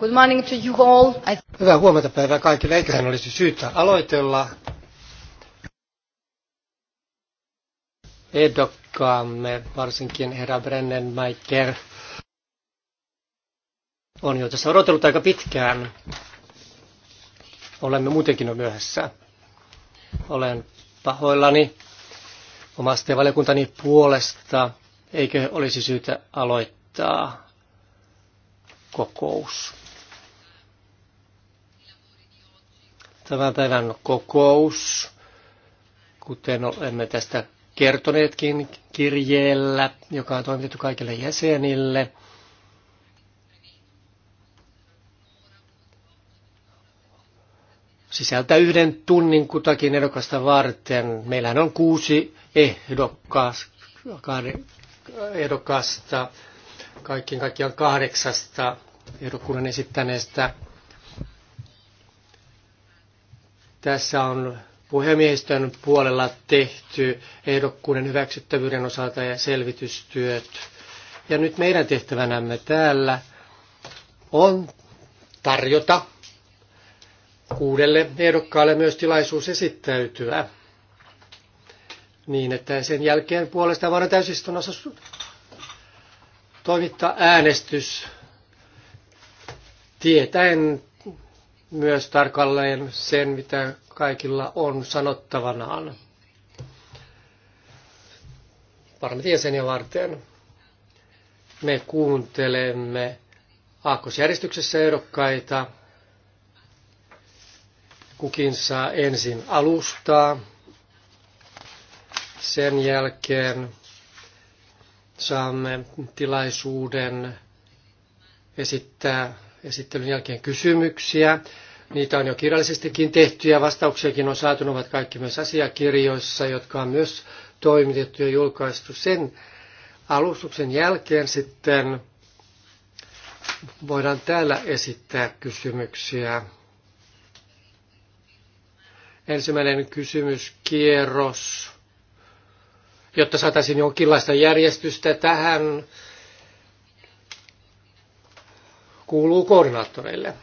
Good morning to you all. I... Hyvää huomenta päivää kaikille. Eiköhän olisi syytä aloitella. Edokkaamme varsinkin herra Brennenmaiker, on jo tässä odotellut aika pitkään. Olemme muutenkin jo myöhässä. Olen pahoillani omasta ja valiokuntani puolesta. Eikö olisi syytä aloittaa kokous? Tämän päivän kokous, kuten olemme tästä kertoneetkin kirjeellä, joka on toimitettu kaikille jäsenille – sisältää yhden tunnin kutakin ehdokasta varten. Meillähän on kuusi ehdokasta, kaikkien kaikkiaan kahdeksasta ehdokkuuden esittäneestä. Tässä on puhemiehistön puolella tehty ehdokkuuden hyväksyttävyyden osalta ja selvitystyöt. Ja nyt meidän tehtävänämme täällä on tarjota kuudelle ehdokkaalle myös tilaisuus esittäytyä niin, että sen jälkeen puolesta vuonna täysistunnossa toimittaa äänestys tietäen myös tarkalleen sen, mitä kaikilla on sanottavanaan parlamentin varten. Me kuuntelemme aakkosjärjestyksessä ehdokkaita Kukin saa ensin alustaa, sen jälkeen saamme tilaisuuden esittää esittelyn jälkeen kysymyksiä. Niitä on jo kirjallisestikin tehty ja vastauksiakin on saatu, ovat kaikki myös asiakirjoissa, jotka on myös toimitettu ja julkaistu. Sen alustuksen jälkeen sitten voidaan täällä esittää kysymyksiä ensimmäinen kysymyskierros, jotta saataisiin jonkinlaista järjestystä tähän, kuuluu koordinaattoreille.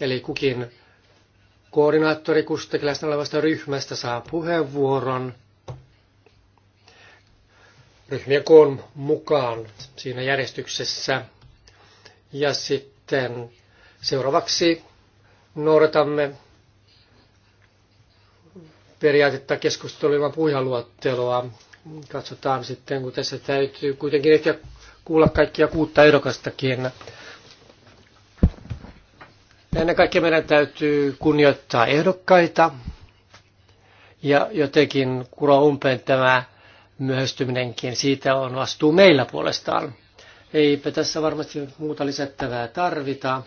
Eli kukin koordinaattori kustakin olevasta ryhmästä saa puheenvuoron ryhmien koon mukaan siinä järjestyksessä. Ja sitten seuraavaksi noudatamme periaatetta keskustelua ilman puhujaluotteloa. Katsotaan sitten, kun tässä täytyy kuitenkin ehkä kuulla kaikkia kuutta ehdokastakin. Ennen kaikkea meidän täytyy kunnioittaa ehdokkaita ja jotenkin kuro umpeen tämä myöhästyminenkin. Siitä on vastuu meillä puolestaan. Eipä tässä varmasti muuta lisättävää tarvita.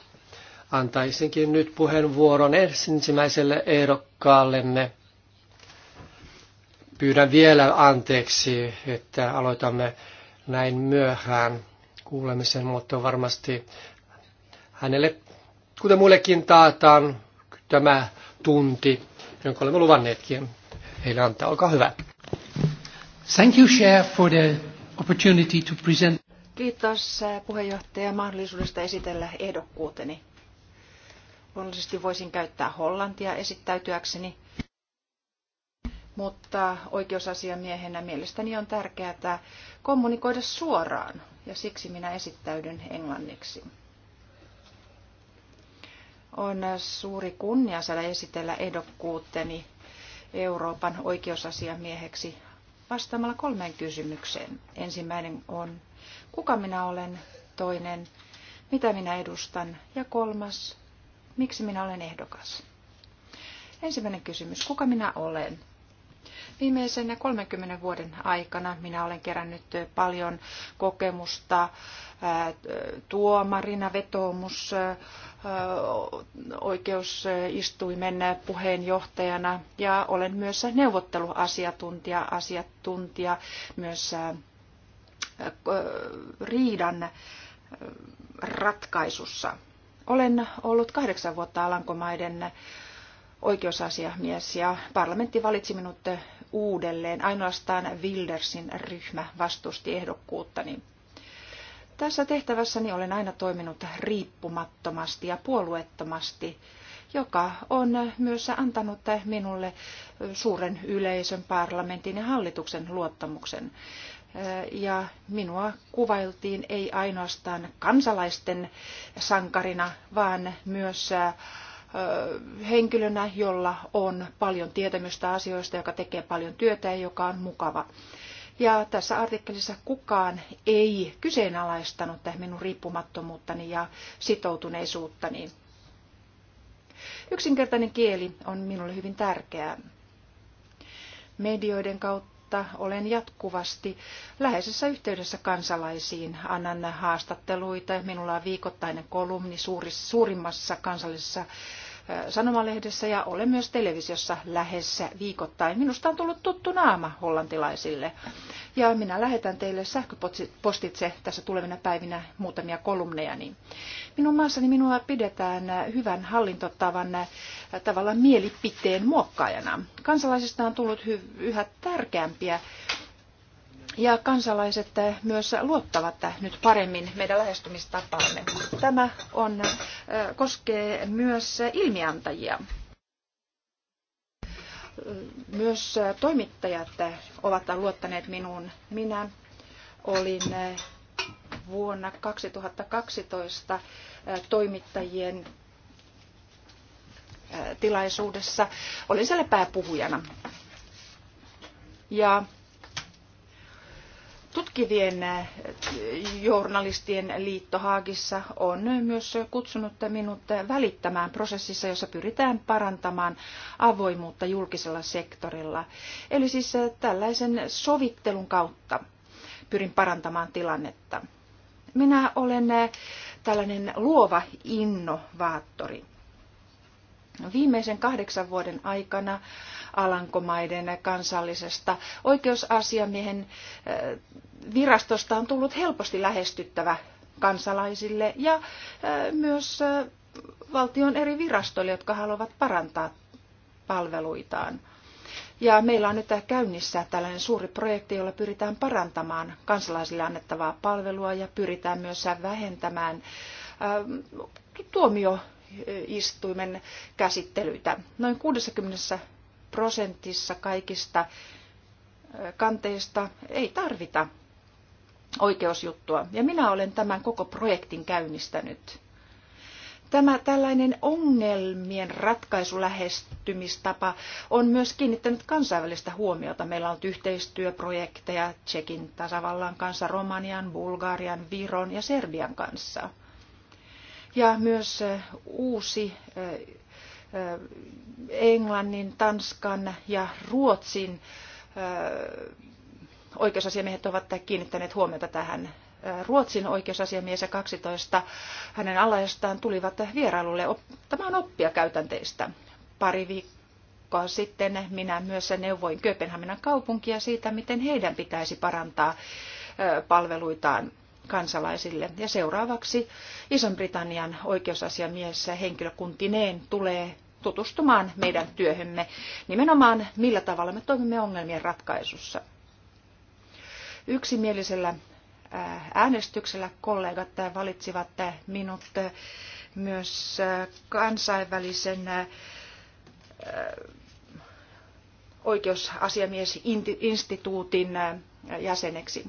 Antaisinkin nyt puheenvuoron ensimmäiselle ehdokkaallemme. Pyydän vielä anteeksi, että aloitamme näin myöhään kuulemisen, mutta varmasti hänelle, kuten muillekin, taataan tämä tunti, jonka olemme luvanneetkin heille antaa. Olkaa hyvä. Thank you, Chair, for the opportunity to present. Kiitos eh, puheenjohtaja mahdollisuudesta esitellä ehdokkuuteni. Luonnollisesti voisin käyttää hollantia esittäytyäkseni, mutta oikeusasiamiehenä mielestäni on tärkeää kommunikoida suoraan ja siksi minä esittäydyn englanniksi. On suuri kunnia saada esitellä ehdokkuutteni Euroopan oikeusasiamieheksi vastaamalla kolmeen kysymykseen. Ensimmäinen on, kuka minä olen? Toinen, mitä minä edustan? Ja kolmas, miksi minä olen ehdokas? Ensimmäinen kysymys, kuka minä olen? Viimeisen 30 vuoden aikana minä olen kerännyt paljon kokemusta tuomarina, vetoomus, oikeusistuimen puheenjohtajana ja olen myös neuvotteluasiantuntija, asiantuntija myös riidan ratkaisussa. Olen ollut kahdeksan vuotta Alankomaiden oikeusasiamies ja parlamentti valitsi minut uudelleen. Ainoastaan Wildersin ryhmä vastusti ehdokkuuttani. Tässä tehtävässäni olen aina toiminut riippumattomasti ja puolueettomasti, joka on myös antanut minulle suuren yleisön, parlamentin ja hallituksen luottamuksen. Ja minua kuvailtiin ei ainoastaan kansalaisten sankarina, vaan myös henkilönä, jolla on paljon tietämystä asioista, joka tekee paljon työtä ja joka on mukava. Ja tässä artikkelissa kukaan ei kyseenalaistanut minun riippumattomuuttani ja sitoutuneisuuttani. Yksinkertainen kieli on minulle hyvin tärkeää. Medioiden kautta olen jatkuvasti läheisessä yhteydessä kansalaisiin. Annan haastatteluita. Minulla on viikoittainen kolumni suurimmassa kansallisessa sanomalehdessä ja olen myös televisiossa lähes viikoittain. Minusta on tullut tuttu naama hollantilaisille. Ja minä lähetän teille sähköpostitse tässä tulevina päivinä muutamia kolumneja. Minun maassani minua pidetään hyvän hallintotavan tavalla mielipiteen muokkaajana. Kansalaisista on tullut yhä tärkeämpiä ja kansalaiset eh, myös luottavat eh, nyt paremmin meidän lähestymistapaamme. Tämä on, eh, koskee myös ilmiantajia. Myös toimittajat ovat luottaneet minuun. Minä olin vuonna 2012 toimittajien tilaisuudessa. Olin siellä pääpuhujana. Ja tutkivien eh, journalistien liitto Haagissa on myös kutsunut minut välittämään prosessissa, jossa pyritään parantamaan avoimuutta julkisella sektorilla. Eli siis eh, tällaisen sovittelun kautta pyrin parantamaan tilannetta. Minä olen eh, tällainen luova innovaattori. Viimeisen kahdeksan vuoden aikana Alankomaiden kansallisesta oikeusasiamiehen eh, virastosta on tullut helposti lähestyttävä kansalaisille ja eh, myös eh, valtion eri virastoille, jotka haluavat parantaa palveluitaan. Ja meillä on nyt käynnissä tällainen suuri projekti, jolla pyritään parantamaan kansalaisille annettavaa palvelua ja pyritään myös vähentämään tuomio tuomioistuimen käsittelyitä. Noin 60 prosentissa kaikista kanteista ei tarvita oikeusjuttua. Ja minä olen tämän koko projektin käynnistänyt. Tämä tällainen ongelmien ratkaisulähestymistapa on myös kiinnittänyt kansainvälistä huomiota. Meillä on yhteistyöprojekteja Tsekin tasavallan kanssa, Romanian, Bulgarian, Viron ja Serbian kanssa – ja myös uusi Englannin, Tanskan ja Ruotsin oikeusasiamiehet ovat kiinnittäneet huomiota tähän. Ruotsin oikeusasiamies ja 12 hänen alaistaan tulivat vierailulle ottamaan oppia käytänteistä. Pari viikkoa sitten minä myös neuvoin Kööpenhaminan kaupunkia siitä, miten heidän pitäisi parantaa palveluitaan kansalaisille. Ja seuraavaksi Ison-Britannian oikeusasiamies henkilökuntineen tulee tutustumaan meidän työhömme, nimenomaan millä tavalla me toimimme ongelmien ratkaisussa. Yksimielisellä äänestyksellä kollegat valitsivat minut myös kansainvälisen oikeusasiamiesinstituutin jäseneksi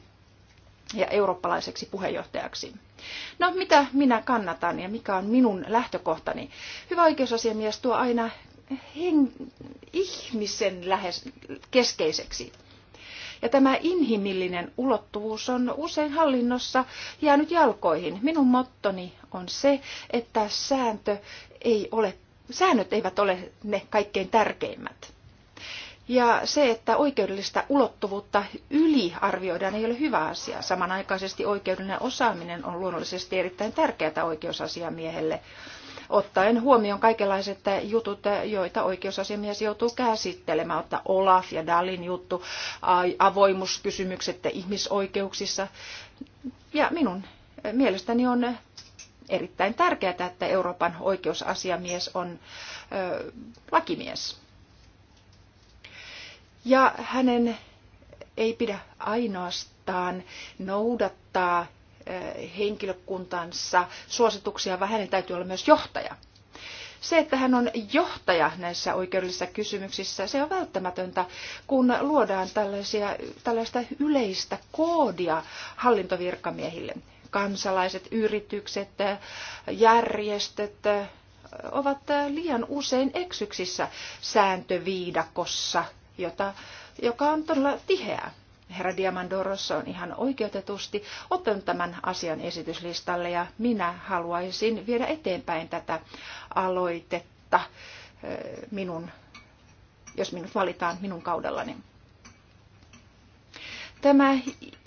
ja eurooppalaiseksi puheenjohtajaksi. No mitä minä kannatan ja mikä on minun lähtökohtani? Hyvä oikeusasiamies tuo aina hen- ihmisen lähes keskeiseksi. Ja tämä inhimillinen ulottuvuus on usein hallinnossa jäänyt jalkoihin. Minun mottoni on se, että sääntö ei ole, säännöt eivät ole ne kaikkein tärkeimmät. Ja se, että oikeudellista ulottuvuutta yliarvioidaan, ei ole hyvä asia. Samanaikaisesti oikeudellinen osaaminen on luonnollisesti erittäin tärkeää oikeusasiamiehelle, ottaen huomioon kaikenlaiset jutut, joita oikeusasiamies joutuu käsittelemään, ottaa Olaf ja Dalin juttu, avoimuuskysymykset ihmisoikeuksissa. Ja minun mielestäni on erittäin tärkeää, että Euroopan oikeusasiamies on ö, lakimies. Ja hänen ei pidä ainoastaan noudattaa henkilökuntansa suosituksia, vaan hänen täytyy olla myös johtaja. Se, että hän on johtaja näissä oikeudellisissa kysymyksissä, se on välttämätöntä, kun luodaan tällaisia, tällaista yleistä koodia hallintovirkamiehille. Kansalaiset, yritykset, järjestöt ovat liian usein eksyksissä sääntöviidakossa jota, joka on todella tiheä. Herra Diamandoros on ihan oikeutetusti ottanut tämän asian esityslistalle ja minä haluaisin viedä eteenpäin tätä aloitetta eh, minun, jos minut valitaan minun kaudellani. Tämä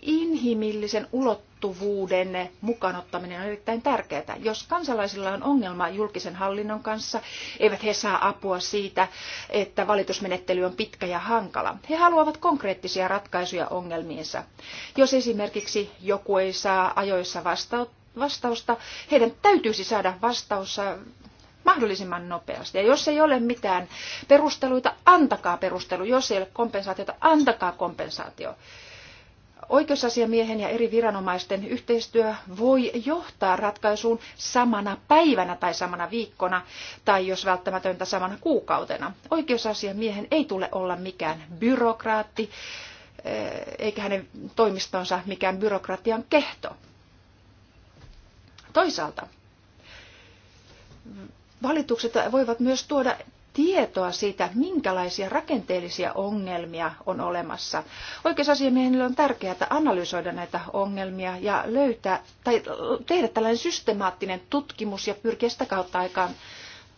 inhimillisen ulottuvuuden ulottuvuuden mukaanottaminen on erittäin tärkeää. Jos kansalaisilla on ongelma julkisen hallinnon kanssa, eivät he saa apua siitä, että valitusmenettely on pitkä ja hankala. He haluavat konkreettisia ratkaisuja ongelmiinsa. Jos esimerkiksi joku ei saa ajoissa vastausta, heidän täytyisi saada vastaus äh, mahdollisimman nopeasti. Ja jos ei ole mitään perusteluita, antakaa perustelu. Jos ei ole kompensaatiota, antakaa kompensaatio. Oikeusasiamiehen ja eri viranomaisten yhteistyö voi johtaa ratkaisuun samana päivänä tai samana viikkona tai jos välttämätöntä samana kuukautena. Oikeusasiamiehen ei tule olla mikään byrokraatti eh, eikä hänen toimistonsa mikään byrokratian kehto. Toisaalta valitukset voivat myös tuoda tietoa siitä, minkälaisia rakenteellisia ongelmia on olemassa. Oikeusasiamiehelle on tärkeää analysoida näitä ongelmia ja löytää tai tehdä tällainen systemaattinen tutkimus ja pyrkiä sitä kautta aikaan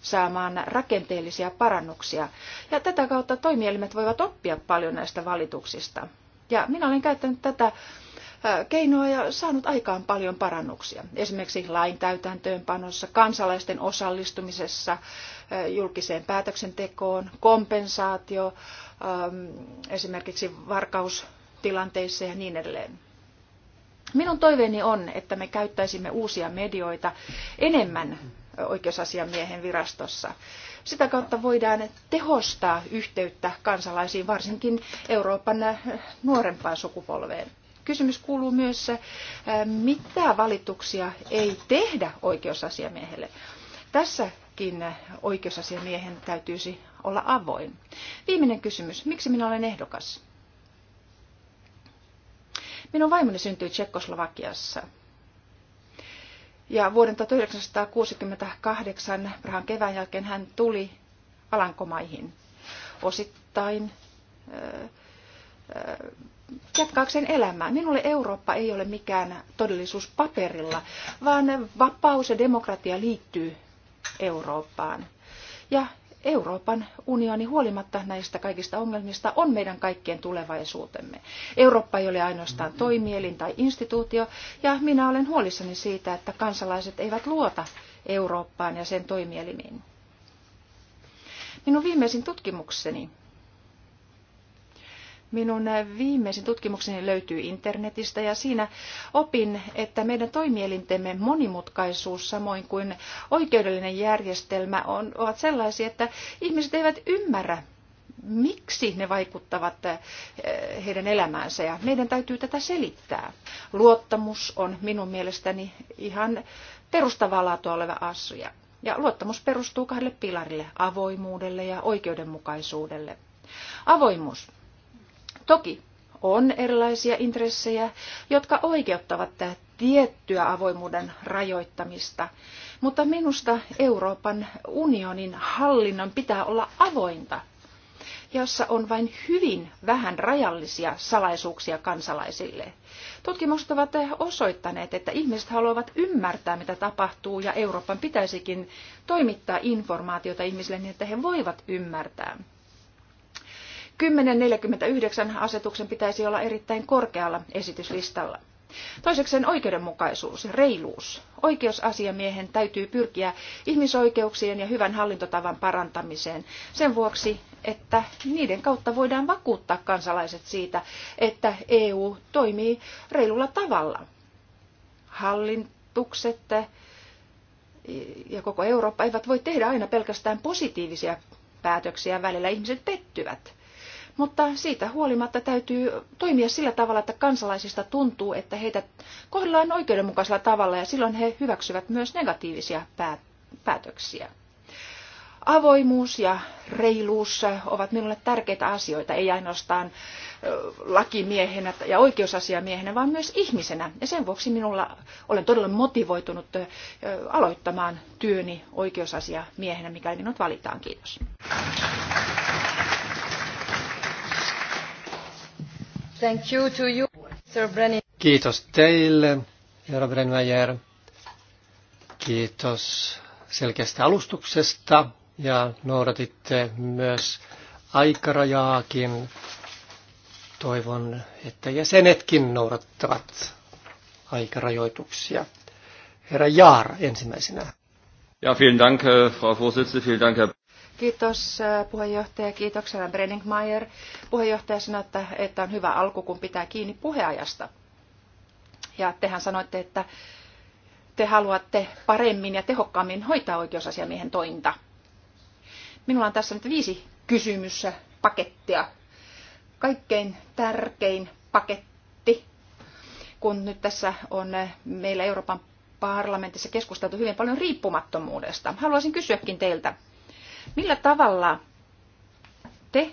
saamaan rakenteellisia parannuksia. Ja tätä kautta toimielimet voivat oppia paljon näistä valituksista. Ja minä olen käyttänyt tätä keinoa ja saanut aikaan paljon parannuksia. Esimerkiksi lain täytäntöönpanossa, kansalaisten osallistumisessa, julkiseen päätöksentekoon, kompensaatio, esimerkiksi varkaustilanteissa ja niin edelleen. Minun toiveeni on, että me käyttäisimme uusia medioita enemmän oikeusasiamiehen virastossa. Sitä kautta voidaan tehostaa yhteyttä kansalaisiin, varsinkin Euroopan nuorempaan sukupolveen kysymys kuuluu myös, äh, mitä valituksia ei tehdä oikeusasiamiehelle. Tässäkin oikeusasiamiehen täytyisi olla avoin. Viimeinen kysymys. Miksi minä olen ehdokas? Minun vaimoni syntyi Tsekkoslovakiassa. Ja vuoden 1968 Prahan kevään jälkeen hän tuli Alankomaihin osittain äh, äh, jatkaakseen elämää. Minulle Eurooppa ei ole mikään todellisuus paperilla, vaan vapaus ja demokratia liittyy Eurooppaan. Ja Euroopan unioni huolimatta näistä kaikista ongelmista on meidän kaikkien tulevaisuutemme. Eurooppa ei ole ainoastaan toimielin tai instituutio, ja minä olen huolissani siitä, että kansalaiset eivät luota Eurooppaan ja sen toimielimiin. Minun viimeisin tutkimukseni Minun viimeisin tutkimukseni löytyy internetistä ja siinä opin, että meidän toimielintemme monimutkaisuus samoin kuin oikeudellinen järjestelmä on, ovat sellaisia, että ihmiset eivät ymmärrä, miksi ne vaikuttavat eh, heidän elämäänsä ja meidän täytyy tätä selittää. Luottamus on minun mielestäni ihan perustavaa laatua oleva asia. Ja luottamus perustuu kahdelle pilarille, avoimuudelle ja oikeudenmukaisuudelle. Avoimuus Toki on erilaisia intressejä, jotka oikeuttavat tätä tiettyä avoimuuden rajoittamista, mutta minusta Euroopan unionin hallinnon pitää olla avointa, jossa on vain hyvin vähän rajallisia salaisuuksia kansalaisille. Tutkimukset ovat osoittaneet, että ihmiset haluavat ymmärtää, mitä tapahtuu, ja Euroopan pitäisikin toimittaa informaatiota ihmisille niin, että he voivat ymmärtää. 1049 asetuksen pitäisi olla erittäin korkealla esityslistalla. Toisekseen oikeudenmukaisuus, reiluus. Oikeusasiamiehen täytyy pyrkiä ihmisoikeuksien ja hyvän hallintotavan parantamiseen sen vuoksi, että niiden kautta voidaan vakuuttaa kansalaiset siitä, että EU toimii reilulla tavalla. Hallitukset ja koko Eurooppa eivät voi tehdä aina pelkästään positiivisia päätöksiä, välillä ihmiset pettyvät. Mutta siitä huolimatta täytyy toimia sillä tavalla, että kansalaisista tuntuu, että heitä kohdellaan oikeudenmukaisella tavalla ja silloin he hyväksyvät myös negatiivisia päätöksiä. Avoimuus ja reiluus ovat minulle tärkeitä asioita, ei ainoastaan lakimiehenä ja oikeusasiamiehenä, vaan myös ihmisenä. Ja sen vuoksi minulla olen todella motivoitunut aloittamaan työni oikeusasiamiehenä, mikäli minut valitaan. Kiitos. Thank you to you, Sir Brennan. Kiitos teille, herra Brennmajer. Kiitos selkeästä alustuksesta ja noudatitte myös aikarajaakin. Toivon, että jäsenetkin noudattavat aikarajoituksia. Herra Jaar ensimmäisenä. Ja, vielen Dank, äh, Frau Vorsitzende, vielen Dank, Herr Kiitos äh, puheenjohtaja. Kiitoksena Brenningmeier. Puheenjohtaja sanoi, että, että on hyvä alku, kun pitää kiinni puheajasta. Ja tehän sanoitte, että te haluatte paremmin ja tehokkaammin hoitaa oikeusasiamiehen tointa. Minulla on tässä nyt viisi kysymyssä pakettia. Kaikkein tärkein paketti, kun nyt tässä on äh, meillä Euroopan parlamentissa keskusteltu hyvin paljon riippumattomuudesta. Haluaisin kysyäkin teiltä, Millä tavalla te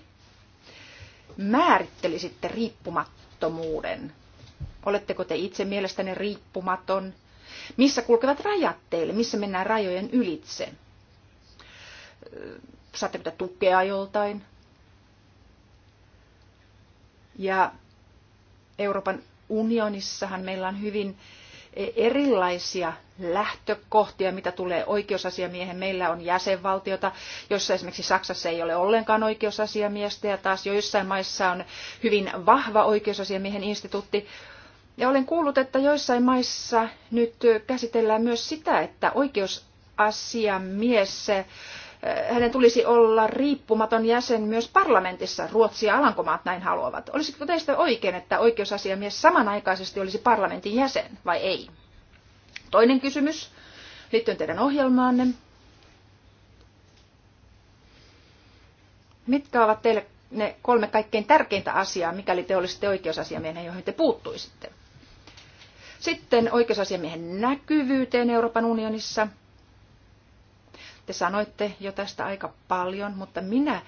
määrittelisitte riippumattomuuden? Oletteko te itse mielestäni riippumaton? Missä kulkevat rajat teille? Missä mennään rajojen ylitse? Saatteko te tukea joltain? Ja Euroopan unionissahan meillä on hyvin äh, erilaisia lähtökohtia, mitä tulee oikeusasiamiehen. Meillä on jäsenvaltiota, jossa esimerkiksi Saksassa ei ole ollenkaan oikeusasiamiestä ja taas joissain maissa on hyvin vahva oikeusasiamiehen instituutti. Ja olen kuullut, että joissain maissa nyt käsitellään myös sitä, että oikeusasiamies hänen tulisi olla riippumaton jäsen myös parlamentissa. Ruotsi ja Alankomaat näin haluavat. Olisiko teistä oikein, että oikeusasiamies samanaikaisesti olisi parlamentin jäsen vai ei? Toinen kysymys liittyen teidän ohjelmaanne. Mitkä ovat teille ne kolme kaikkein tärkeintä asiaa, mikäli te olisitte oikeusasiamiehenä, joihin te puuttuisitte? Sitten oikeusasiamiehen näkyvyyteen Euroopan unionissa – te sanoitte jo tästä aika paljon, mutta minä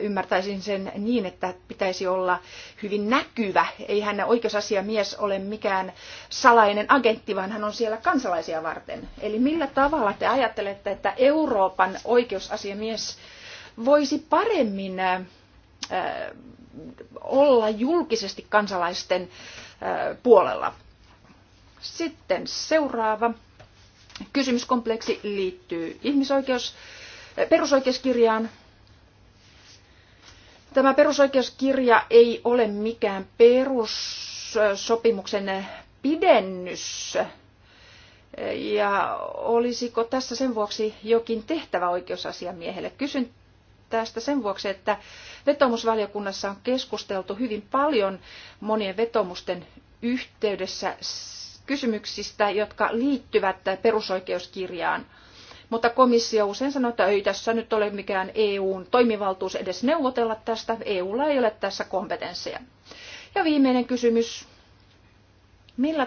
ymmärtäisin sen niin, että pitäisi olla hyvin näkyvä. Ei hän oikeusasiamies ole mikään salainen agentti, vaan hän on siellä kansalaisia varten. Eli millä tavalla te ajattelette, että Euroopan oikeusasiamies voisi paremmin olla julkisesti kansalaisten puolella? Sitten seuraava Kysymyskompleksi liittyy ihmisoikeus, eh, perusoikeuskirjaan. Tämä perusoikeuskirja ei ole mikään perussopimuksen pidennys. Ja olisiko tässä sen vuoksi jokin tehtävä oikeusasiamiehelle? Kysyn tästä sen vuoksi, että vetomusvaliokunnassa on keskusteltu hyvin paljon monien vetomusten yhteydessä kysymyksistä, jotka liittyvät perusoikeuskirjaan. Mutta komissio usein sanoo, että ei tässä nyt ole mikään EUn toimivaltuus edes neuvotella tästä. EUlla ei ole tässä kompetenssia. Ja viimeinen kysymys. Millä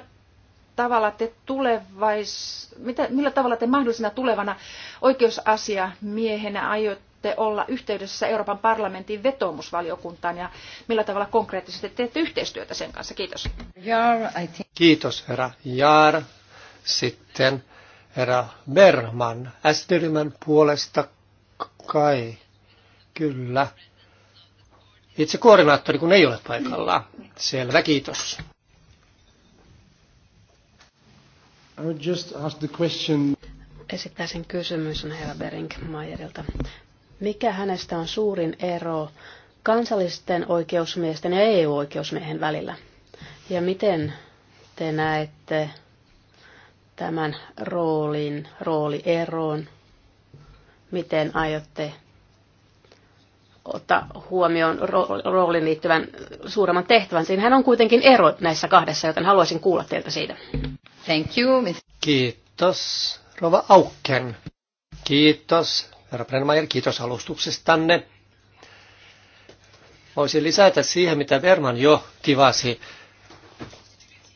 tavalla te tulevais, mitä, millä tavalla te mahdollisena tulevana oikeusasiamiehenä aiotte aiotte olla yhteydessä Euroopan parlamentin vetoomusvaliokuntaan ja millä tavalla konkreettisesti teette yhteistyötä sen kanssa? Kiitos. Kiitos herra Jaar. Sitten herra Berman, sd puolesta kai. Kyllä. Itse koordinaattori, kun ei ole paikalla. Selvä, kiitos. I would just ask the question. Esittäisin kysymys on herra Berink Mayerilta. Mikä hänestä on suurin ero kansallisten oikeusmiesten ja EU-oikeusmiehen välillä? Ja miten te näette tämän roolin, roolieron? Miten aiotte ottaa huomioon rooliin liittyvän suuremman tehtävän. Siinähän on kuitenkin ero näissä kahdessa, joten haluaisin kuulla teiltä siitä. Thank you. Kiitos, Rova Auken. Kiitos, Herra Brennmeier, kiitos alustuksestanne. Voisin lisätä siihen, mitä Verman jo tivasi,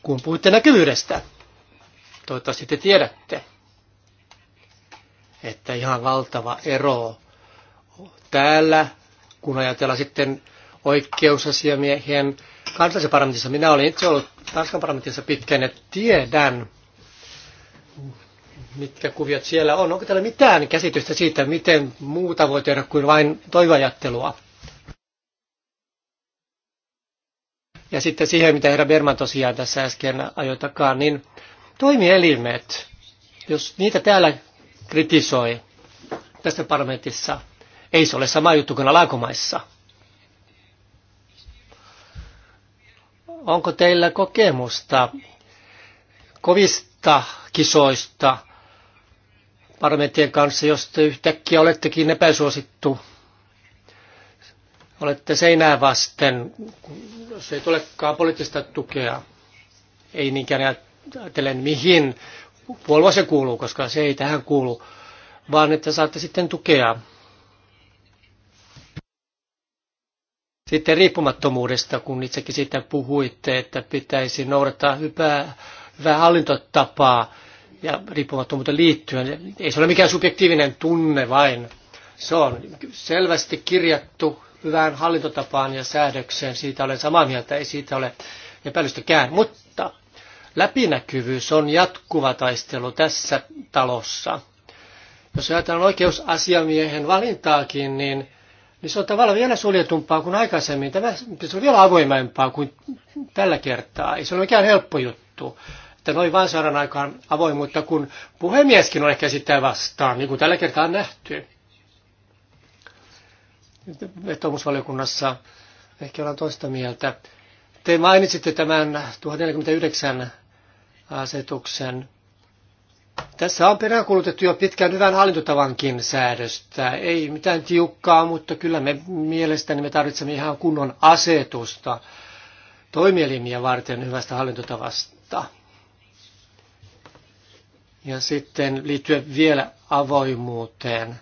kun puhutte näkyvyydestä. Toivottavasti te tiedätte, että ihan valtava ero täällä, kun ajatellaan sitten oikeusasiamiehen kansallisessa parlamentissa. Minä olin itse ollut Tanskan parlamentissa pitkään ja tiedän, mitkä kuviot siellä on. Onko täällä mitään käsitystä siitä, miten muuta voi tehdä kuin vain toivajattelua? Ja sitten siihen, mitä herra Berman tosiaan tässä äsken ajoi takaa, niin toimielimet, jos niitä täällä kritisoi tässä parlamentissa, ei se ole sama juttu kuin alakomaissa. Onko teillä kokemusta kovista kisoista parlamenttien kanssa, jos te yhtäkkiä olettekin epäsuosittu. Olette seinää vasten, jos ei tulekaan poliittista tukea. Ei niinkään ajatellen mihin puolue se kuuluu, koska se ei tähän kuulu, vaan että saatte sitten tukea. Sitten riippumattomuudesta, kun itsekin siitä puhuitte, että pitäisi noudattaa hyvää, hyvää hallintotapaa, ja riippumattomuuteen liittyen. Ei se ole mikään subjektiivinen tunne vain. Se on selvästi kirjattu hyvään hallintotapaan ja säädökseen. Siitä olen samaa mieltä, ei siitä ole epäilystäkään. Mutta läpinäkyvyys on jatkuva taistelu tässä talossa. Jos ajatellaan oikeusasiamiehen valintaakin, niin, niin se on tavallaan vielä suljetumpaa kuin aikaisemmin. Tämä se on vielä avoimempaa kuin tällä kertaa. Ei se ole mikään helppo juttu että noin vain saadaan aikaan avoimuutta, kun puhemieskin on ehkä sitä vastaan, niin kuin tällä kertaa on nähty. Vetomusvaliokunnassa ehkä ollaan toista mieltä. Te mainitsitte tämän 1049 asetuksen. Tässä on peräänkulutettu jo pitkään hyvän hallintotavankin säädöstä. Ei mitään tiukkaa, mutta kyllä me mielestäni me tarvitsemme ihan kunnon asetusta toimielimiä varten hyvästä hallintotavasta. Ja sitten liittyen vielä avoimuuteen.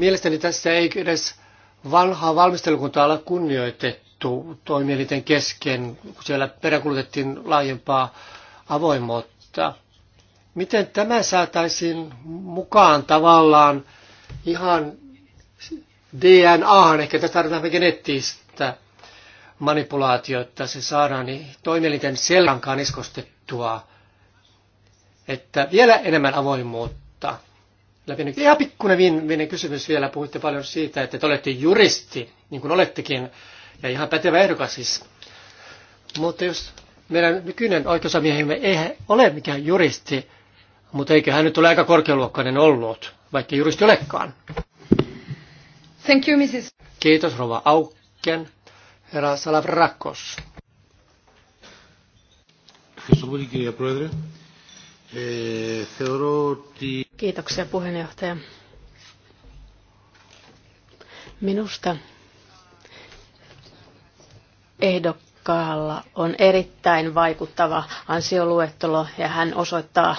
Mielestäni tässä ei edes vanhaa valmistelukuntaa olla kunnioitettu toimielinten kesken, kun siellä peräkulutettiin laajempaa avoimuutta. Miten tämä saataisiin mukaan tavallaan ihan DNAhan, ehkä tästä tarvitaan geneettistä manipulaatio, että se saadaan niin toimielinten selkankaan iskostettua, että vielä enemmän avoimuutta. ja pikkuinen viimeinen kysymys vielä. Puhuitte paljon siitä, että te olette juristi, niin kuin olettekin, ja ihan pätevä ehdokas siis. Mutta jos meidän nykyinen oikeusamiehemme ei ole mikään juristi, mutta eikö hän nyt ole aika korkealuokkainen ollut, vaikka juristi olekaan. Thank you, Mrs. Kiitos, Rova Aukken. Herra Salavrakos. Kiitoksia puheenjohtaja. Minusta ehdokkaalla on erittäin vaikuttava ansioluettelo ja hän osoittaa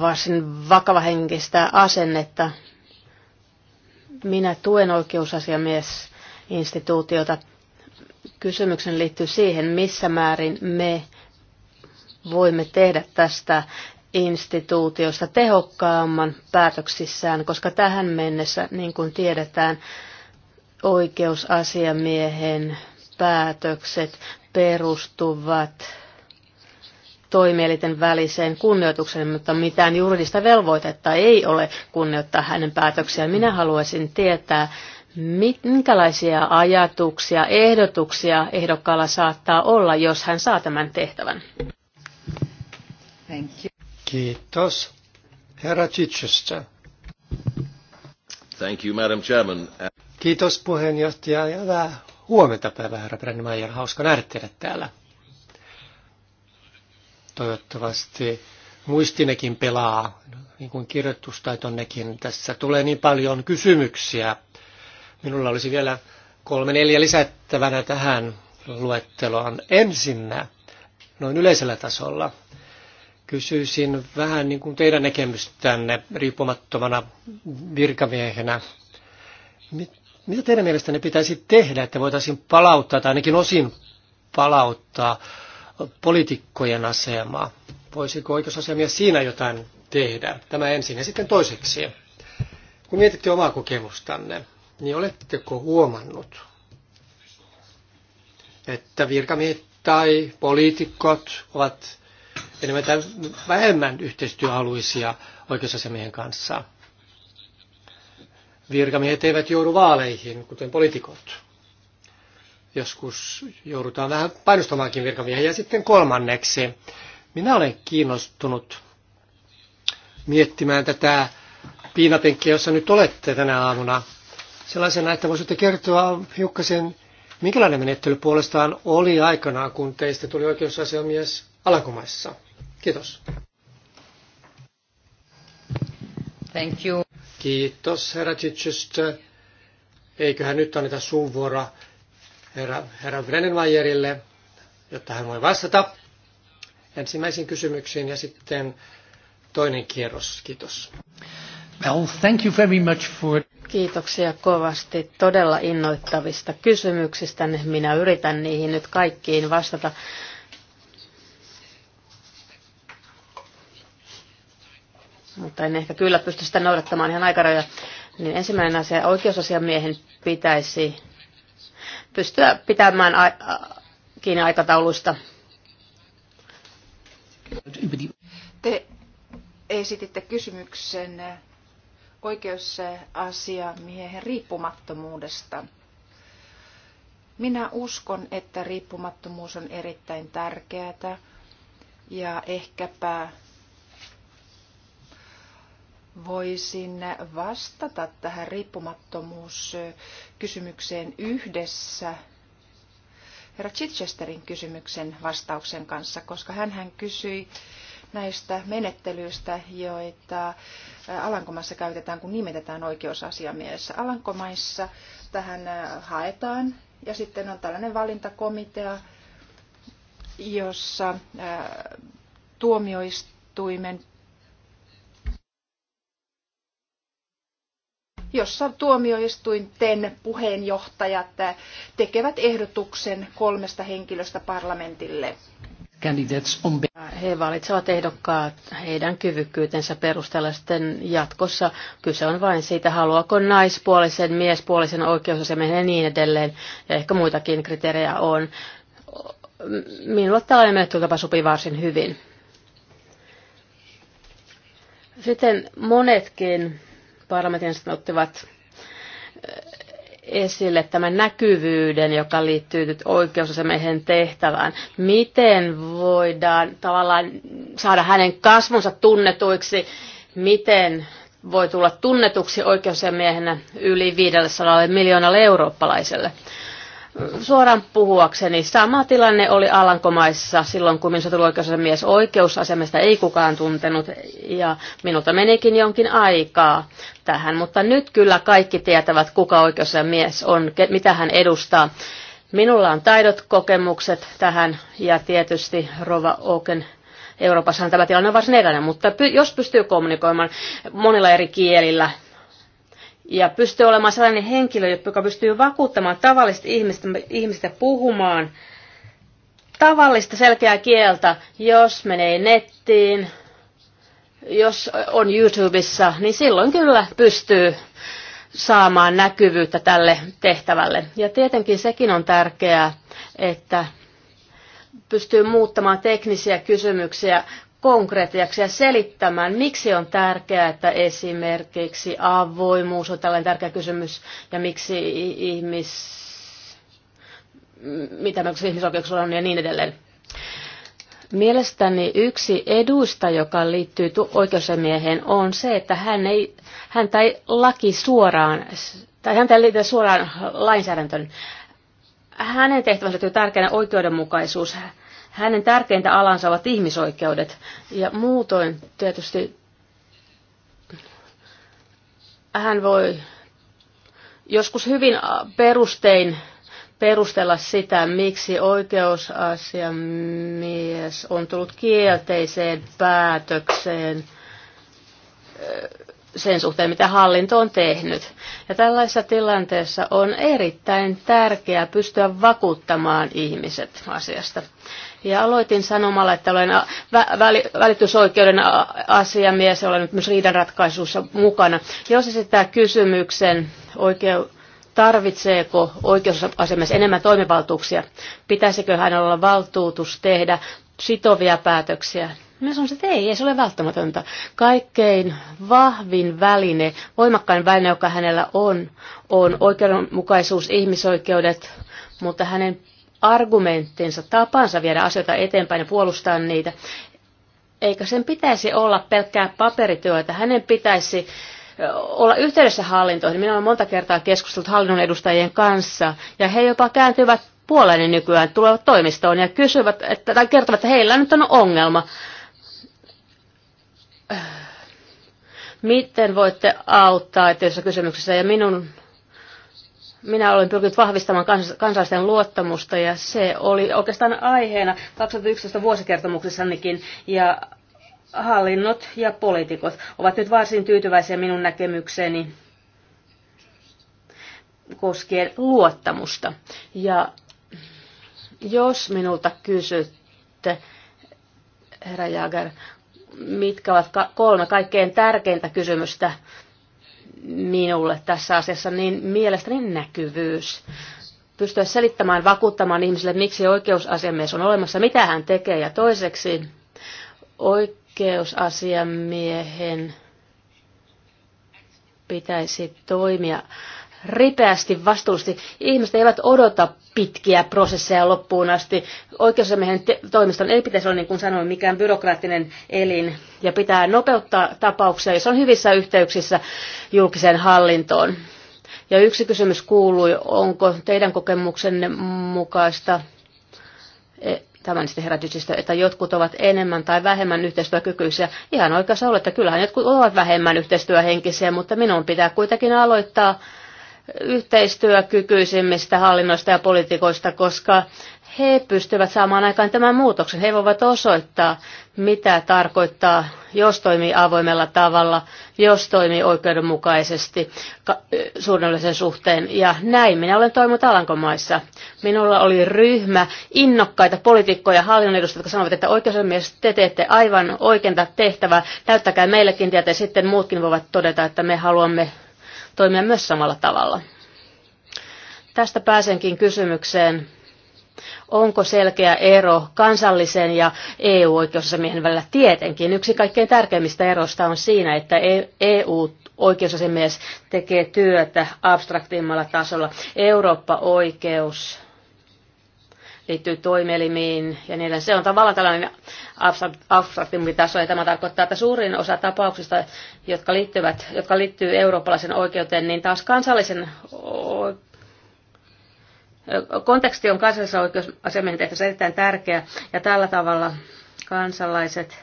varsin vakavahenkistä asennetta. Minä tuen oikeusasiamies instituutiota. Kysymyksen liittyy siihen, missä määrin me voimme tehdä tästä instituutiosta tehokkaamman päätöksissään, koska tähän mennessä, niin kuin tiedetään, oikeusasiamiehen päätökset perustuvat toimielinten väliseen kunnioitukseen, mutta mitään juridista velvoitetta ei ole kunnioittaa hänen päätöksiään. Minä haluaisin tietää, Minkälaisia ajatuksia, ehdotuksia ehdokkaalla saattaa olla, jos hän saa tämän tehtävän? Thank you. Kiitos. Herra Chichester. Thank you, Madam Chairman. Kiitos puheenjohtaja ja hyvää huomenta päivää, herra Brennmeier. Hauska nähdä teidät täällä. Toivottavasti muistinekin pelaa, niin kuin kirjoitustaitonnekin. Tässä tulee niin paljon kysymyksiä Minulla olisi vielä kolme neljä lisättävänä tähän luetteloon. Ensinnä, noin yleisellä tasolla, kysyisin vähän niin kuin teidän näkemystänne riippumattomana virkamiehenä. Mitä teidän mielestänne pitäisi tehdä, että voitaisiin palauttaa tai ainakin osin palauttaa poliitikkojen asemaa? Voisiko oikeusasiamies siinä jotain tehdä? Tämä ensin. Ja sitten toiseksi, kun mietitte omaa kokemustanne, niin oletteko huomannut, että virkamiehet tai poliitikot ovat enemmän tai vähemmän yhteistyöhaluisia oikeusasiamiehen kanssa? Virkamiehet eivät joudu vaaleihin, kuten poliitikot. Joskus joudutaan vähän painostamaankin virkamiehiä. Ja sitten kolmanneksi, minä olen kiinnostunut miettimään tätä piinapenkkiä, jossa nyt olette tänä aamuna – sellaisena, että voisitte kertoa hiukkasen, minkälainen menettely puolestaan oli aikanaan, kun teistä tuli oikeusasiamies Alankomaissa. Kiitos. Thank you. Kiitos, herra Chichester. Eiköhän nyt anneta vuoro herra, herra Brennenmeierille, jotta hän voi vastata ensimmäisiin kysymyksiin ja sitten toinen kierros. Kiitos. Well, thank you very much for... Kiitoksia kovasti todella innoittavista kysymyksistä. Minä yritän niihin nyt kaikkiin vastata. Mutta en ehkä kyllä pysty sitä noudattamaan ihan aikarajoja. Niin ensimmäinen asia, oikeusasiamiehen pitäisi pystyä pitämään a- a- kiinni aikatauluista. Te esititte kysymyksen oikeusasiamiehen riippumattomuudesta. Minä uskon, että riippumattomuus on erittäin tärkeää ja ehkäpä voisin vastata tähän riippumattomuuskysymykseen yhdessä herra Chichesterin kysymyksen vastauksen kanssa, koska hän kysyi näistä menettelyistä, joita Alankomaissa käytetään, kun nimetetään oikeusasiamies. Alankomaissa tähän haetaan ja sitten on tällainen valintakomitea, jossa tuomioistuimen jossa tuomioistuinten puheenjohtajat tekevät ehdotuksen kolmesta henkilöstä parlamentille candidates on He valitsevat ehdokkaat heidän kyvykkyytensä perusteella sitten jatkossa. Kyse on vain siitä, haluako naispuolisen, miespuolisen oikeusasemien ja niin edelleen. Ja ehkä muitakin kriteerejä on. Minulle tällainen menettelytapa sopii varsin hyvin. Sitten monetkin parlamentin ottivat esille tämän näkyvyyden, joka liittyy nyt oikeusasemiehen tehtävään. Miten voidaan tavallaan saada hänen kasvonsa tunnetuiksi? Miten voi tulla tunnetuksi oikeusasemiehenä yli 500 miljoonalle eurooppalaiselle? suoraan puhuakseni, sama tilanne oli Alankomaissa silloin, kun minusta mies oikeusasiamies. Oikeusasemesta ei kukaan tuntenut ja minulta menikin jonkin aikaa tähän, mutta nyt kyllä kaikki tietävät, kuka mies on, mitä hän edustaa. Minulla on taidot, kokemukset tähän ja tietysti Rova Oken Euroopassahan tämä tilanne on varsin erilainen, mutta jos pystyy kommunikoimaan monilla eri kielillä, ja pystyy olemaan sellainen henkilö, joka pystyy vakuuttamaan tavallista ihmistä, ihmistä puhumaan tavallista selkeää kieltä, jos menee nettiin, jos on YouTubessa, niin silloin kyllä pystyy saamaan näkyvyyttä tälle tehtävälle. Ja tietenkin sekin on tärkeää, että pystyy muuttamaan teknisiä kysymyksiä konkreettiaksi ja selittämään, miksi on tärkeää, että esimerkiksi avoimuus on tällainen tärkeä kysymys ja miksi ihmis, mitä me ihmisoikeuksilla on ja niin edelleen. Mielestäni yksi eduista, joka liittyy oikeusasiamieheen, on se, että hän ei, häntä ei laki suoraan, tai häntä ei liitä suoraan lainsäädäntöön. Hänen tehtävänsä on tärkeänä oikeudenmukaisuus hänen tärkeintä alansa ovat ihmisoikeudet. Ja muutoin tietysti hän voi joskus hyvin perustein perustella sitä, miksi oikeusasiamies on tullut kielteiseen päätökseen sen suhteen, mitä hallinto on tehnyt. Ja tällaisessa tilanteessa on erittäin tärkeää pystyä vakuuttamaan ihmiset asiasta. Ja aloitin sanomalla, että olen välitysoikeuden asiamies ja olen nyt myös riidanratkaisussa mukana. Jos esittää kysymyksen oikeu, tarvitseeko oikeusasiamies enemmän toimivaltuuksia, pitäisikö hän olla valtuutus tehdä sitovia päätöksiä. Minä sanoin, että ei, ei se ole välttämätöntä. Kaikkein vahvin väline, voimakkain väline, joka hänellä on, on oikeudenmukaisuus, ihmisoikeudet, mutta hänen argumenttinsa, tapansa viedä asioita eteenpäin ja puolustaa niitä. Eikä sen pitäisi olla pelkkää paperityötä. Hänen pitäisi olla yhteydessä hallintoihin. Minä olen monta kertaa keskustellut hallinnon edustajien kanssa, ja he jopa kääntyvät puoleeni nykyään, tulevat toimistoon ja kysyvät, että, tai kertovat, että heillä nyt on ongelma. Öh, miten voitte auttaa tietyissä kysymyksissä? Ja minun minä olen pyrkinyt vahvistamaan kans- kansallisten luottamusta ja se oli oikeastaan aiheena 2011 vuosikertomuksessannikin ja hallinnot ja poliitikot ovat nyt varsin tyytyväisiä minun näkemykseeni koskien luottamusta. Ja jos minulta kysytte, herra Jager, mitkä ovat kolme kaikkein tärkeintä kysymystä minulle tässä asiassa, niin mielestäni näkyvyys. Pystyä selittämään, vakuuttamaan ihmisille, miksi oikeusasiamies on olemassa, mitä hän tekee. Ja toiseksi oikeusasiamiehen pitäisi toimia ripeästi, vastuullisesti. Ihmiset eivät odota pitkiä prosesseja loppuun asti. Oikeusasiamiehen toimiston ei pitäisi olla, niin kuin sanoin, mikään byrokraattinen elin ja pitää nopeuttaa tapauksia, jos on hyvissä yhteyksissä julkiseen hallintoon. Ja yksi kysymys kuului, onko teidän kokemuksenne mukaista, e, tämän sitten herätysistä, että jotkut ovat enemmän tai vähemmän yhteistyökykyisiä. Ihan oikeassa olette, kyllähän jotkut ovat vähemmän yhteistyöhenkisiä, mutta minun pitää kuitenkin aloittaa yhteistyökykyisimmistä hallinnoista ja poliitikoista, koska he pystyvät saamaan aikaan tämän muutoksen. He voivat osoittaa, mitä tarkoittaa, jos toimii avoimella tavalla, jos toimii oikeudenmukaisesti suunnallisen suhteen. Ja näin minä olen toiminut Alankomaissa. Minulla oli ryhmä innokkaita poliitikkoja ja hallinnon jotka sanoivat, että oikeusasiamies, te teette aivan oikeinta tehtävää. Näyttäkää meillekin tietä ja sitten muutkin voivat todeta, että me haluamme toimia myös samalla tavalla. Tästä pääsenkin kysymykseen, onko selkeä ero kansallisen ja eu oikeusasemien välillä? Tietenkin. Yksi kaikkein tärkeimmistä eroista on siinä, että EU e oikeusasiamies tekee työtä abstraktimmalla tasolla. Eurooppa-oikeus liittyy toimielimiin ja niillä. Se on tavallaan tällainen abstraktimitaso ja tämä tarkoittaa, että suurin osa tapauksista, jotka, liittyvät, jotka liittyy eurooppalaisen oikeuteen, niin taas kansallisen konteksti on kansallisen oikeusasemien tehtävässä erittäin tärkeä ja tällä tavalla kansalaiset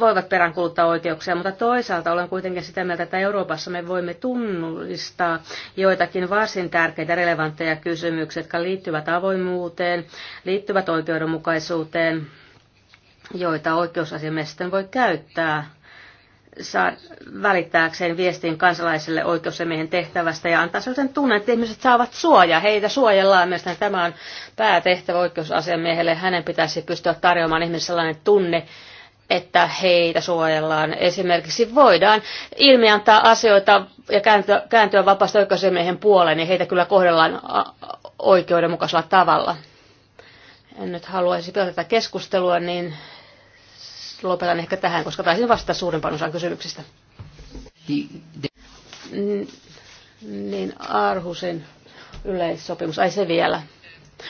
voivat peräänkuluttaa oikeuksia, mutta toisaalta olen kuitenkin sitä mieltä, että Euroopassa me voimme tunnustaa joitakin varsin tärkeitä relevantteja kysymyksiä, jotka liittyvät avoimuuteen, liittyvät oikeudenmukaisuuteen, joita oikeusasiamiesten sitten voi käyttää saa välittääkseen viestin kansalaiselle oikeusasiamiehen tehtävästä ja antaa sellaisen tunne, että ihmiset saavat suojaa. Heitä suojellaan myös, Tämä on päätehtävä oikeusasiamiehelle. Hänen pitäisi pystyä tarjoamaan ihmisille sellainen tunne, että heitä suojellaan. Esimerkiksi voidaan ilmiantaa asioita ja kääntyä, kääntyä vapaasta oikeusmiehen puoleen, niin heitä kyllä kohdellaan oikeudenmukaisella tavalla. En nyt haluaisi pitää tätä keskustelua, niin lopetan ehkä tähän, koska taisin vastata suurimpaan osaan kysymyksistä. Niin Arhusin yleissopimus, ai se vielä.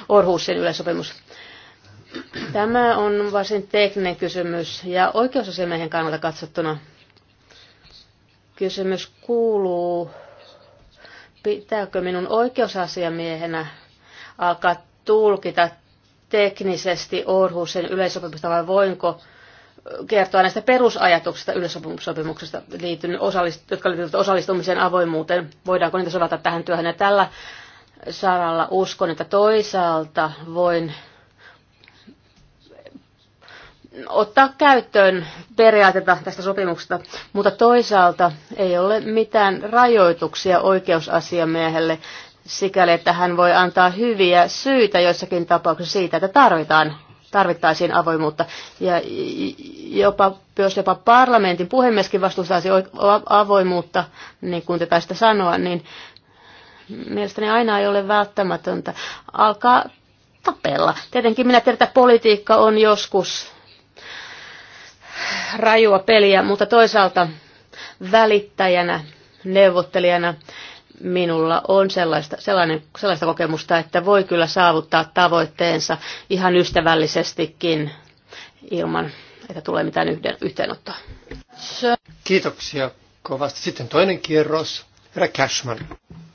Orhusin yleissopimus. Tämä on varsin tekninen kysymys ja oikeusasiamiehen kannalta katsottuna kysymys kuuluu, pitääkö minun oikeusasiamiehenä alkaa tulkita teknisesti Orhusen yleissopimusta vai voinko kertoa näistä perusajatuksista yleissopimuksesta, jotka liittyvät osallistumiseen avoimuuteen. Voidaanko niitä soveltaa tähän työhön? Ja tällä saralla uskon, että toisaalta voin ottaa käyttöön periaatetta tästä sopimuksesta, mutta toisaalta ei ole mitään rajoituksia oikeusasiamiehelle sikäli, että hän voi antaa hyviä syitä joissakin tapauksissa siitä, että tarvitaan tarvittaisiin avoimuutta. Ja jopa, jos jopa parlamentin puhemieskin vastustaisi avoimuutta, niin kuin te taisitte sanoa, niin mielestäni aina ei ole välttämätöntä alkaa tapella. Tietenkin minä tiedän, että politiikka on joskus rajua peliä, mutta toisaalta välittäjänä, neuvottelijana minulla on sellaista, sellainen, sellaista kokemusta, että voi kyllä saavuttaa tavoitteensa ihan ystävällisestikin ilman, että tulee mitään yhden, yhteenottoa. Kiitoksia kovasti. Sitten toinen kierros. Herra Cashman.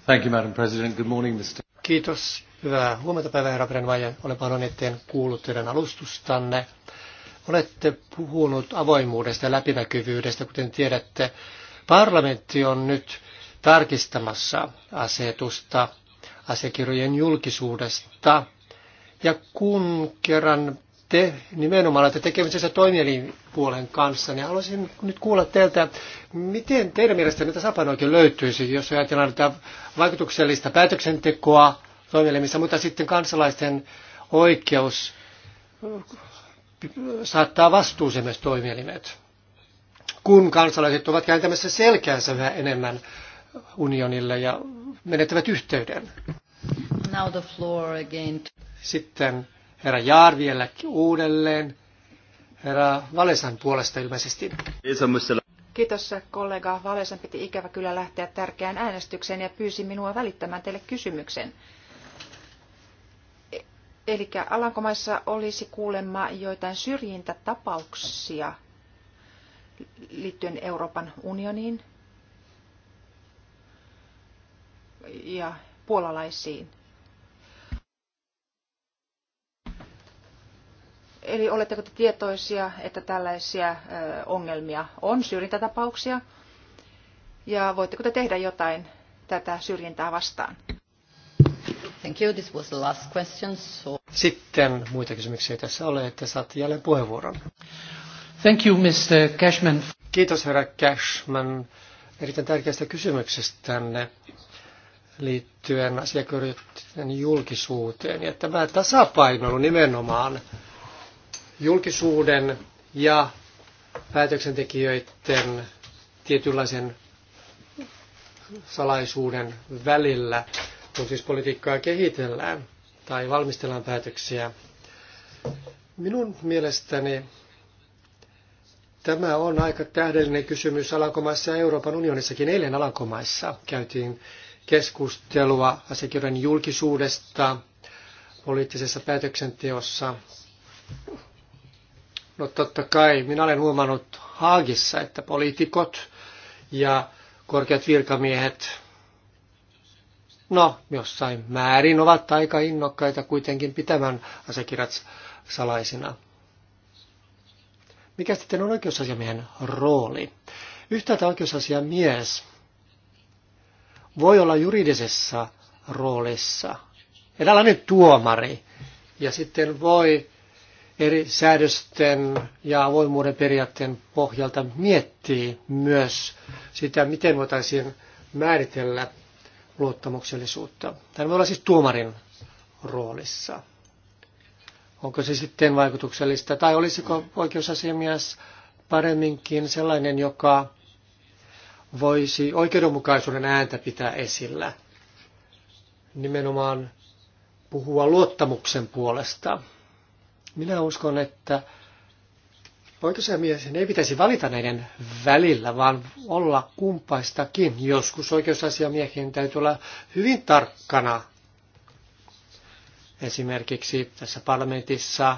Thank you, Madam President. Good morning, Mr. Kiitos. Hyvää huomenta päivää, herra Brenvajan. Olen paljon eteen kuullut teidän alustustanne. Olette puhunut avoimuudesta ja läpinäkyvyydestä, kuten tiedätte. Parlamentti on nyt tarkistamassa asetusta asiakirjojen julkisuudesta. Ja kun kerran te nimenomaan olette tekemisessä toimielinpuolen kanssa, niin haluaisin nyt kuulla teiltä, miten teidän mielestänne tasapaino oikein löytyisi, jos ajatellaan tätä vaikutuksellista päätöksentekoa toimielimissä, mutta sitten kansalaisten oikeus saattaa vastuuseen myös toimielimet, kun kansalaiset ovat kääntämässä selkäänsä vähän enemmän unionille ja menettävät yhteyden. Now the floor again. Sitten herra Jaar vielä uudelleen. Herra Valesan puolesta ilmeisesti. Kiitos kollega. Valesan piti ikävä kyllä lähteä tärkeään äänestykseen ja pyysi minua välittämään teille kysymyksen. Eli Alankomaissa olisi kuulemma joitain syrjintätapauksia liittyen Euroopan unioniin ja puolalaisiin. Eli oletteko te tietoisia, että tällaisia ongelmia on, syrjintätapauksia? Ja voitteko te tehdä jotain tätä syrjintää vastaan? Thank you. This was the last question, so... Sitten muita kysymyksiä tässä ole, että saatte jälleen puheenvuoron. Thank you, Mr. Cashman. Kiitos, herra Cashman, erittäin tärkeästä kysymyksestänne liittyen asiakirjojen julkisuuteen. Ja tämä tasapainoilu nimenomaan julkisuuden ja päätöksentekijöiden tietynlaisen salaisuuden välillä kun siis politiikkaa kehitellään tai valmistellaan päätöksiä. Minun mielestäni tämä on aika tähdellinen kysymys Alankomaissa ja Euroopan unionissakin. Eilen Alankomaissa käytiin keskustelua asiakirjan julkisuudesta poliittisessa päätöksenteossa. No totta kai, minä olen huomannut Haagissa, että poliitikot ja korkeat virkamiehet No, jossain määrin ovat aika innokkaita kuitenkin pitämään asiakirjat salaisina. Mikä sitten on oikeusasiamiehen rooli? Yhtäältä oikeusasiamies voi olla juridisessa roolissa, nyt tuomari, ja sitten voi eri säädösten ja avoimuuden periaatteen pohjalta miettiä myös sitä, miten voitaisiin määritellä luottamuksellisuutta. Tämä voi olla siis tuomarin roolissa. Onko se sitten vaikutuksellista, tai olisiko oikeusasiamies paremminkin sellainen, joka voisi oikeudenmukaisuuden ääntä pitää esillä, nimenomaan puhua luottamuksen puolesta. Minä uskon, että Oikeusasiamiehen niin ei pitäisi valita näiden välillä, vaan olla kumpaistakin. Joskus oikeusasiamiehen täytyy olla hyvin tarkkana. Esimerkiksi tässä parlamentissa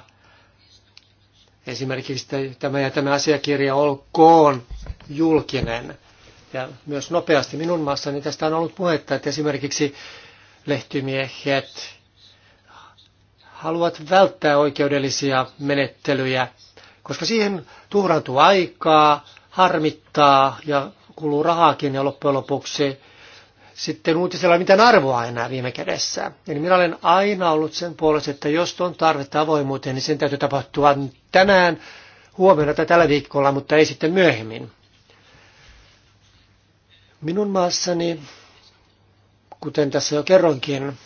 esimerkiksi tämä ja tämä asiakirja olkoon julkinen. Ja myös nopeasti minun maassani tästä on ollut puhetta, että esimerkiksi lehtimiehet haluavat välttää oikeudellisia menettelyjä – koska siihen tuhrautuu aikaa, harmittaa ja kuluu rahaakin ja loppujen lopuksi sitten uutisella ei mitään arvoa enää viime kädessä. Eli minä olen aina ollut sen puolesta, että jos on tarvetta avoimuuteen, niin sen täytyy tapahtua tänään, huomenna tai tällä viikolla, mutta ei sitten myöhemmin. Minun maassani, kuten tässä jo kerronkin,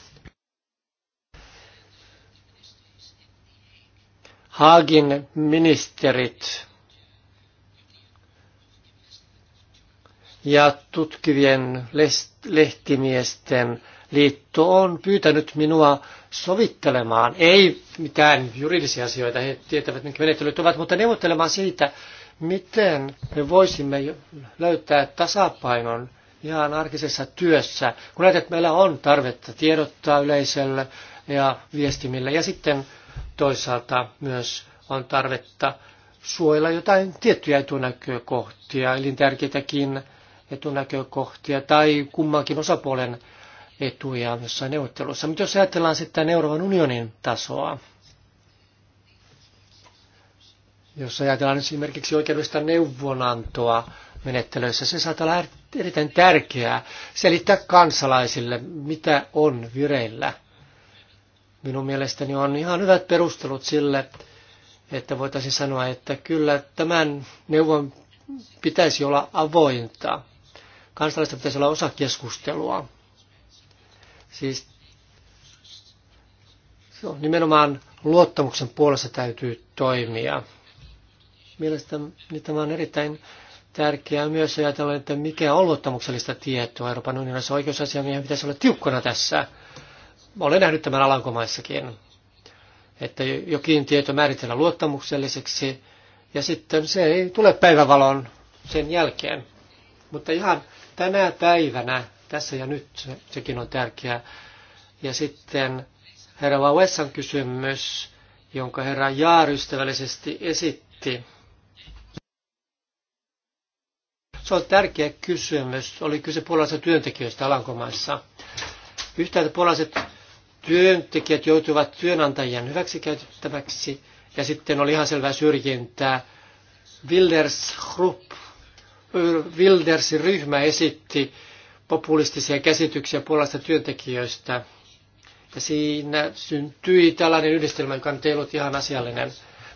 Haagin ministerit ja tutkivien lehtimiesten liitto on pyytänyt minua sovittelemaan, ei mitään juridisia asioita, he tietävät mitkä menettelyt ovat, mutta neuvottelemaan siitä, miten me voisimme löytää tasapainon ihan arkisessa työssä, kun näet, että meillä on tarvetta tiedottaa yleisölle ja viestimille, ja sitten Toisaalta myös on tarvetta suojella jotain tiettyjä etunäkökohtia, elintärkeitäkin etunäkökohtia tai kummankin osapuolen etuja jossain neuvottelussa. Mutta jos ajatellaan sitten Euroopan unionin tasoa, jos ajatellaan esimerkiksi oikeudellista neuvonantoa menettelyissä, se saattaa olla erittäin tärkeää selittää kansalaisille, mitä on vireillä. Minun mielestäni on ihan hyvät perustelut sille, että voitaisiin sanoa, että kyllä tämän neuvon pitäisi olla avointa. Kansalaista pitäisi olla osa keskustelua. Siis nimenomaan luottamuksen puolesta täytyy toimia. Mielestäni tämä on erittäin tärkeää myös ajatella, että mikä on luottamuksellista tietoa. Euroopan unionissa oikeusasiamiehen pitäisi olla tiukkana tässä. Olen nähnyt tämän Alankomaissakin, että jokin tieto määritellään luottamukselliseksi ja sitten se ei tule päivävalon sen jälkeen. Mutta ihan tänä päivänä, tässä ja nyt, se, sekin on tärkeää. Ja sitten herra Wauessan kysymys, jonka herra Jaar ystävällisesti esitti. Se on tärkeä kysymys. Oli kyse puolalaisista työntekijöistä Alankomaissa. Yhtäältä puolalaiset työntekijät joutuivat työnantajien hyväksikäyttäväksi ja sitten oli ihan selvää syrjintää. Wilders Group, Wildersin ryhmä esitti populistisia käsityksiä puolesta työntekijöistä. Ja siinä syntyi tällainen yhdistelmä, joka nyt ei ollut ihan asiallinen.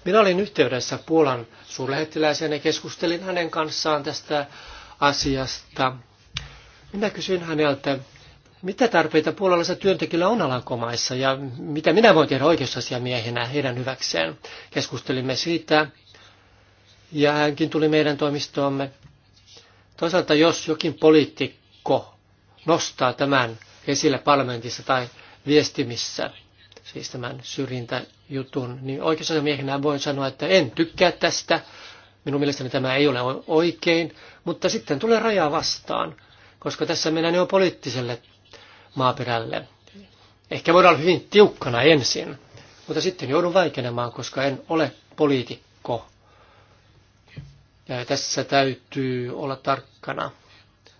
Minä olin yhteydessä Puolan suurlähettiläiseen ja keskustelin hänen kanssaan tästä asiasta. Minä kysyin häneltä, mitä tarpeita puolalaisilla työntekijöillä on Alankomaissa ja mitä minä voin tehdä oikeusasiamiehenä heidän hyväkseen. Keskustelimme siitä ja hänkin tuli meidän toimistoomme. Toisaalta jos jokin poliitikko nostaa tämän esille parlamentissa tai viestimissä, siis tämän syrjintäjutun, niin oikeusasiamiehenä voin sanoa, että en tykkää tästä, minun mielestäni tämä ei ole oikein, mutta sitten tulee raja vastaan, koska tässä mennään jo poliittiselle maaperälle. Ehkä voidaan olla hyvin tiukkana ensin, mutta sitten joudun vaikenemaan, koska en ole poliitikko. Ja tässä täytyy olla tarkkana.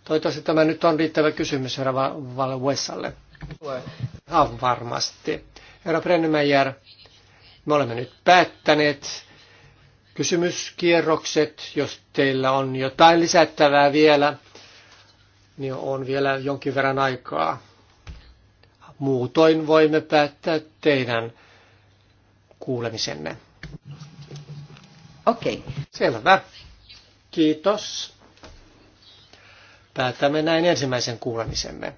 Toivottavasti tämä nyt on riittävä kysymys herra Valvessalle. Ihan varmasti. Herra Brennemeyer, me olemme nyt päättäneet kysymyskierrokset. Jos teillä on jotain lisättävää vielä, niin on vielä jonkin verran aikaa. Muutoin voimme päättää teidän kuulemisenne. Okei. Okay. Selvä. Kiitos. Päätämme näin ensimmäisen kuulemisemme.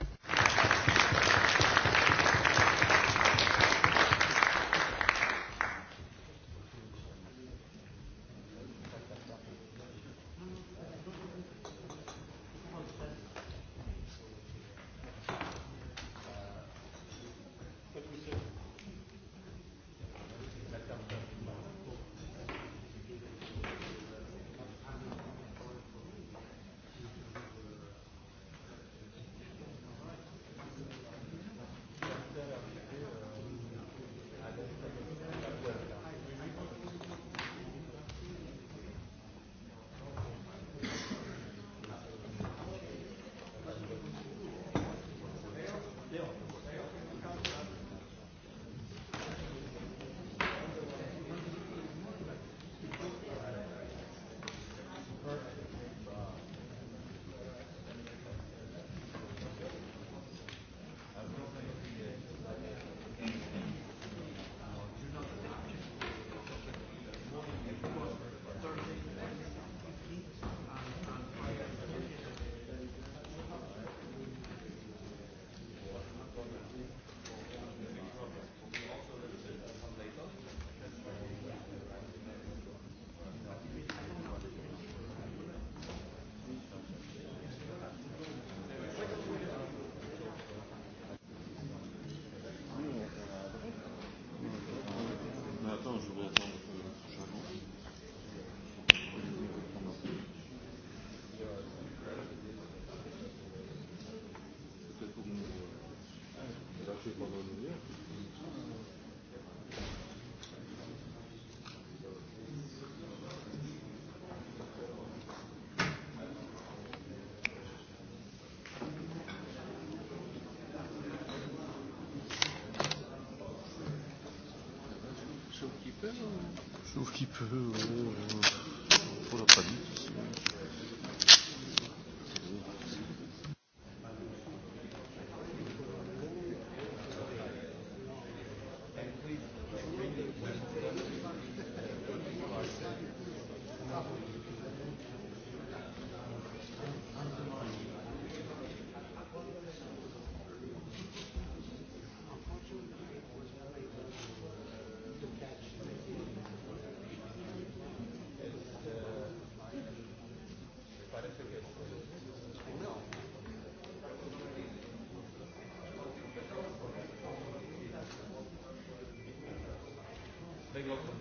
Thank you.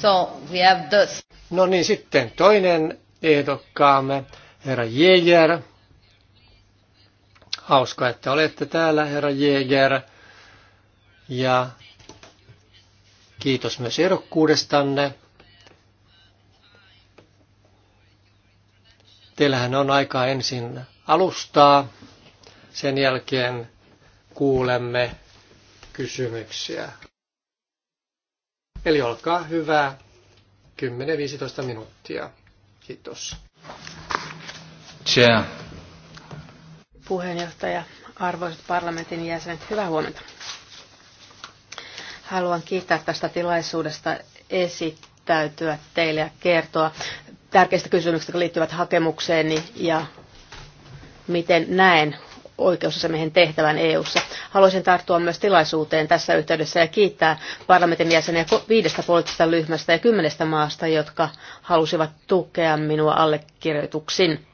So we have this. No niin, sitten toinen ehdokkaamme, herra Jäger. Hauska, että olette täällä, herra Jäger. Ja kiitos myös ehdokkuudestanne. Teillähän on aikaa ensin alustaa, sen jälkeen kuulemme kysymyksiä. Eli olkaa hyvää. 10-15 minuuttia. Kiitos. Chair. Puheenjohtaja, arvoisat parlamentin jäsenet, hyvää huomenta. Haluan kiittää tästä tilaisuudesta esittäytyä teille ja kertoa tärkeistä kysymyksistä, jotka liittyvät hakemukseeni ja miten näen oikeusasemiehen tehtävän EU:ssa. Haluaisin tarttua myös tilaisuuteen tässä yhteydessä ja kiittää parlamentin jäseniä viidestä poliittisesta ryhmästä ja kymmenestä maasta, jotka halusivat tukea minua allekirjoituksin.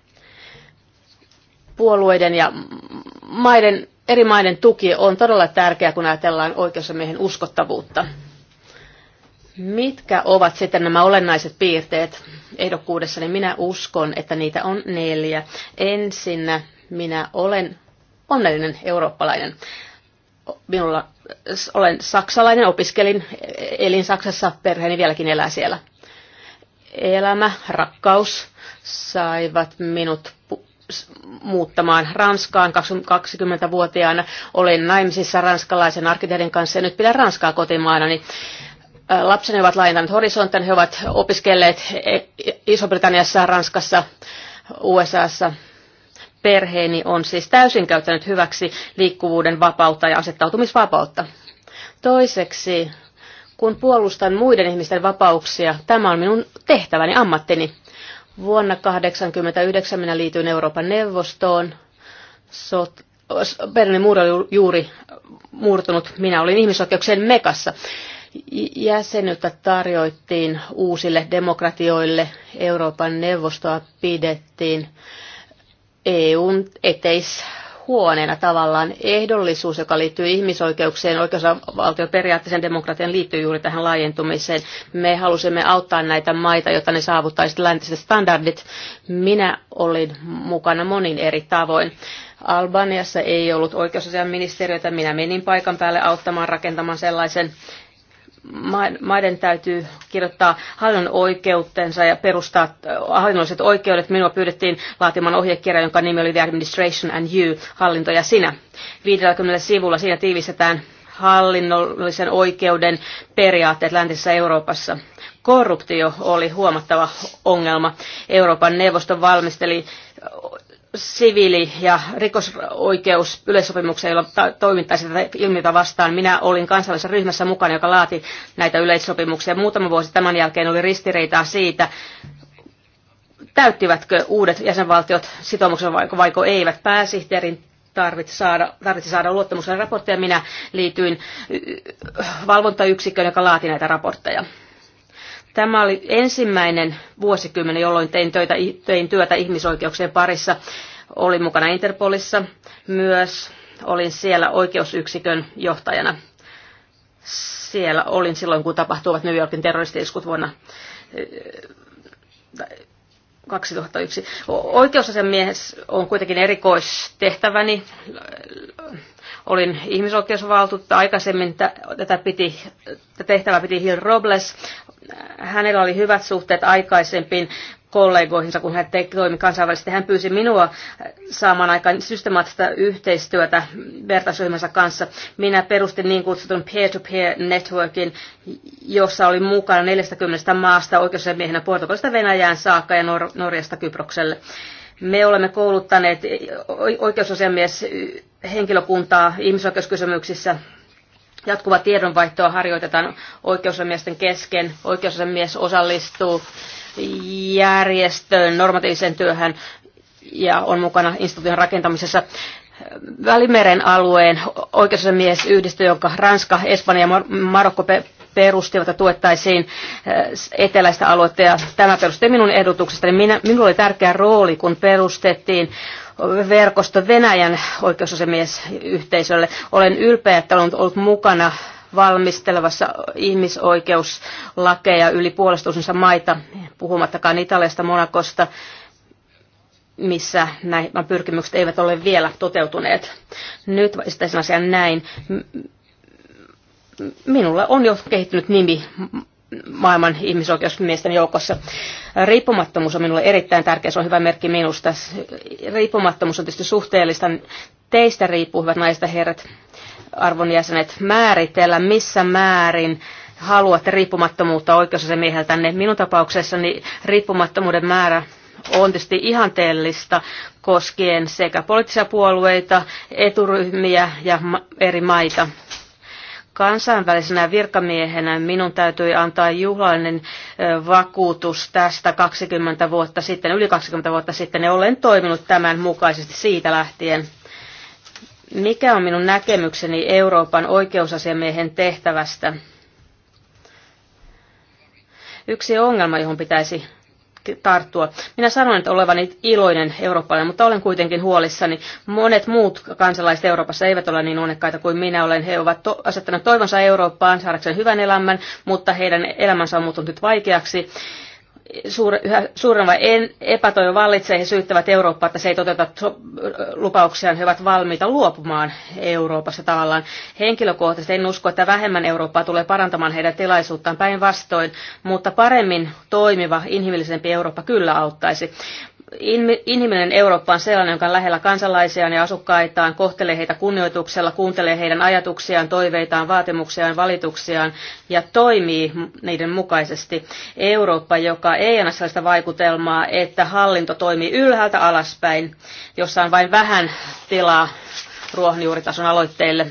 Puolueiden ja maiden, eri maiden tuki on todella tärkeää, kun ajatellaan oikeusasiamiehen uskottavuutta. Mitkä ovat sitten nämä olennaiset piirteet ehdokkuudessa, niin minä uskon, että niitä on neljä. Ensinnä minä olen onnellinen eurooppalainen. Minulla olen saksalainen, opiskelin, elin Saksassa, perheeni vieläkin elää siellä. Elämä, rakkaus saivat minut muuttamaan Ranskaan 20-vuotiaana. Olin naimisissa ranskalaisen arkkitehdin kanssa ja nyt pidän Ranskaa kotimaana. Niin lapseni ovat laajentaneet horisontin, he ovat opiskelleet e- Iso-Britanniassa, Ranskassa, USAssa perheeni on siis täysin käyttänyt hyväksi liikkuvuuden vapautta ja asettautumisvapautta. Toiseksi, kun puolustan muiden ihmisten vapauksia, tämä on minun tehtäväni, ammattini. Vuonna 1989 minä liityin Euroopan neuvostoon. Sot, Berliinin muuri oli juuri murtunut. Minä olin ihmisoikeuksien mekassa. Jäsenyyttä tarjoittiin uusille demokratioille. Euroopan neuvostoa pidettiin EUn eteishuoneena tavallaan ehdollisuus, joka liittyy ihmisoikeuksien, oikeusvaltioperiaatteeseen demokratian liittyy juuri tähän laajentumiseen. Me halusimme auttaa näitä maita, jotta ne saavuttaisivat läntiset standardit. Minä olin mukana monin eri tavoin. Albaniassa ei ollut oikeusasiaministeriötä, minä menin paikan päälle auttamaan rakentamaan sellaisen maiden täytyy kirjoittaa hallinnon oikeutensa ja perustaa äh, hallinnolliset oikeudet. Minua pyydettiin laatimaan ohjekirja, jonka nimi oli The Administration and You, hallinto ja sinä. 50 sivulla siinä tiivistetään hallinnollisen oikeuden periaatteet läntisessä Euroopassa. Korruptio oli huomattava ongelma. Euroopan neuvosto valmisteli siviili- ja rikosoikeus yleissopimuksia, joilla toimittaisiin tätä ilmiötä vastaan. Minä olin kansallisessa ryhmässä mukana, joka laati näitä yleissopimuksia. Muutama vuosi tämän jälkeen oli ristireitä siitä, täyttivätkö uudet jäsenvaltiot sitoumuksen vaiko, vaiko eivät. Pääsihteerin tarvitsi saada, tarvitsi saada luottamuksen raportteja. Minä liityin valvontayksikköön, joka laati näitä raportteja. Tämä oli ensimmäinen vuosikymmen, jolloin tein, töitä, tein työtä ihmisoikeuksien parissa. Olin mukana Interpolissa myös. Olin siellä oikeusyksikön johtajana. Siellä olin silloin, kun tapahtuivat New Yorkin terroristiiskut vuonna 2001. Eh, oikeusasiamies on kuitenkin erikoistehtäväni. Olin ihmisoikeusvaltuutta aikaisemmin, tätä, piti, tätä tehtävää piti Hill Robles. Hänellä oli hyvät suhteet aikaisempiin kollegoihinsa, kun hän toimi kansainvälisesti. Hän pyysi minua saamaan aikaan systemaattista yhteistyötä vertaisryhmänsä kanssa. Minä perustin niin kutsutun peer-to-peer -peer networkin, jossa oli mukana 40 maasta oikeusasiamiehenä Portugalista Venäjään saakka ja Nor- Norjasta Kyprokselle. Me olemme kouluttaneet oikeusasiamies henkilökuntaa ihmisoikeuskysymyksissä. Jatkuva tiedonvaihtoa harjoitetaan oikeusasiamiesten kesken. Oikeusasiamies osallistuu järjestöön normatiiviseen työhön ja on mukana instituution rakentamisessa. Välimeren alueen oikeusasiamies yhdistö, jonka Ranska, Espanja ja Marokko perustivat että tuettaisiin eh, eteläistä aluetta. Ja tämä perustui minun ehdotuksestani. Minä, minulla oli tärkeä rooli, kun perustettiin verkosto Venäjän oikeusasiamiesyhteisölle. Olen ylpeä, että olen ollut mukana valmistelevassa ihmisoikeuslakeja yli puolestuusensa maita, puhumattakaan Italiasta, Monakosta, missä nämä pyrkimykset eivät ole vielä toteutuneet. Nyt esittäisin asian näin minulla on jo kehittynyt nimi maailman ihmisoikeusmiesten joukossa. Riippumattomuus on minulle erittäin tärkeä, se on hyvä merkki minusta. Riippumattomuus on tietysti suhteellista. Teistä riippuu, hyvät naiset ja herrat, arvon jäsenet, määritellä missä määrin haluatte riippumattomuutta oikeusasemieheltänne. Minun tapauksessani riippumattomuuden määrä on tietysti ihanteellista koskien sekä poliittisia puolueita, eturyhmiä ja eri maita. Kansainvälisenä virkamiehenä minun täytyi antaa juhlainen vakuutus tästä 20 vuotta sitten, yli 20 vuotta sitten, ja olen toiminut tämän mukaisesti siitä lähtien. Mikä on minun näkemykseni Euroopan oikeusasiamiehen tehtävästä? Yksi ongelma, johon pitäisi tarttua. Minä sanoin, että olevani iloinen eurooppalainen, mutta olen kuitenkin huolissani. Monet muut kansalaiset Euroopassa eivät ole niin onnekkaita kuin minä olen. He ovat to- asettaneet toivonsa Eurooppaan saadakseen hyvän elämän, mutta heidän elämänsä on muuttunut vaikeaksi suur, yhä suurempi epätoivo vallitsee. He syyttävät Eurooppaa, että se ei toteuta so, lupauksiaan. He ovat valmiita luopumaan Euroopassa tavallaan. Henkilökohtaisesti en usko, että vähemmän Eurooppaa tulee parantamaan heidän tilaisuuttaan päinvastoin, mutta paremmin toimiva, inhimillisempi Eurooppa kyllä auttaisi inhimillinen Eurooppa on sellainen, joka on lähellä kansalaisiaan ja asukkaitaan, kohtelee heitä kunnioituksella, kuuntelee heidän ajatuksiaan, toiveitaan, vaatimuksiaan, valituksiaan ja toimii niiden mukaisesti. Eurooppa, joka ei anna sellaista vaikutelmaa, että hallinto toimii ylhäältä alaspäin, jossa on vain vähän tilaa ruohonjuuritason aloitteille.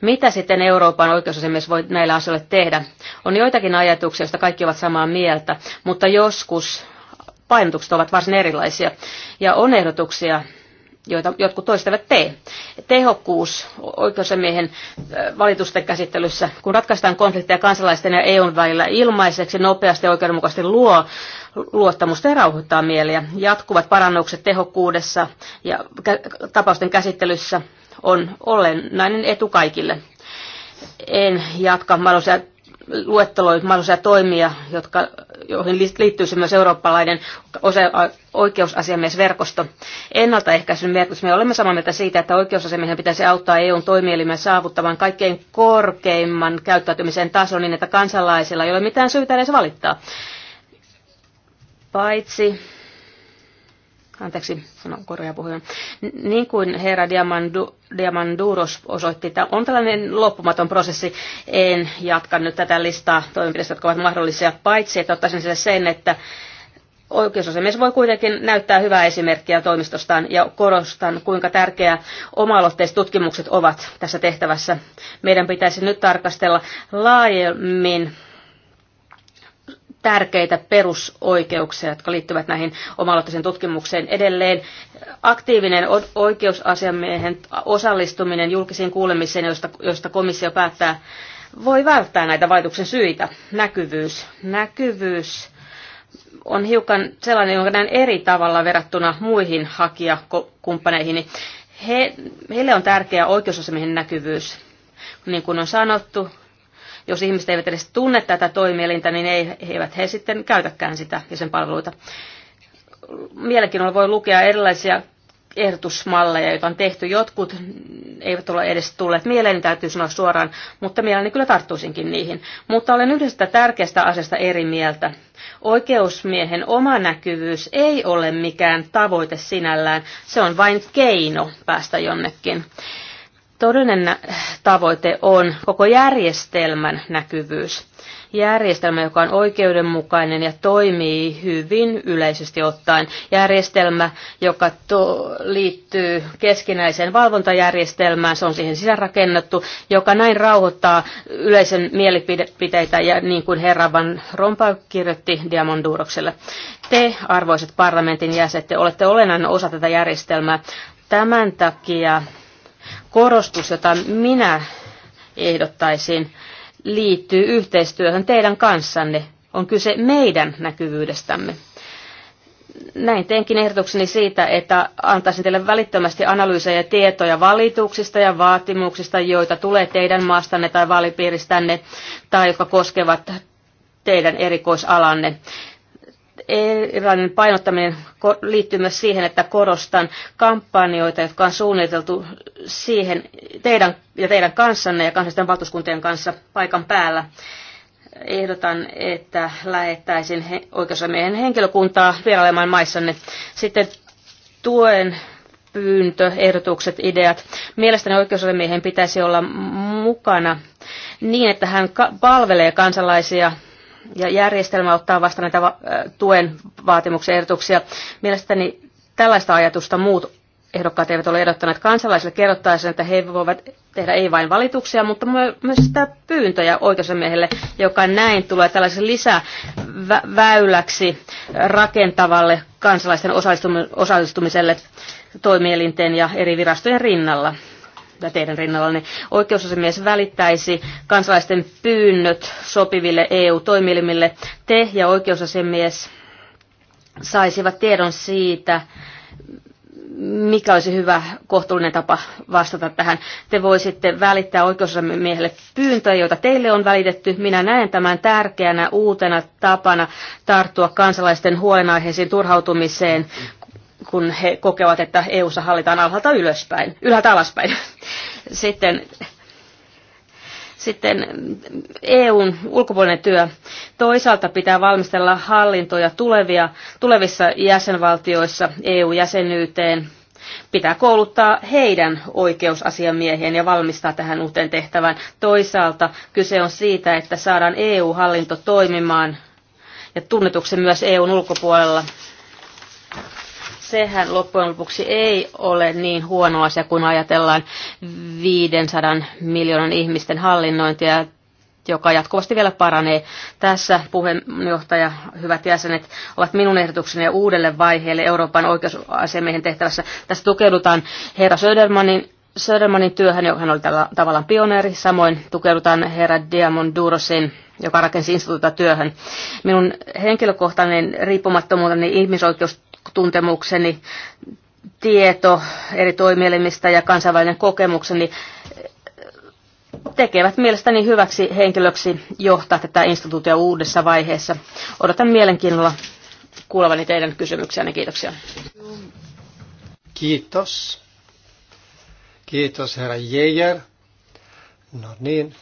Mitä sitten Euroopan oikeusasiamies voi näillä asioilla tehdä? On joitakin ajatuksia, joista kaikki ovat samaa mieltä, mutta joskus painotukset ovat varsin erilaisia ja on ehdotuksia, joita jotkut toistavat tee. Tehokkuus oikeusamiehen valitusten käsittelyssä, kun ratkaistaan konflikteja kansalaisten ja EUn välillä ilmaiseksi, nopeasti ja oikeudenmukaisesti luo luottamusta ja rauhoittaa mieliä. Jatkuvat parannukset tehokkuudessa ja tapausten käsittelyssä on olennainen etu kaikille. En jatka mahdollisia luetteloinut mahdollisia toimia, jotka, joihin liittyy myös eurooppalainen oikeusasiamiesverkosto. Ennaltaehkäisyn merkitys. Me olemme samaa mieltä siitä, että oikeusasiamiehen pitäisi auttaa EUn toimielimen saavuttamaan kaikkein korkeimman käyttäytymisen tason niin, että kansalaisilla ei ole mitään syytä edes valittaa. Paitsi Anteeksi, sanon korjaapuhujan. Niin kuin herra Diamandu, Diamanduros osoitti, että on tällainen loppumaton prosessi. En jatka nyt tätä listaa toimenpiteistä, jotka ovat mahdollisia, paitsi että ottaisin sille sen, että Oikeusasemies voi kuitenkin näyttää hyvää esimerkkiä toimistostaan ja korostan, kuinka tärkeää oma tutkimukset ovat tässä tehtävässä. Meidän pitäisi nyt tarkastella laajemmin tärkeitä perusoikeuksia, jotka liittyvät näihin oma tutkimukseen edelleen. Aktiivinen oikeusasiamiehen osallistuminen julkisiin kuulemiseen, josta, josta komissio päättää, voi välttää näitä vaikutuksen syitä. Näkyvyys. Näkyvyys on hiukan sellainen, jonka näen eri tavalla verrattuna muihin hakijakumppaneihin. He, heille on tärkeää oikeusasiamiehen näkyvyys. Niin kuin on sanottu, jos ihmiset eivät edes tunne tätä toimielintä, niin ei, eivät he sitten käytäkään sitä ja sen palveluita. Mielenkiinnolla voi lukea erilaisia ehdotusmalleja, joita on tehty. Jotkut eivät ole edes tulleet mieleeni, niin täytyy sanoa suoraan, mutta mielelläni kyllä tarttuisinkin niihin. Mutta olen yhdestä tärkeästä asiasta eri mieltä. Oikeusmiehen oma näkyvyys ei ole mikään tavoite sinällään, se on vain keino päästä jonnekin. Todellinen tavoite on koko järjestelmän näkyvyys. Järjestelmä, joka on oikeudenmukainen ja toimii hyvin yleisesti ottaen. Järjestelmä, joka to- liittyy keskinäiseen valvontajärjestelmään, se on siihen sisärakennettu, joka näin rauhoittaa yleisen mielipiteitä ja niin kuin herra Van Rompuy kirjoitti Diamondurokselle. Te, arvoiset parlamentin jäsenet, olette olennainen osa tätä järjestelmää. Tämän takia korostus, jota minä ehdottaisin, liittyy yhteistyöhön teidän kanssanne. On kyse meidän näkyvyydestämme. Näin teenkin ehdotukseni siitä, että antaisin teille välittömästi analyysejä ja tietoja valituksista ja vaatimuksista, joita tulee teidän maastanne tai vaalipiiristänne tai jotka koskevat teidän erikoisalanne erilainen painottaminen liittyy myös siihen, että korostan kampanjoita, jotka on suunniteltu siihen teidän ja teidän kanssanne ja kansallisten valtuuskuntien kanssa paikan päällä. Ehdotan, että lähettäisin he, oikeusasiamiehen henkilökuntaa vierailemaan maissanne. Sitten tuen pyyntö, ehdotukset, ideat. Mielestäni oikeusasiamiehen pitäisi olla mukana niin, että hän palvelee kansalaisia – ja järjestelmä ottaa vasta näitä tuen vaatimuksia ehdotuksia. Mielestäni tällaista ajatusta muut ehdokkaat eivät ole ehdottaneet kansalaisille kerrottaisiin, että he voivat tehdä ei vain valituksia, mutta myös sitä pyyntöjä oikeusmiehelle, joka näin tulee tällaisen lisäväyläksi rakentavalle kansalaisten osallistumiselle toimielinten ja eri virastojen rinnalla teidän rinnallanne. Oikeusasiamies välittäisi kansalaisten pyynnöt sopiville EU-toimielimille. Te ja oikeusasiamies saisivat tiedon siitä, mikä olisi hyvä kohtuullinen tapa vastata tähän. Te voisitte välittää oikeusasiamiehelle pyyntöjä, joita teille on välitetty. Minä näen tämän tärkeänä uutena tapana tarttua kansalaisten huolenaiheisiin turhautumiseen, kun he kokevat, että EU-ssa hallitaan alhaalta ylöspäin, ylhäältä alaspäin. Sitten, sitten EUn ulkopuolinen työ. Toisaalta pitää valmistella hallintoja tulevia, tulevissa jäsenvaltioissa EU-jäsenyyteen. Pitää kouluttaa heidän oikeusasiamiehien ja valmistaa tähän uuteen tehtävään. Toisaalta kyse on siitä, että saadaan EU-hallinto toimimaan ja tunnetuksen myös EUn ulkopuolella sehän loppujen lopuksi ei ole niin huono asia, kun ajatellaan 500 miljoonan ihmisten hallinnointia, joka jatkuvasti vielä paranee. Tässä puheenjohtaja, hyvät jäsenet, ovat minun ehdotukseni uudelle vaiheelle Euroopan oikeusasiamiehen tehtävässä. Tässä tukeudutaan herra Södermanin Södermanin työhön, joka hän oli tällä, tavallaan pioneeri, samoin tukeudutaan herra Durosin, joka rakensi instituutta työhön. Minun henkilökohtainen riippumattomuuteni ihmisoikeus tuntemukseni, tieto eri toimielimistä ja kansainvälinen kokemukseni tekevät mielestäni hyväksi henkilöksi johtaa tätä instituutia uudessa vaiheessa. Odotan mielenkiinnolla kuulevani teidän kysymyksiänne. Kiitoksia. Kiitos. Kiitos herra Jäger. No niin,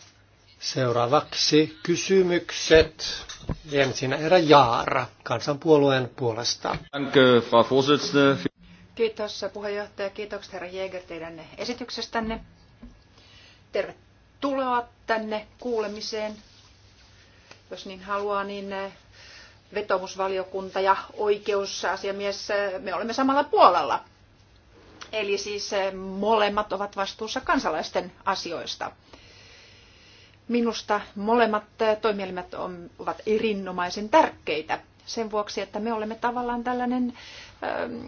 seuraavaksi kysymykset ensin Era Jaara kansanpuolueen puolesta. Kiitos puheenjohtaja, kiitokset herra Jäger teidän esityksestänne. Tervetuloa tänne kuulemiseen. Jos niin haluaa, niin eh, vetomusvaliokunta ja oikeusasiamies, eh, me olemme samalla puolella. Eli siis eh, molemmat ovat vastuussa kansalaisten asioista. Minusta molemmat toimielimet ovat erinomaisen tärkeitä sen vuoksi, että me olemme tavallaan tällainen ähm,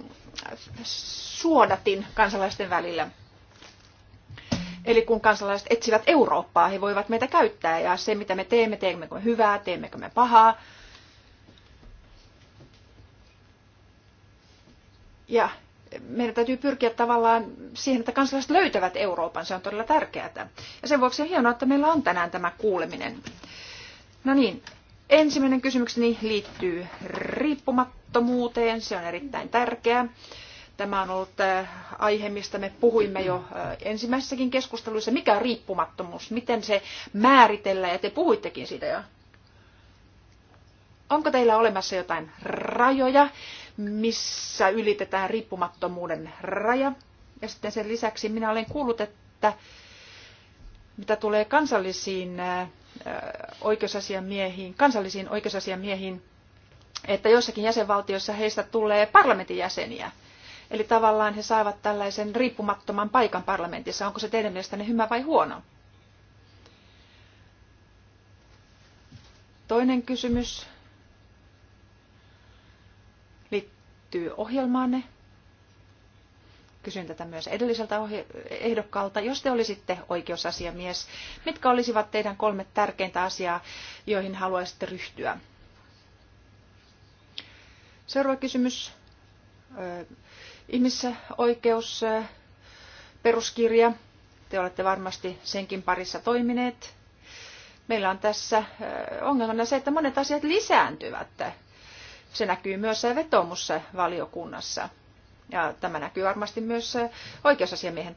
suodatin kansalaisten välillä. Eli kun kansalaiset etsivät Eurooppaa, he voivat meitä käyttää ja se mitä me teemme, teemmekö me hyvää, teemmekö me pahaa. Ja meidän täytyy pyrkiä tavallaan siihen, että kansalaiset löytävät Euroopan. Se on todella tärkeää. Ja sen vuoksi on hienoa, että meillä on tänään tämä kuuleminen. No niin, ensimmäinen kysymykseni liittyy riippumattomuuteen. Se on erittäin tärkeää. Tämä on ollut äh, aihe, mistä me puhuimme jo äh, ensimmäisessäkin keskusteluissa. Mikä on riippumattomuus? Miten se määritellään? Ja te puhuittekin siitä jo. Onko teillä olemassa jotain rajoja? missä ylitetään riippumattomuuden raja. Ja sitten sen lisäksi minä olen kuullut, että mitä tulee kansallisiin äh, äh, oikeusasiamiehiin, kansallisiin oikeusasiamiehiin, että joissakin jäsenvaltioissa heistä tulee parlamentin jäseniä. Eli tavallaan he saavat tällaisen riippumattoman paikan parlamentissa. Onko se teidän mielestänne hyvä vai huono? Toinen kysymys liittyy ohjelmaanne? Kysyn tätä myös edelliseltä ehdokkaalta. Jos te olisitte oikeusasiamies, mitkä olisivat teidän kolme tärkeintä asiaa, joihin haluaisitte ryhtyä? Seuraava kysymys. Ihmisoikeus, peruskirja. Te olette varmasti senkin parissa toimineet. Meillä on tässä ongelmana se, että monet asiat lisääntyvät se näkyy myös vetoomussa valiokunnassa. Ja tämä näkyy varmasti myös oikeusasiamiehen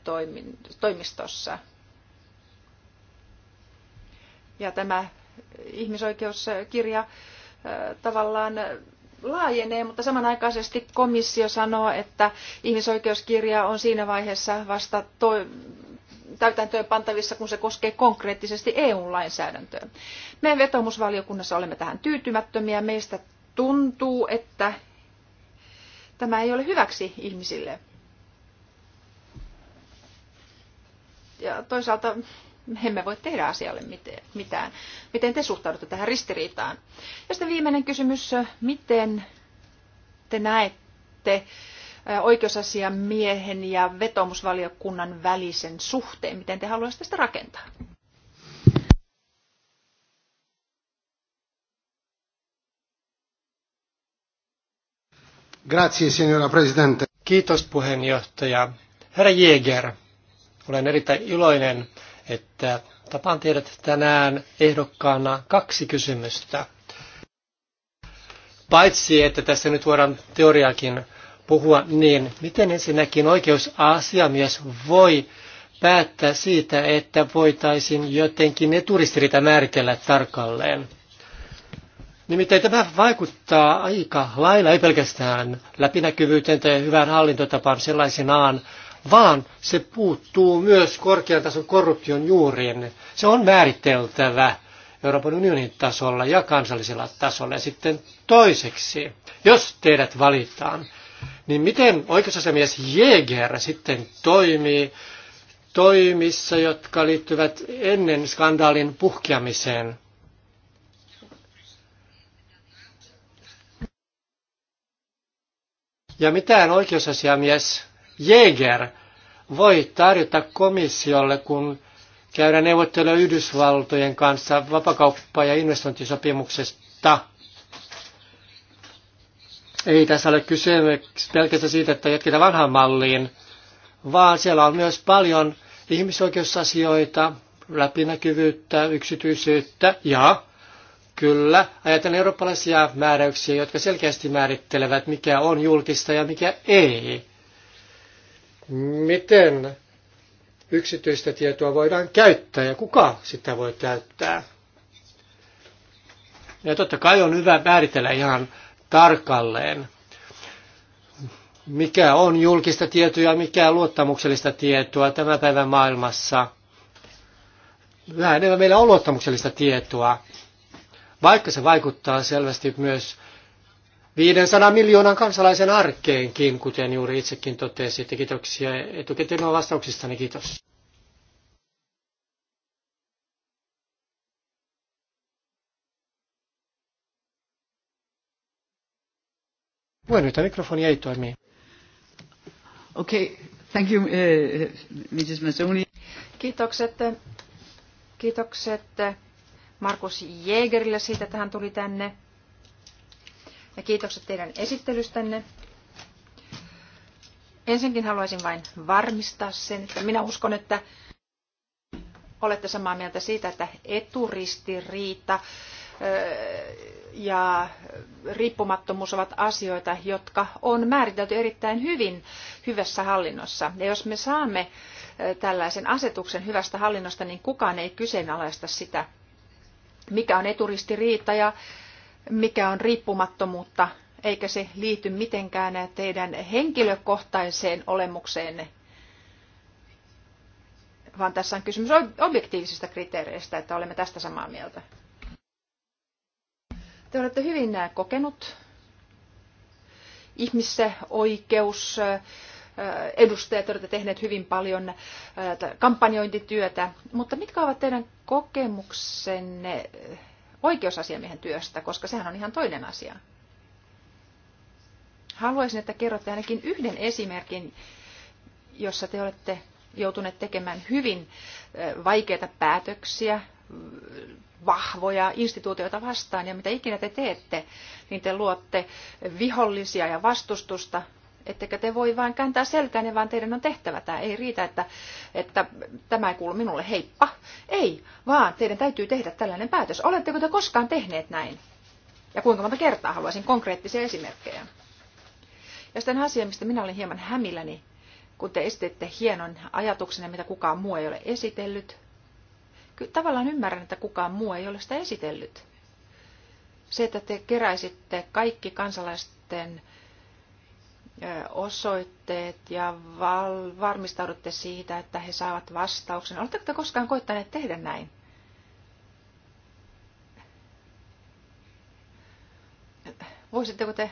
toimistossa. Ja tämä ihmisoikeuskirja tavallaan laajenee, mutta samanaikaisesti komissio sanoo, että ihmisoikeuskirja on siinä vaiheessa vasta to- täytäntöön pantavissa, kun se koskee konkreettisesti EU-lainsäädäntöä. Me vetomusvaliokunnassa olemme tähän tyytymättömiä. Meistä tuntuu, että tämä ei ole hyväksi ihmisille. Ja toisaalta emme voi tehdä asialle mitään. Miten te suhtaudutte tähän ristiriitaan? Ja sitten viimeinen kysymys, miten te näette oikeusasiamiehen ja vetomusvaliokunnan välisen suhteen? Miten te haluaisitte sitä rakentaa? Grazie, signora presidente. Kiitos puheenjohtaja. Herra Jäger, olen erittäin iloinen, että tapaan teidät tänään ehdokkaana kaksi kysymystä. Paitsi, että tässä nyt voidaan teoriakin puhua, niin miten ensinnäkin oikeusasiamies voi päättää siitä, että voitaisiin jotenkin ne turistiriita määritellä tarkalleen? Nimittäin tämä vaikuttaa aika lailla, ei pelkästään läpinäkyvyyteen tai hyvään hallintotapaan sellaisenaan, vaan se puuttuu myös korkean tason korruption juuriin. Se on määriteltävä Euroopan unionin tasolla ja kansallisella tasolla. Ja sitten toiseksi, jos teidät valitaan, niin miten oikeusasiamies Jäger sitten toimii toimissa, jotka liittyvät ennen skandaalin puhkeamiseen? Ja mitään oikeusasiamies Jäger voi tarjota komissiolle, kun käydään neuvotteluja Yhdysvaltojen kanssa vapakauppa- ja investointisopimuksesta. Ei tässä ole kyse pelkästään siitä, että jatketaan vanhaan malliin, vaan siellä on myös paljon ihmisoikeusasioita, läpinäkyvyyttä, yksityisyyttä ja Kyllä, ajatellen eurooppalaisia määräyksiä, jotka selkeästi määrittelevät, mikä on julkista ja mikä ei. Miten yksityistä tietoa voidaan käyttää ja kuka sitä voi käyttää? Ja totta kai on hyvä määritellä ihan tarkalleen, mikä on julkista tietoa ja mikä luottamuksellista tietoa tämän päivän maailmassa. Vähän enemmän meillä on luottamuksellista tietoa vaikka se vaikuttaa selvästi myös 500 miljoonan kansalaisen arkeenkin, kuten juuri itsekin totesitte. Kiitoksia etukäteen vastauksistani. Kiitos. Bueno, nyt, mikrofoni ei toimi. Okei, okay. thank you, uh, Mrs. Mazzoni. Kiitokset. Kiitokset Markus Jägerille siitä, että hän tuli tänne. Ja kiitokset teidän esittelystänne. Ensinkin haluaisin vain varmistaa sen, että minä uskon, että olette samaa mieltä siitä, että eturistiriita ja riippumattomuus ovat asioita, jotka on määritelty erittäin hyvin hyvässä hallinnossa. Ja jos me saamme tällaisen asetuksen hyvästä hallinnosta, niin kukaan ei kyseenalaista sitä mikä on eturistiriita ja mikä on riippumattomuutta, eikä se liity mitenkään teidän henkilökohtaiseen olemukseenne, vaan tässä on kysymys objektiivisista kriteereistä, että olemme tästä samaa mieltä. Te olette hyvin kokenut ihmisoikeus edustajat olette tehneet hyvin paljon kampanjointityötä, mutta mitkä ovat teidän kokemuksenne oikeusasiamiehen työstä, koska sehän on ihan toinen asia? Haluaisin, että kerrotte ainakin yhden esimerkin, jossa te olette joutuneet tekemään hyvin vaikeita päätöksiä, vahvoja instituutioita vastaan ja mitä ikinä te teette, niin te luotte vihollisia ja vastustusta Ettekä te voi vain kääntää selkäänne, vaan teidän on tehtävä tämä. Ei riitä, että, että tämä ei kuulu minulle, heippa. Ei, vaan teidän täytyy tehdä tällainen päätös. Oletteko te koskaan tehneet näin? Ja kuinka monta kertaa haluaisin konkreettisia esimerkkejä. Ja sitten asia, mistä minä olin hieman hämilläni, kun te esititte hienon ajatuksen, mitä kukaan muu ei ole esitellyt. Kyllä tavallaan ymmärrän, että kukaan muu ei ole sitä esitellyt. Se, että te keräisitte kaikki kansalaisten osoitteet ja val- varmistaudutte siitä, että he saavat vastauksen. Oletteko te koskaan koittaneet tehdä näin? Voisitteko te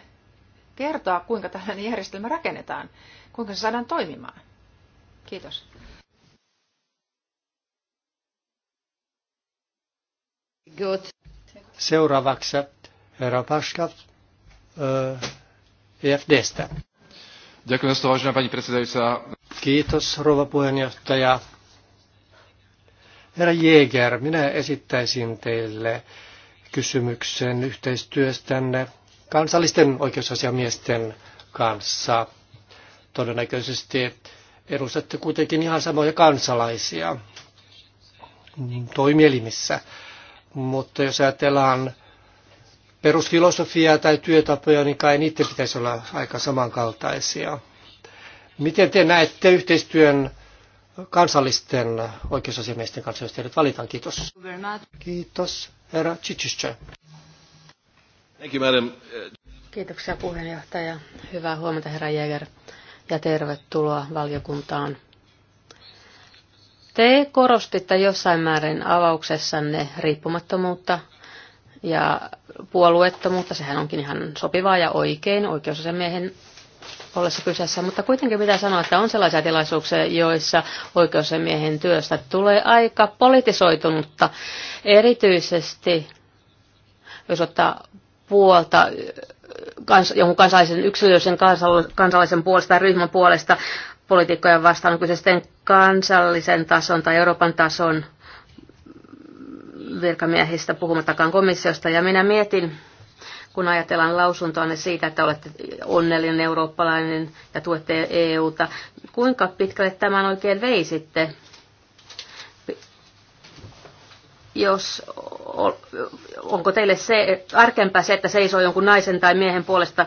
kertoa, kuinka tällainen järjestelmä rakennetaan? Kuinka se saadaan toimimaan? Kiitos. Good. Seuraavaksi herra Paska EFDstä. Kiitos, rouva puheenjohtaja. Herra Jäger, minä esittäisin teille kysymyksen yhteistyöstänne kansallisten oikeusasiamiesten kanssa. Todennäköisesti edustatte kuitenkin ihan samoja kansalaisia toimielimissä. Mutta jos ajatellaan perusfilosofiaa tai työtapoja, niin kai niiden pitäisi olla aika samankaltaisia. Miten te näette yhteistyön kansallisten oikeusasiamiesten kanssa, jos teidät valitaan? Kiitos. Kiitos, herra Chichischö. Thank you, madam. Kiitoksia puheenjohtaja. Hyvää huomenta, herra Jäger, ja tervetuloa valiokuntaan. Te korostitte jossain määrin avauksessanne riippumattomuutta, ja puolueettomuutta, sehän onkin ihan sopivaa ja oikein oikeusasiamiehen ollessa kyseessä, mutta kuitenkin pitää sanoa, että on sellaisia tilaisuuksia, joissa oikeusasiamiehen työstä tulee aika politisoitunutta, erityisesti jos ottaa puolta kans, jonkun kansalaisen yksilöllisen kansalaisen puolesta tai ryhmän puolesta poliitikkojen vastaan, on kyse sitten kansallisen tason tai Euroopan tason virkamiehistä puhumattakaan komissiosta. Ja minä mietin, kun ajatellaan lausuntoanne siitä, että olette onnellinen eurooppalainen ja tuette EUta, kuinka pitkälle tämän oikein veisitte? Jos, onko teille se, arkempää se, että seisoo jonkun naisen tai miehen puolesta,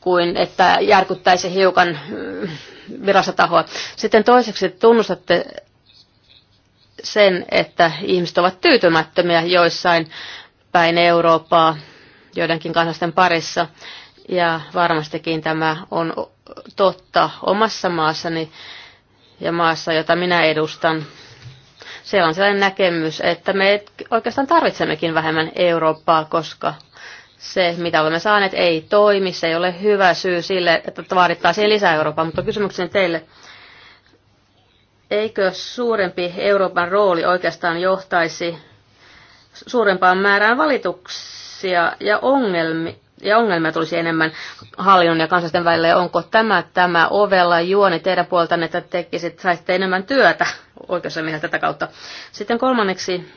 kuin että järkyttäisi hiukan mm, virassa tahoa. Sitten toiseksi tunnustatte sen, että ihmiset ovat tyytymättömiä joissain päin Eurooppaa joidenkin kansasten parissa. Ja varmastikin tämä on totta omassa maassani ja maassa, jota minä edustan. Siellä on sellainen näkemys, että me oikeastaan tarvitsemmekin vähemmän Eurooppaa, koska se, mitä olemme saaneet, ei toimi. Se ei ole hyvä syy sille, että vaadittaisiin lisää Eurooppaa. Mutta kysymykseni teille, Eikö suurempi Euroopan rooli oikeastaan johtaisi suurempaan määrään valituksia ja ongelmia, ja ongelmia tulisi enemmän hallinnon ja kansallisten välillä. Ja onko tämä tämä ovella juoni teidän puoltanne, että tekisit, saisitte enemmän työtä oikeusasiamiehen tätä kautta? Sitten kolmanneksi,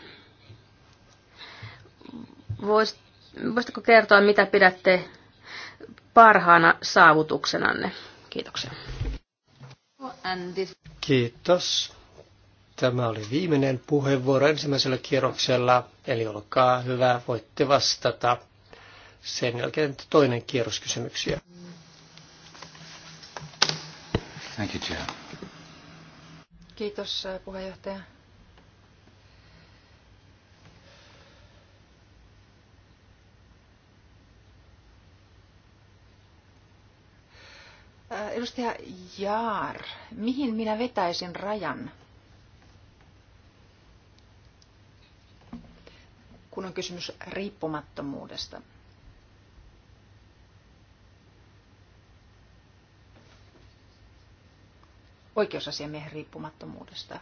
voisitko kertoa, mitä pidätte parhaana saavutuksenanne? Kiitoksia. Kiitos. Tämä oli viimeinen puheenvuoro ensimmäisellä kierroksella, eli olkaa hyvä, voitte vastata. Sen jälkeen toinen kierros kysymyksiä. Thank you, Chair. Kiitos äh, puheenjohtaja. Äh, edustaja Jaar, mihin minä vetäisin rajan? kun on kysymys riippumattomuudesta. Oikeusasiamiehen riippumattomuudesta.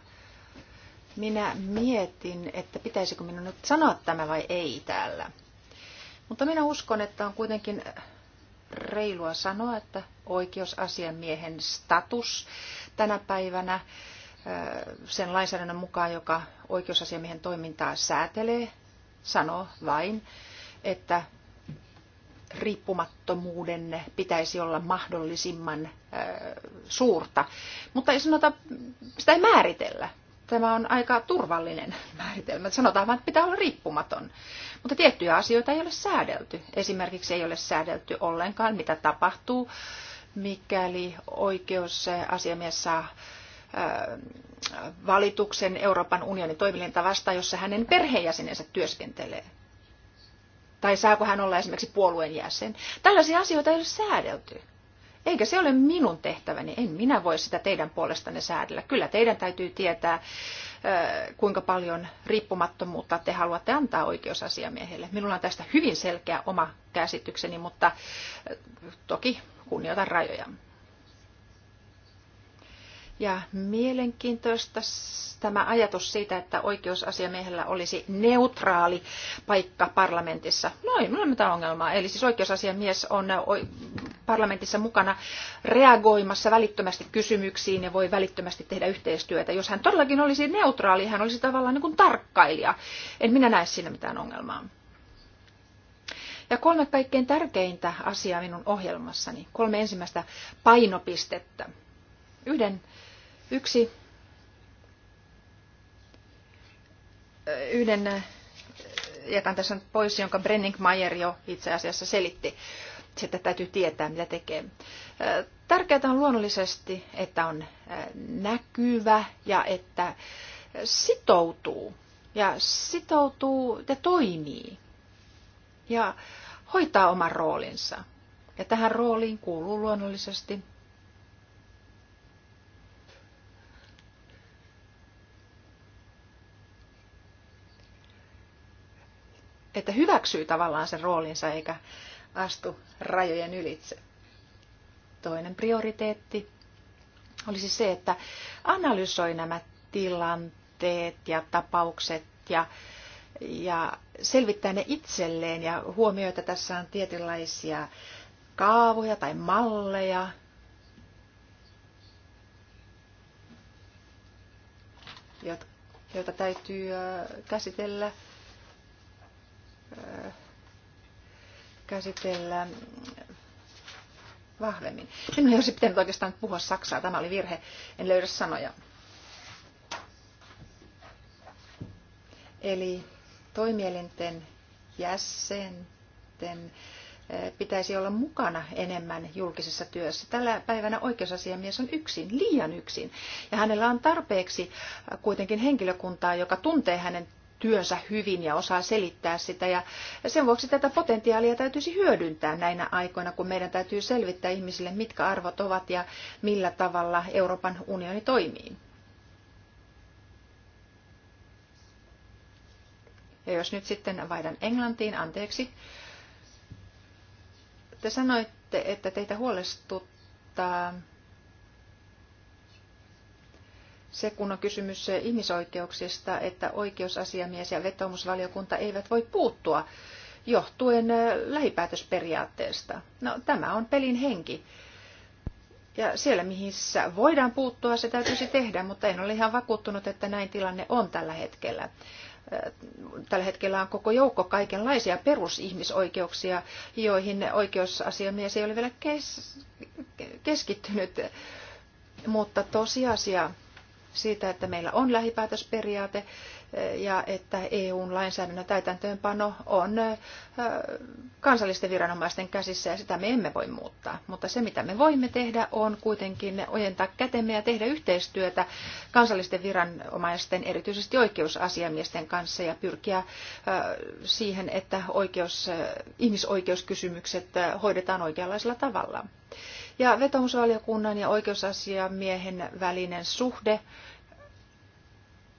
Minä mietin, että pitäisikö minun nyt sanoa tämä vai ei täällä. Mutta minä uskon, että on kuitenkin reilua sanoa, että oikeusasiamiehen status tänä päivänä sen lainsäädännön mukaan, joka oikeusasiamiehen toimintaa säätelee, sanoo vain, että riippumattomuuden pitäisi olla mahdollisimman suurta. Mutta ei sanota, sitä ei määritellä. Tämä on aika turvallinen määritelmä. Sanotaan vain, että pitää olla riippumaton. Mutta tiettyjä asioita ei ole säädelty. Esimerkiksi ei ole säädelty ollenkaan, mitä tapahtuu, mikäli oikeusasiamies saa valituksen Euroopan unionin toimilinta vastaan, jossa hänen perheenjäsenensä työskentelee. Tai saako hän olla esimerkiksi puolueen jäsen. Tällaisia asioita ei ole säädelty. Eikä se ole minun tehtäväni. En minä voi sitä teidän puolestanne säädellä. Kyllä teidän täytyy tietää, kuinka paljon riippumattomuutta te haluatte antaa oikeusasiamiehelle. Minulla on tästä hyvin selkeä oma käsitykseni, mutta toki kunnioitan rajoja. Ja mielenkiintoista tämä ajatus siitä, että oikeusasiamiehellä olisi neutraali paikka parlamentissa. No ei ei mitään ongelmaa. Eli siis oikeusasiamies on parlamentissa mukana reagoimassa välittömästi kysymyksiin ja voi välittömästi tehdä yhteistyötä. Jos hän todellakin olisi neutraali, hän olisi tavallaan niin kuin tarkkailija. En minä näe siinä mitään ongelmaa. Ja kolme kaikkein tärkeintä asiaa minun ohjelmassani, kolme ensimmäistä painopistettä. Yhden Yksi yhden äh, jätän tässä pois, jonka Brenningmeier jo itse asiassa selitti. Sitten täytyy tietää, mitä tekee. Äh, tärkeää on luonnollisesti, että on äh, näkyvä ja että sitoutuu. Ja sitoutuu ja toimii. Ja hoitaa oman roolinsa. Ja tähän rooliin kuuluu luonnollisesti että hyväksyy tavallaan sen roolinsa eikä astu rajojen ylitse. Toinen prioriteetti olisi se, että analysoi nämä tilanteet ja tapaukset ja, ja selvittää ne itselleen ja huomioi, että tässä on tietynlaisia kaavoja tai malleja. joita täytyy äh, käsitellä käsitellä vahvemmin. Minun ei olisi pitänyt oikeastaan puhua saksaa, tämä oli virhe, en löydä sanoja. Eli toimielinten jäsenten pitäisi olla mukana enemmän julkisessa työssä. Tällä päivänä oikeusasiamies on yksin, liian yksin, ja hänellä on tarpeeksi kuitenkin henkilökuntaa, joka tuntee hänen työnsä hyvin ja osaa selittää sitä. Ja sen vuoksi tätä potentiaalia täytyisi hyödyntää näinä aikoina, kun meidän täytyy selvittää ihmisille, mitkä arvot ovat ja millä tavalla Euroopan unioni toimii. Ja jos nyt sitten vaihdan Englantiin, anteeksi. Te sanoitte, että teitä huolestuttaa se, kun on kysymys eh, ihmisoikeuksista, että oikeusasiamies ja vetomusvaliokunta eivät voi puuttua johtuen eh, lähipäätösperiaatteesta. No, tämä on pelin henki. Ja siellä, missä voidaan puuttua, se täytyisi tehdä, mutta en ole ihan vakuuttunut, että näin tilanne on tällä hetkellä. Eh, tällä hetkellä on koko joukko kaikenlaisia perusihmisoikeuksia, joihin oikeusasiamies ei ole vielä kes- keskittynyt. Mutta tosiasia siitä, että meillä on lähipäätösperiaate ja että EUn lainsäädännön täytäntöönpano on kansallisten viranomaisten käsissä ja sitä me emme voi muuttaa. Mutta se, mitä me voimme tehdä, on kuitenkin ojentaa kätemme ja tehdä yhteistyötä kansallisten viranomaisten, erityisesti oikeusasiamiesten kanssa ja pyrkiä siihen, että oikeus, ihmisoikeuskysymykset hoidetaan oikeanlaisella tavalla. Ja vetomusvaliokunnan ja oikeusasiamiehen välinen suhde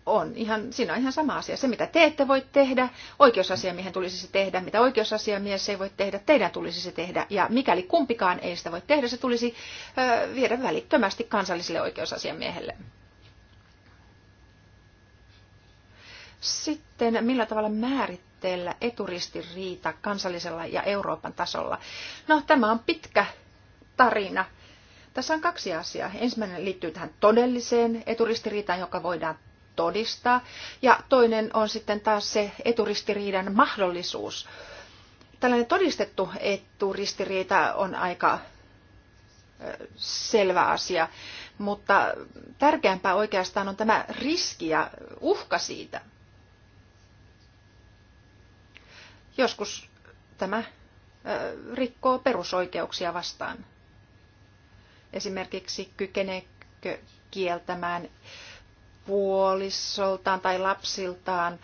on ihan, siinä on ihan sama asia. Se, mitä te ette voi tehdä, oikeusasiamiehen tulisi se tehdä, mitä oikeusasiamies ei voi tehdä, teidän tulisi se tehdä. Ja mikäli kumpikaan ei sitä voi tehdä, se tulisi ö, viedä välittömästi kansalliselle oikeusasiamiehelle. Sitten millä tavalla määritellä eturistiriita kansallisella ja Euroopan tasolla? No, tämä on pitkä tarina. Tässä on kaksi asiaa. Ensimmäinen liittyy tähän todelliseen eturistiriitaan, joka voidaan todistaa. Ja toinen on sitten taas se eturistiriidan mahdollisuus. Tällainen todistettu eturistiriita on aika selvä asia, mutta tärkeämpää oikeastaan on tämä riski ja uhka siitä. Joskus tämä rikkoo perusoikeuksia vastaan. Esimerkiksi kykeneekö kieltämään puolisoltaan tai lapsiltaan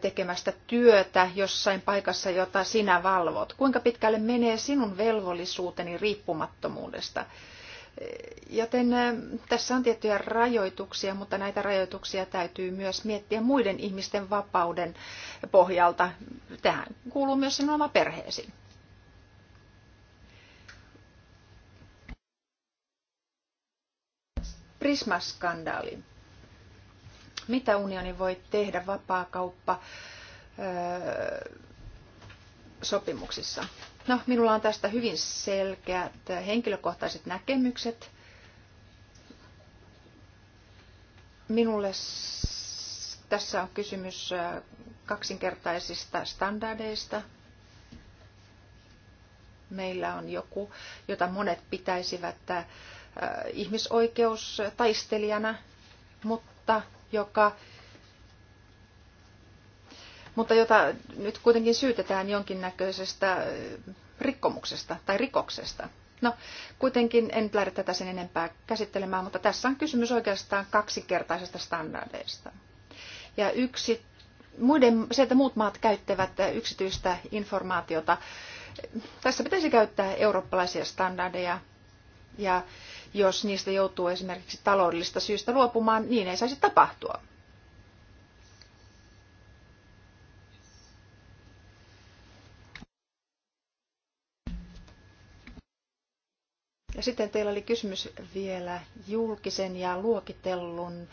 tekemästä työtä jossain paikassa, jota sinä valvot? Kuinka pitkälle menee sinun velvollisuuteni riippumattomuudesta? Joten eh, tässä on tiettyjä rajoituksia, mutta näitä rajoituksia täytyy myös miettiä muiden ihmisten vapauden pohjalta. Tähän kuuluu myös sinun oma perheesi. Prisma-skandaali. Mitä unioni voi tehdä vapaakauppa sopimuksissa? No, minulla on tästä hyvin selkeät henkilökohtaiset näkemykset. Minulle tässä on kysymys kaksinkertaisista standardeista. Meillä on joku, jota monet pitäisivät ihmisoikeustaistelijana, mutta joka, mutta jota nyt kuitenkin syytetään jonkinnäköisestä rikkomuksesta tai rikoksesta. No, kuitenkin en lähde tätä sen enempää käsittelemään, mutta tässä on kysymys oikeastaan kaksikertaisesta standardeista. Ja yksi, muiden, se, että muut maat käyttävät yksityistä informaatiota, tässä pitäisi käyttää eurooppalaisia standardeja ja jos niistä joutuu esimerkiksi taloudellista syystä luopumaan, niin ei saisi tapahtua. Ja sitten teillä oli kysymys vielä julkisen ja luokitellun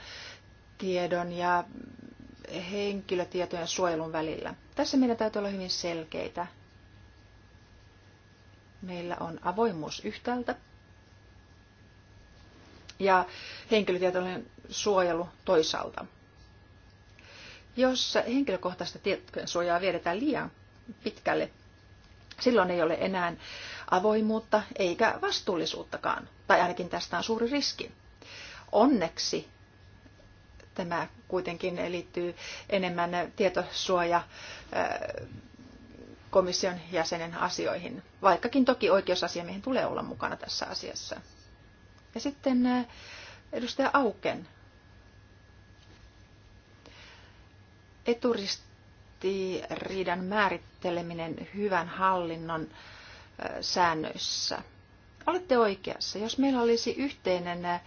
tiedon ja henkilötietojen suojelun välillä. Tässä meidän täytyy olla hyvin selkeitä. Meillä on avoimuus yhtäältä ja henkilötietojen suojelu toisaalta. Jos henkilökohtaista tietojen suojaa viedetään liian pitkälle, silloin ei ole enää avoimuutta eikä vastuullisuuttakaan, tai ainakin tästä on suuri riski. Onneksi tämä kuitenkin liittyy enemmän tietosuoja äh, komission jäsenen asioihin, vaikkakin toki oikeusasiamiehen tulee olla mukana tässä asiassa. Ja sitten äh, edustaja Auken. Eturistiriidan määritteleminen hyvän hallinnon äh, säännöissä. Olette oikeassa. Jos meillä olisi yhteinen äh,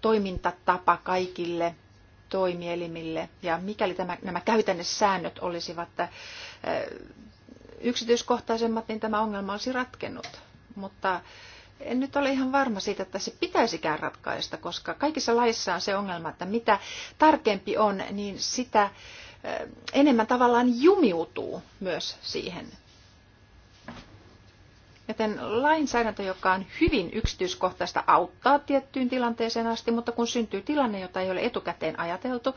toimintatapa kaikille toimielimille ja mikäli tämä, nämä säännöt olisivat yksityiskohtaisemmat, niin tämä ongelma olisi ratkennut. Mutta en nyt ole ihan varma siitä, että se pitäisikään ratkaista, koska kaikissa laissa on se ongelma, että mitä tarkempi on, niin sitä eh, enemmän tavallaan jumiutuu myös siihen. Joten lainsäädäntö, joka on hyvin yksityiskohtaista, auttaa tiettyyn tilanteeseen asti, mutta kun syntyy tilanne, jota ei ole etukäteen ajateltu,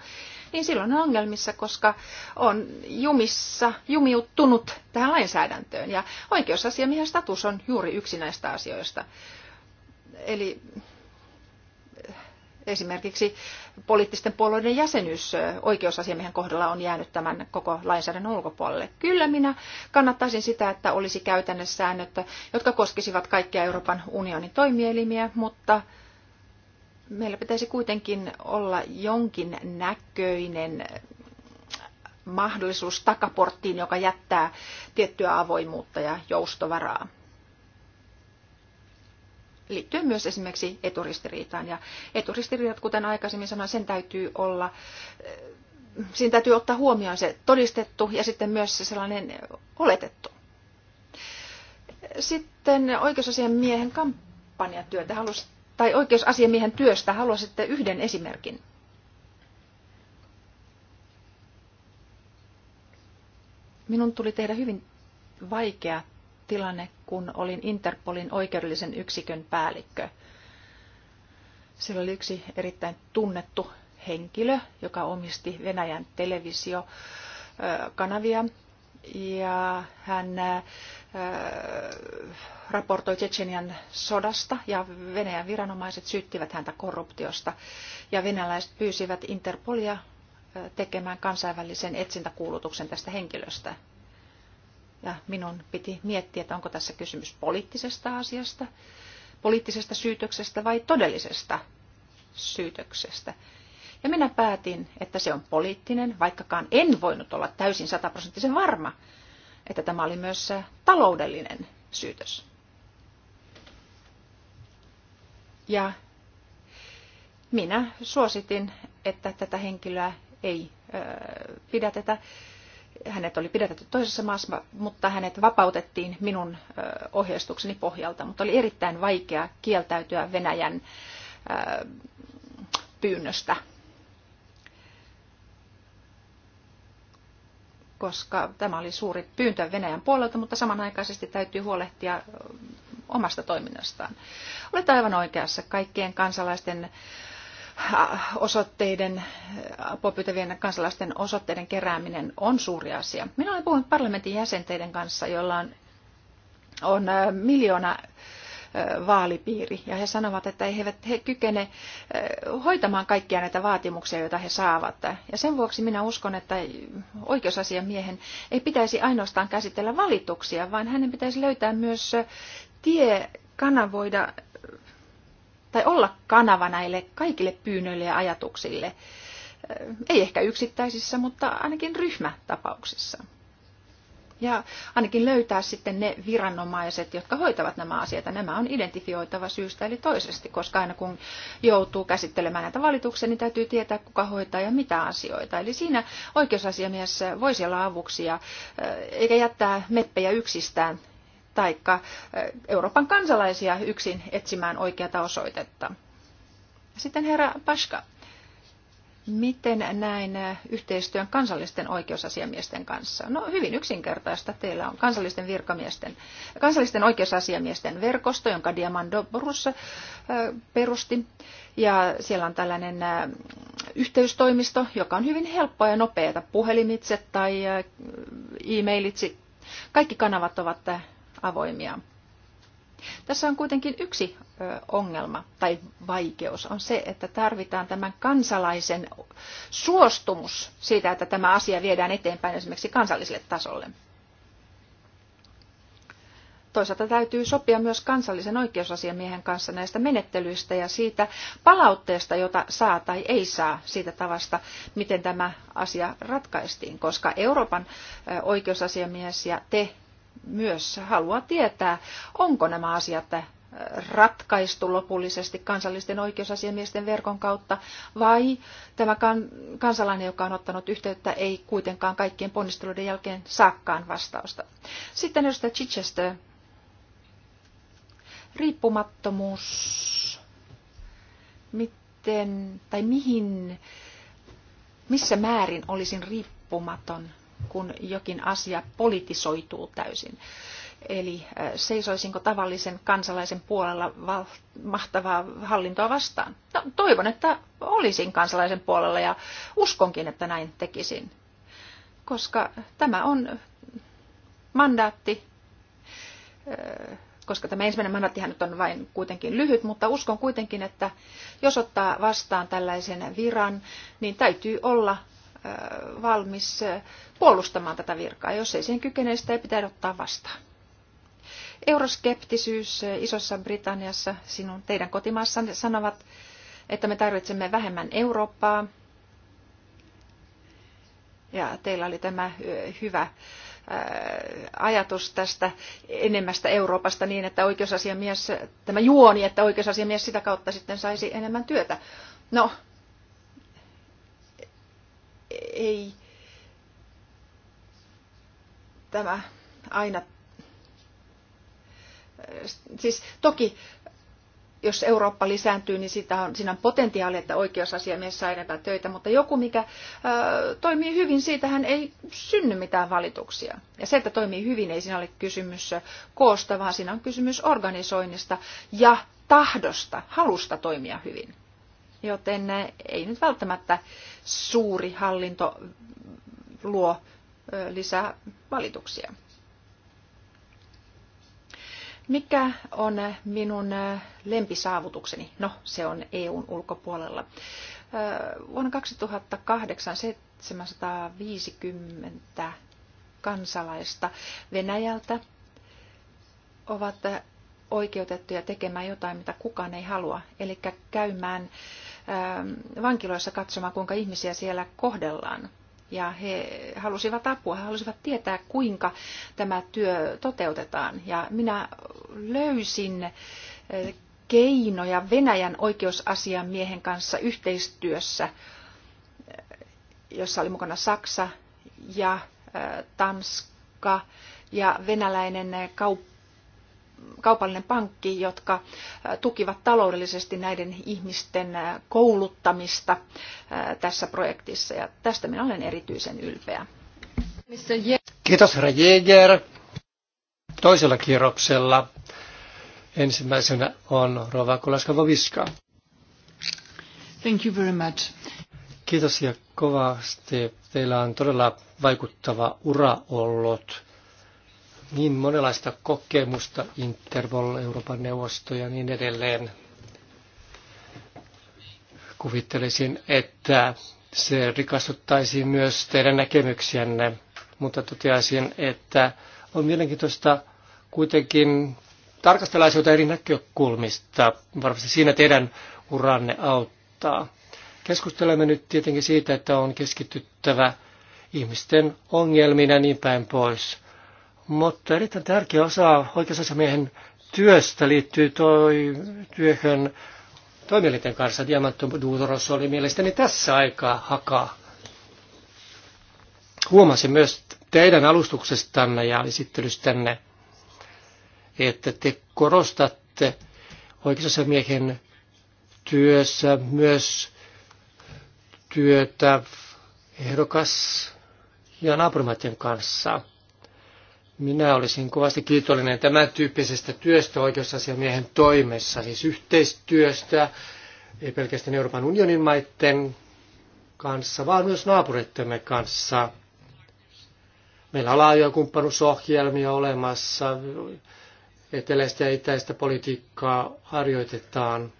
niin silloin on ongelmissa, koska on jumissa, jumiuttunut tähän lainsäädäntöön. Ja oikeusasiamiehen status on juuri yksi näistä asioista. Eli esimerkiksi poliittisten puolueiden jäsenyys oikeusasiamiehen kohdalla on jäänyt tämän koko lainsäädännön ulkopuolelle. Kyllä minä kannattaisin sitä, että olisi käytännössä säännöt, jotka koskisivat kaikkia Euroopan unionin toimielimiä, mutta meillä pitäisi kuitenkin olla jonkin näköinen mahdollisuus takaporttiin, joka jättää tiettyä avoimuutta ja joustovaraa liittyen myös esimerkiksi eturistiriitaan. Ja eturistiriidat, kuten aikaisemmin sanoin, sen täytyy olla, eh, siinä täytyy ottaa huomioon se todistettu ja sitten myös se sellainen oletettu. Sitten oikeusasiamiehen kampanjatyötä halus, tai oikeusasiamiehen työstä haluaisitte yhden esimerkin. Minun tuli tehdä hyvin vaikea tilanne, kun olin Interpolin oikeudellisen yksikön päällikkö. Siellä oli yksi erittäin tunnettu henkilö, joka omisti Venäjän televisiokanavia ja hän raportoi Tsetsenian sodasta ja Venäjän viranomaiset syyttivät häntä korruptiosta ja venäläiset pyysivät Interpolia tekemään kansainvälisen etsintäkuulutuksen tästä henkilöstä. Ja minun piti miettiä, että onko tässä kysymys poliittisesta asiasta, poliittisesta syytöksestä vai todellisesta syytöksestä. Ja minä päätin, että se on poliittinen, vaikkakaan en voinut olla täysin sataprosenttisen varma, että tämä oli myös taloudellinen syytös. Ja minä suositin, että tätä henkilöä ei ö, pidätetä hänet oli pidätetty toisessa maassa, mutta hänet vapautettiin minun ohjeistukseni pohjalta. Mutta oli erittäin vaikea kieltäytyä Venäjän pyynnöstä, koska tämä oli suuri pyyntö Venäjän puolelta, mutta samanaikaisesti täytyy huolehtia omasta toiminnastaan. Olet aivan oikeassa. Kaikkien kansalaisten Äh, osoitteiden, äh, apua pyytävien kansalaisten osoitteiden kerääminen on suuri asia. Minä olen puhunut parlamentin jäsenteiden kanssa, joilla on, on äh, miljoona vaalipiiri. Ja he sanovat, että he eivät he kykene hoitamaan kaikkia näitä vaatimuksia, joita he saavat. Ja sen vuoksi minä uskon, että oikeusasiamiehen ei pitäisi ainoastaan käsitellä valituksia, vaan hänen pitäisi löytää myös tie kanavoida tai olla kanava näille kaikille pyynnöille ja ajatuksille. Ei ehkä yksittäisissä, mutta ainakin ryhmätapauksissa. Ja ainakin löytää sitten ne viranomaiset, jotka hoitavat nämä asiat. Nämä on identifioitava syystä eli toisesti, koska aina kun joutuu käsittelemään näitä valituksia, niin täytyy tietää, kuka hoitaa ja mitä asioita. Eli siinä oikeusasiamies voisi olla avuksi, ja, eikä jättää meppejä yksistään tai Euroopan kansalaisia yksin etsimään oikeata osoitetta. Sitten herra Paska, miten näin yhteistyön kansallisten oikeusasiamiesten kanssa? No hyvin yksinkertaista. Teillä on kansallisten, virkamiesten, kansallisten oikeusasiamiesten verkosto, jonka Diamandoborus perusti. Ja siellä on tällainen yhteystoimisto, joka on hyvin helppoa ja nopeata puhelimitse tai e-mailitse. Kaikki kanavat ovat avoimia. Tässä on kuitenkin yksi ongelma tai vaikeus on se, että tarvitaan tämän kansalaisen suostumus siitä, että tämä asia viedään eteenpäin esimerkiksi kansalliselle tasolle. Toisaalta täytyy sopia myös kansallisen oikeusasiamiehen kanssa näistä menettelyistä ja siitä palautteesta, jota saa tai ei saa siitä tavasta, miten tämä asia ratkaistiin, koska Euroopan oikeusasiamies ja te myös haluaa tietää, onko nämä asiat äh, ratkaistu lopullisesti kansallisten oikeusasiamiesten verkon kautta, vai tämä kansalainen, joka on ottanut yhteyttä, ei kuitenkaan kaikkien ponnisteluiden jälkeen saakkaan vastausta. Sitten edustaja Chichester. Riippumattomuus. Miten tai mihin, missä määrin olisin riippumaton kun jokin asia politisoituu täysin. Eli äh, seisoisinko tavallisen kansalaisen puolella val- mahtavaa hallintoa vastaan? No, toivon, että olisin kansalaisen puolella ja uskonkin, että näin tekisin. Koska tämä on mandaatti, äh, koska tämä ensimmäinen mandaattihan nyt on vain kuitenkin lyhyt, mutta uskon kuitenkin, että jos ottaa vastaan tällaisen viran, niin täytyy olla Äh, valmis äh, puolustamaan tätä virkaa. Jos ei siihen kykene, sitä ei pitää ottaa vastaan. Euroskeptisyys äh, Isossa Britanniassa, sinun teidän kotimaassanne sanovat, että me tarvitsemme vähemmän Eurooppaa. Ja teillä oli tämä hyvä ajatus tästä enemmästä Euroopasta niin, että oikeusasiamies, tämä juoni, että oikeusasiamies sitä kautta sitten saisi enemmän työtä. No, ei tämä aina... Siis toki jos Eurooppa lisääntyy, niin sitä on, siinä on potentiaali, että oikeusasiamies saa enempää töitä, mutta joku, mikä ö, toimii hyvin, siitähän ei synny mitään valituksia. Ja se, että toimii hyvin, ei siinä ole kysymys koosta, vaan siinä on kysymys organisoinnista ja tahdosta, halusta toimia hyvin joten eh, ei nyt välttämättä suuri hallinto luo eh, lisää valituksia. Mikä on eh, minun lempisaavutukseni? No, se on EUn ulkopuolella. Vuonna 2008 750 kansalaista Venäjältä ovat oikeutettuja tekemään jotain, mitä kukaan ei halua, eli käymään Ähm, vankiloissa katsomaan, kuinka ihmisiä siellä kohdellaan. Ja he halusivat apua, he halusivat tietää, kuinka tämä työ toteutetaan. Ja minä löysin äh, keinoja Venäjän oikeusasiamiehen kanssa yhteistyössä, äh, jossa oli mukana Saksa ja äh, Tanska ja venäläinen kauppa kaupallinen pankki, jotka tukivat taloudellisesti näiden ihmisten kouluttamista tässä projektissa. Ja tästä minä olen erityisen ylpeä. Kiitos herra Jäger. Toisella kierroksella ensimmäisenä on Rova kulaska viska Thank you very much. Kiitos ja kovasti. Teillä on todella vaikuttava ura ollut niin monenlaista kokemusta, Interpol, Euroopan neuvosto ja niin edelleen. Kuvittelisin, että se rikastuttaisi myös teidän näkemyksiänne, mutta toteaisin, että on mielenkiintoista kuitenkin tarkastella asioita eri näkökulmista. Varmasti siinä teidän uranne auttaa. Keskustelemme nyt tietenkin siitä, että on keskityttävä ihmisten ongelmina niin päin pois – mutta erittäin tärkeä osa oikeusasiamiehen työstä liittyy toi, työhön toimielinten kanssa. Duutoros oli mielestäni tässä aikaa hakaa. Huomasin myös teidän alustuksestanne ja esittelystänne, että te korostatte oikeusasiamiehen työssä myös työtä ehdokas- ja naapurimaiden kanssa – minä olisin kovasti kiitollinen tämän tyyppisestä työstä oikeusasiamiehen toimessa, siis yhteistyöstä, ei pelkästään Euroopan unionin maiden kanssa, vaan myös naapureittemme kanssa. Meillä on laajoja kumppanuusohjelmia olemassa, eteläistä ja itäistä politiikkaa harjoitetaan.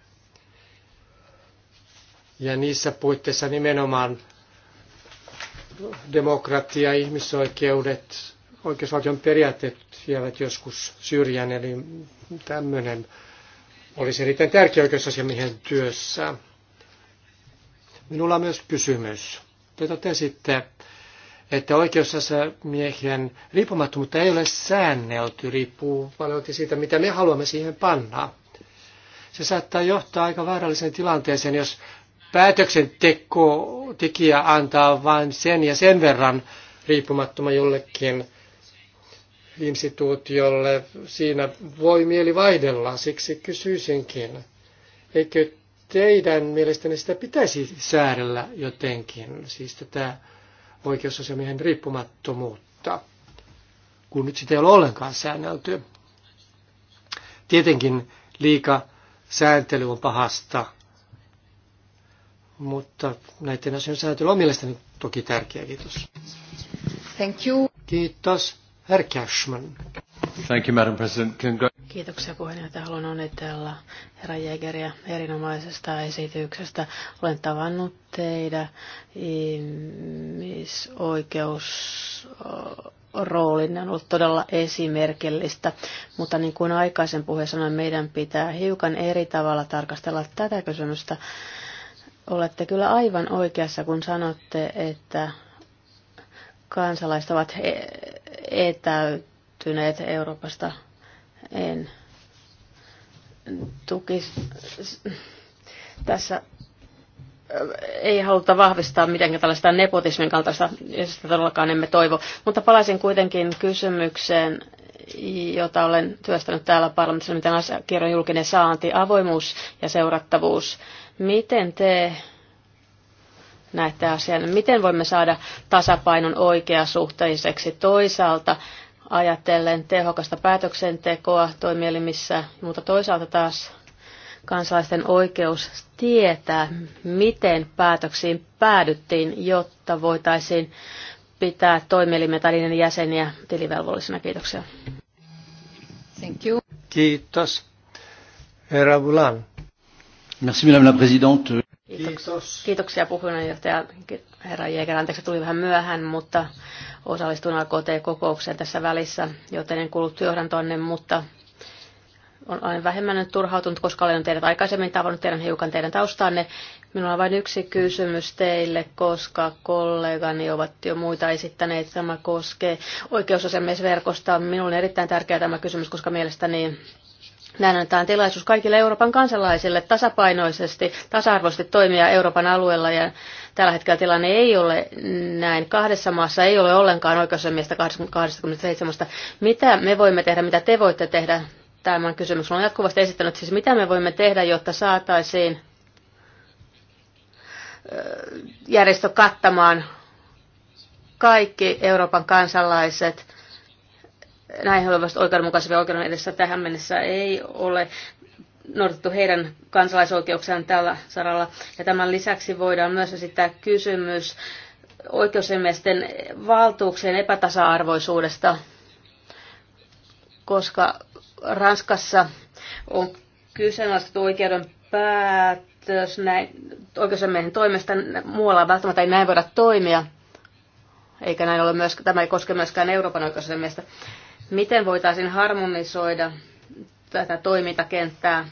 Ja niissä puitteissa nimenomaan demokratia, ihmisoikeudet, oikeusvaltion periaatteet jäävät joskus syrjään, eli tämmöinen olisi erittäin tärkeä oikeusasiamiehen työssä. Minulla on myös kysymys. Te totesitte, että oikeusasiamiehen riippumattomuutta ei ole säännelty, riippuu paljon siitä, mitä me haluamme siihen panna. Se saattaa johtaa aika vaaralliseen tilanteeseen, jos päätöksenteko tekijä antaa vain sen ja sen verran riippumattoman jollekin instituutiolle. Siinä voi mieli vaihdella, siksi kysyisinkin, eikö teidän mielestänne sitä pitäisi säädellä jotenkin, siis tätä oikeusasiamiehen riippumattomuutta, kun nyt sitä ei ole ollenkaan säännelty. Tietenkin liika sääntely on pahasta, mutta näiden asioiden sääntely on mielestäni toki tärkeä. Kiitos. Thank you. Kiitos. Herr Cashman. Thank you, Madam President. Kiitoksia puheenjohtaja. Haluan onnitella herra Jägeriä erinomaisesta esityksestä. Olen tavannut teidän ihmisoikeus roolin on ollut todella esimerkillistä, mutta niin kuin aikaisen puheen sanoin, meidän pitää hiukan eri tavalla tarkastella tätä kysymystä. Olette kyllä aivan oikeassa, kun sanotte, että kansalaiset ovat e- etäytyneet Euroopasta. En tukis tässä ei haluta vahvistaa mitenkään tällaista nepotismin kaltaista, ja sitä todellakaan emme toivo. Mutta palaisin kuitenkin kysymykseen, jota olen työstänyt täällä parlamentissa, miten asiakirjan julkinen saanti, avoimuus ja seurattavuus. Miten te näette asian? Miten voimme saada tasapainon oikeasuhteiseksi toisaalta ajatellen tehokasta päätöksentekoa toimielimissä, mutta toisaalta taas kansalaisten oikeus tietää, miten päätöksiin päädyttiin, jotta voitaisiin pitää toimielimet tai jäseniä tilivelvollisena. Kiitoksia. Thank you. Kiitos. Herra Bulan. Merci, madame la présidente. Kiitos. Kiitoksia puheenjohtaja herra Jäger. Anteeksi, tuli vähän myöhään, mutta osallistuin AKT-kokoukseen tässä välissä, joten en kuullut työhdantoanne, mutta olen vähemmän nyt turhautunut, koska olen teidät aikaisemmin tavannut teidän hiukan teidän taustanne. Minulla on vain yksi kysymys teille, koska kollegani ovat jo muita esittäneet. Tämä koskee oikeusasemiesverkosta. Minulle on erittäin tärkeä tämä kysymys, koska mielestäni näin annetaan tilaisuus kaikille Euroopan kansalaisille tasapainoisesti, tasa-arvoisesti toimia Euroopan alueella ja tällä hetkellä tilanne ei ole näin. Kahdessa maassa ei ole ollenkaan oikeusasiamiestä 27. Mitä me voimme tehdä, mitä te voitte tehdä tämän kysymyksen? on? jatkuvasti esittänyt siis, mitä me voimme tehdä, jotta saataisiin järjestö kattamaan kaikki Euroopan kansalaiset – näin olevasta olivat oikeudenmukaisen oikeuden edessä tähän mennessä ei ole noudattu heidän kansalaisoikeuksiaan tällä saralla. Ja tämän lisäksi voidaan myös esittää kysymys oikeusemiesten valtuuksien epätasa-arvoisuudesta, koska Ranskassa on kyseenalaistettu oikeuden päätös oikeusemiehen toimesta. Muualla välttämättä ei näin voida toimia, eikä näin ole myös, tämä ei koske myöskään Euroopan oikeusemiestä. Miten voitaisiin harmonisoida tätä toimintakenttää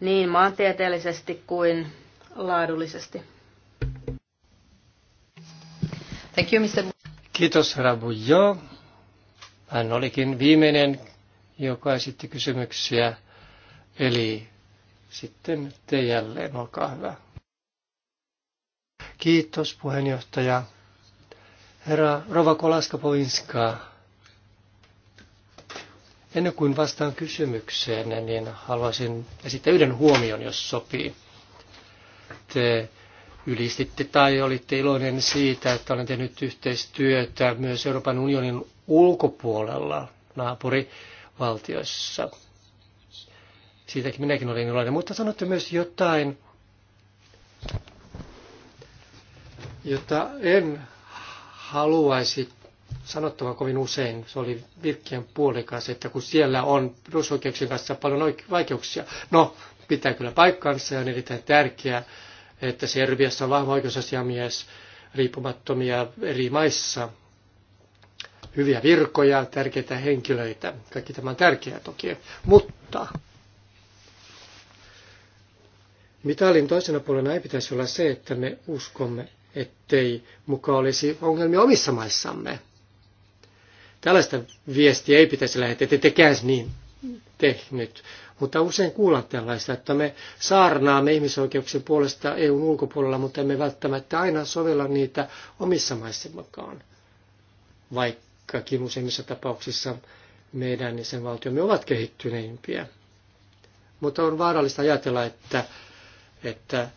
niin maantieteellisesti kuin laadullisesti? Thank you, Mr. Kiitos, Jo. Hän olikin viimeinen, joka esitti kysymyksiä. Eli sitten te jälleen, olkaa hyvä. Kiitos puheenjohtaja. Herra Rova kolaska povinskaa Ennen kuin vastaan kysymykseen, niin haluaisin esittää yhden huomion, jos sopii. Te ylistitte tai olitte iloinen siitä, että olen tehnyt yhteistyötä myös Euroopan unionin ulkopuolella naapurivaltioissa. Siitäkin minäkin olin iloinen, mutta sanotte myös jotain, jota en haluaisi sanottava kovin usein, se oli virkkien puolikas, että kun siellä on perusoikeuksien kanssa paljon vaikeuksia. No, pitää kyllä paikkansa ja on erittäin tärkeää, että Serbiassa on vahva oikeusasiamies, riippumattomia eri maissa, hyviä virkoja, tärkeitä henkilöitä. Kaikki tämä on tärkeää toki. Mutta mitalin toisena puolena ei pitäisi olla se, että me uskomme, ettei muka olisi ongelmia omissa maissamme. Tällaista viestiä ei pitäisi lähettää, että tekäs niin tehnyt. Mutta usein kuullaan tällaista, että me saarnaamme ihmisoikeuksien puolesta EUn ulkopuolella, mutta emme välttämättä aina sovella niitä omissa maissemmekaan. Vaikkakin useimmissa tapauksissa meidän valtiomme ovat kehittyneimpiä. Mutta on vaarallista ajatella, että, että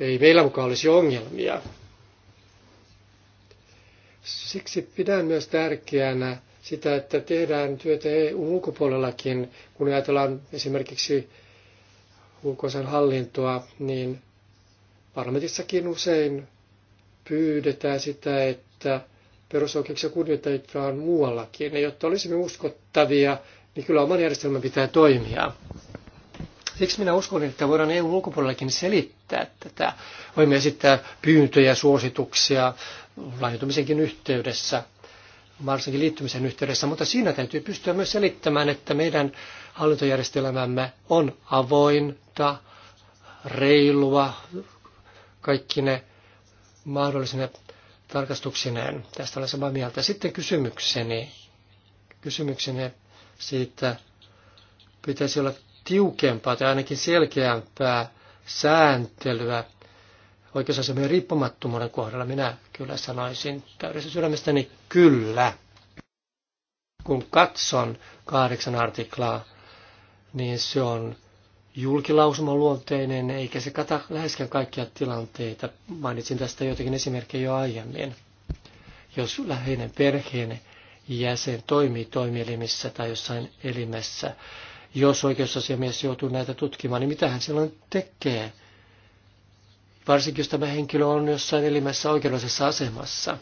ei meillä mukaan olisi ongelmia Siksi pidän myös tärkeänä sitä, että tehdään työtä EU-ulkopuolellakin, kun ajatellaan esimerkiksi ulkoisen hallintoa, niin parlamentissakin usein pyydetään sitä, että perusoikeuksia kunnioitetaan muuallakin. Ja jotta olisimme uskottavia, niin kyllä oman järjestelmän pitää toimia. Siksi minä uskon, että voidaan EU ulkopuolellakin selittää tätä. Voimme esittää pyyntöjä, suosituksia laajentumisenkin yhteydessä, varsinkin liittymisen yhteydessä, mutta siinä täytyy pystyä myös selittämään, että meidän hallintojärjestelmämme on avointa, reilua, kaikki ne mahdollisine tarkastuksineen. Tästä olen samaa mieltä. Sitten kysymykseni, kysymykseni siitä, pitäisi olla tiukempaa tai ainakin selkeämpää sääntelyä oikeusasemien riippumattomuuden kohdalla. Minä kyllä sanoisin täydessä sydämestäni kyllä. Kun katson kahdeksan artiklaa, niin se on julkilausuma luonteinen, eikä se kata läheskään kaikkia tilanteita. Mainitsin tästä joitakin esimerkkejä jo aiemmin. Jos läheinen perheen jäsen toimii toimielimissä tai jossain elimessä, jos oikeusasiamies joutuu näitä tutkimaan, niin mitä hän silloin tekee? Varsinkin jos tämä henkilö on jossain elimessä oikeudellisessa asemassa.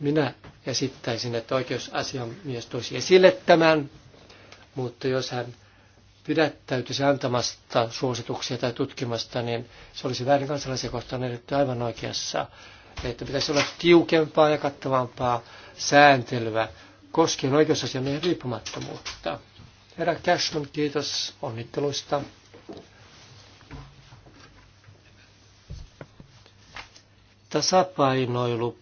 Minä esittäisin, että oikeusasiamies toisi esille tämän, mutta jos hän pidättäytyisi antamasta suosituksia tai tutkimasta, niin se olisi väärin kansalaisia kohtaan edetty aivan oikeassa. Että pitäisi olla tiukempaa ja kattavampaa sääntelyä koskien oikeusasiamiehen riippumattomuutta. Herra Cashman, kiitos onnitteluista. Tasapainoilu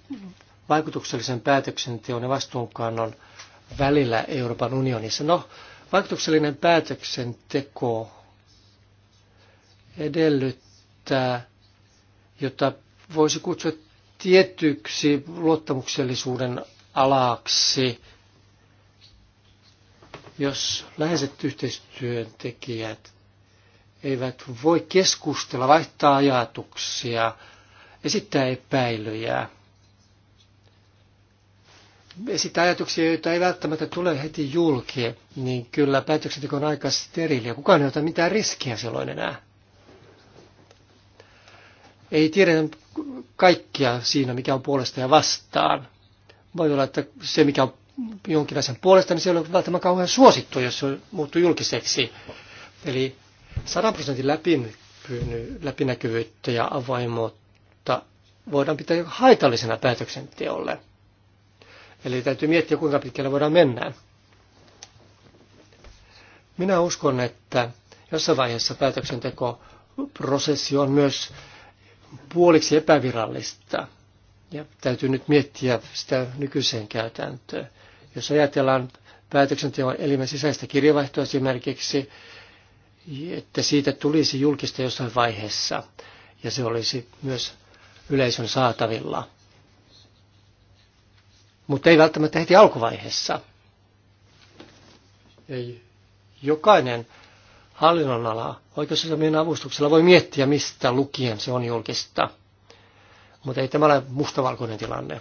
vaikutuksellisen päätöksenteon ja vastuunkannon välillä Euroopan unionissa. No, vaikutuksellinen päätöksenteko edellyttää, jota voisi kutsua tietyksi luottamuksellisuuden alaksi jos läheiset yhteistyöntekijät eivät voi keskustella, vaihtaa ajatuksia, esittää epäilyjä, esittää ajatuksia, joita ei välttämättä tule heti julki, niin kyllä päätöksenteko on aika steriiliä. Kukaan ei ota mitään riskiä silloin enää. Ei tiedetä kaikkia siinä, mikä on puolesta ja vastaan. Voi olla, että se, mikä on jonkinlaisen puolesta, niin se ei ole välttämättä kauhean suosittu, jos se muuttuu julkiseksi. Eli 100 prosentin läpinäkyvyyttä ja avoimuutta voidaan pitää haitallisena päätöksenteolle. Eli täytyy miettiä, kuinka pitkälle voidaan mennä. Minä uskon, että jossain vaiheessa päätöksentekoprosessi on myös puoliksi epävirallista. Ja täytyy nyt miettiä sitä nykyiseen käytäntöön. Jos ajatellaan päätöksenteon elimen sisäistä kirjavaihtoa esimerkiksi, että siitä tulisi julkista jossain vaiheessa ja se olisi myös yleisön saatavilla. Mutta ei välttämättä heti alkuvaiheessa. Ei. Jokainen hallinnonala oikeusasemien avustuksella voi miettiä, mistä lukien se on julkista. Mutta ei tämä ole mustavalkoinen tilanne.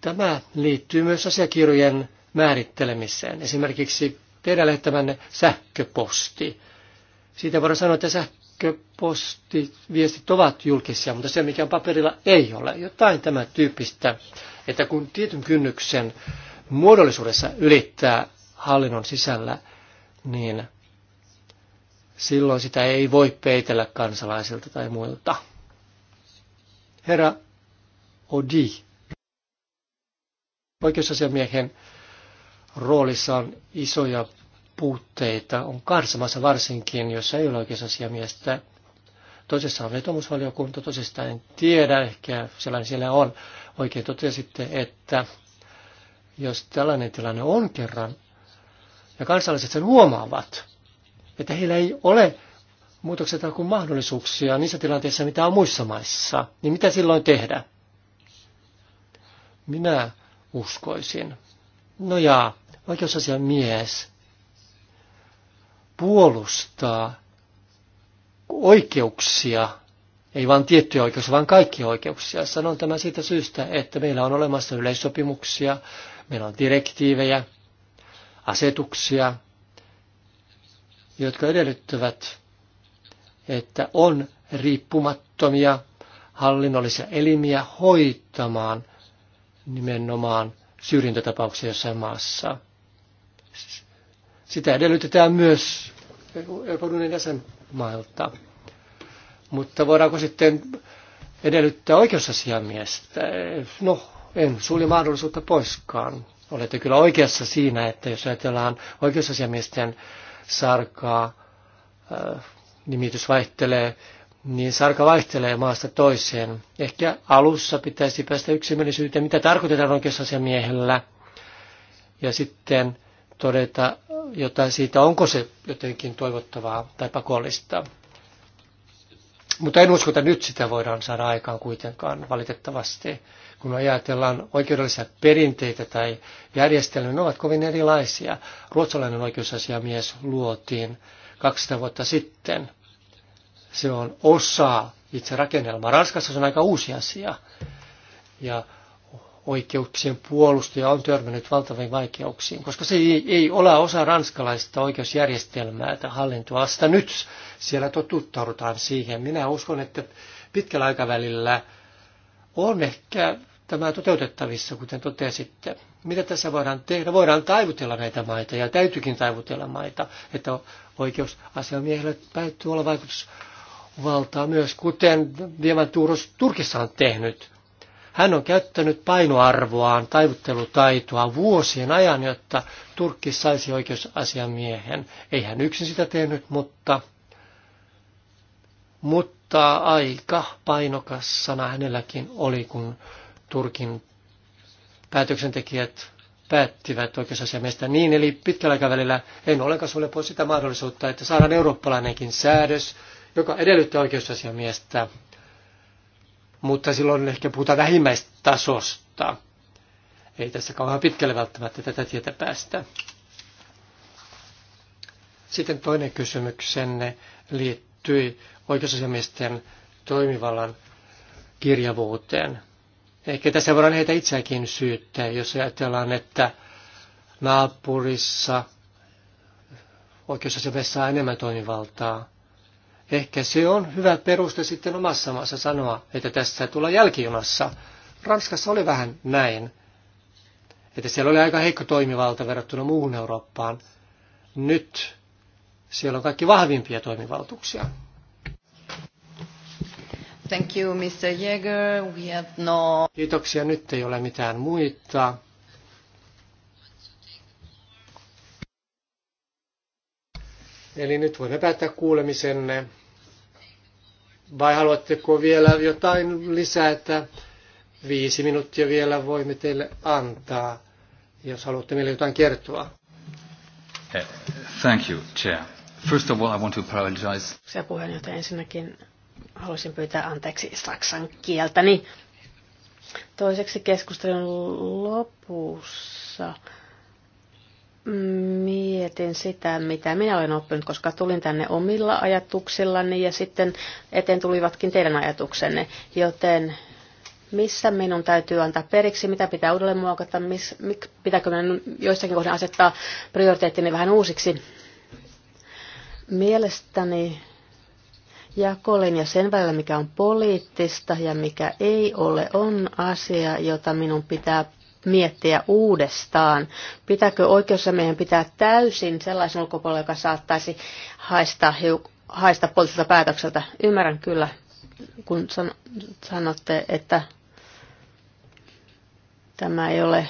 Tämä liittyy myös asiakirjojen määrittelemiseen. Esimerkiksi teidän lähettämänne sähköposti. Siitä voidaan sanoa, että sähköpostiviestit ovat julkisia, mutta se mikä on paperilla ei ole. Jotain tämän tyyppistä, että kun tietyn kynnyksen muodollisuudessa ylittää hallinnon sisällä, niin silloin sitä ei voi peitellä kansalaisilta tai muilta. Herra Odi Oikeusasiamiehen roolissa on isoja puutteita, on karsimassa varsinkin, jos ei ole oikeusasiamiestä. Toisessa on vetomusvaliokunta, toisesta en tiedä, ehkä sellainen siellä on. Oikein totesitte, että jos tällainen tilanne on kerran, ja kansalaiset sen huomaavat, että heillä ei ole muutokset kuin mahdollisuuksia niissä tilanteissa, mitä on muissa maissa, niin mitä silloin tehdä? Minä uskoisin. No ja mies puolustaa oikeuksia, ei vain tiettyjä oikeuksia, vaan kaikkia oikeuksia. Sanon tämä siitä syystä, että meillä on olemassa yleissopimuksia, meillä on direktiivejä, asetuksia, jotka edellyttävät, että on riippumattomia hallinnollisia elimiä hoitamaan nimenomaan syrjintätapauksia jossain maassa. Sitä edellytetään myös Euroopan unionin jäsenmailta. Mutta voidaanko sitten edellyttää oikeusasiamiestä? No, en sulje mahdollisuutta poiskaan. Olette kyllä oikeassa siinä, että jos ajatellaan oikeusasiamiesten sarkaa, äh, nimitys vaihtelee niin sarka vaihtelee maasta toiseen. Ehkä alussa pitäisi päästä yksimielisyyteen, mitä tarkoitetaan oikeusasiamiehellä, ja sitten todeta jotain siitä, onko se jotenkin toivottavaa tai pakollista. Mutta en usko, että nyt sitä voidaan saada aikaan kuitenkaan valitettavasti. Kun ajatellaan oikeudellisia perinteitä tai järjestelmiä, ne ovat kovin erilaisia. Ruotsalainen oikeusasiamies luotiin 200 vuotta sitten – se on osa itse rakennelmaa. Ranskassa se on aika uusi asia. Ja oikeuksien puolustaja on törmännyt valtaviin vaikeuksiin, koska se ei, ei ole osa ranskalaista oikeusjärjestelmää tai hallintoa. Sitä nyt siellä totuttaudutaan siihen. Minä uskon, että pitkällä aikavälillä on ehkä tämä toteutettavissa, kuten totesitte. Mitä tässä voidaan tehdä? Voidaan taivutella näitä maita ja täytyykin taivutella maita, että oikeusasiamiehelle päättyy olla vaikutus valtaa myös, kuten Dieman Turkissa on tehnyt. Hän on käyttänyt painoarvoaan, taivuttelutaitoa vuosien ajan, jotta Turkki saisi oikeusasiamiehen. Ei hän yksin sitä tehnyt, mutta, mutta aika painokas sana hänelläkin oli, kun Turkin päätöksentekijät päättivät oikeusasiamiestä niin, eli pitkällä aikavälillä en olekaan sulle pois sitä mahdollisuutta, että saadaan eurooppalainenkin säädös, joka edellyttää oikeusasiamiestä, mutta silloin ehkä puhutaan vähimmäistasosta. Ei tässä kauhean pitkälle välttämättä tätä tietä päästä. Sitten toinen kysymyksenne liittyi oikeusasiamiesten toimivallan kirjavuuteen. Ehkä tässä voidaan heitä itseäkin syyttää, jos ajatellaan, että naapurissa oikeusasiamies saa enemmän toimivaltaa Ehkä se on hyvä peruste sitten omassa maassa sanoa, että tässä tulee jälkijunassa. Ranskassa oli vähän näin, että siellä oli aika heikko toimivalta verrattuna muuhun Eurooppaan. Nyt siellä on kaikki vahvimpia toimivaltuuksia. Thank you, Mr. Jäger. We have no... Kiitoksia. Nyt ei ole mitään muita. Eli nyt voimme päättää kuulemisenne. Vai haluatteko vielä jotain lisää, että viisi minuuttia vielä voimme teille antaa, jos haluatte meille jotain kertoa? Eh, thank you, Chair. First of all, I want to apologize. Se puheenjohtaja ensinnäkin haluaisin pyytää anteeksi saksan kieltäni. Toiseksi keskustelun lopussa Mietin sitä, mitä minä olen oppinut, koska tulin tänne omilla ajatuksillani ja sitten eteen tulivatkin teidän ajatuksenne. Joten missä minun täytyy antaa periksi, mitä pitää uudelleen muokata, miss, mik, pitääkö minun joissakin kohdissa asettaa prioriteettini vähän uusiksi. Mielestäni ja sen välillä, mikä on poliittista ja mikä ei ole, on asia, jota minun pitää miettiä uudestaan, pitääkö oikeusasiamiehen pitää täysin sellaisen ulkopuolella, joka saattaisi haista, haista poliittiselta päätökseltä. Ymmärrän kyllä, kun sanotte, että tämä ei ole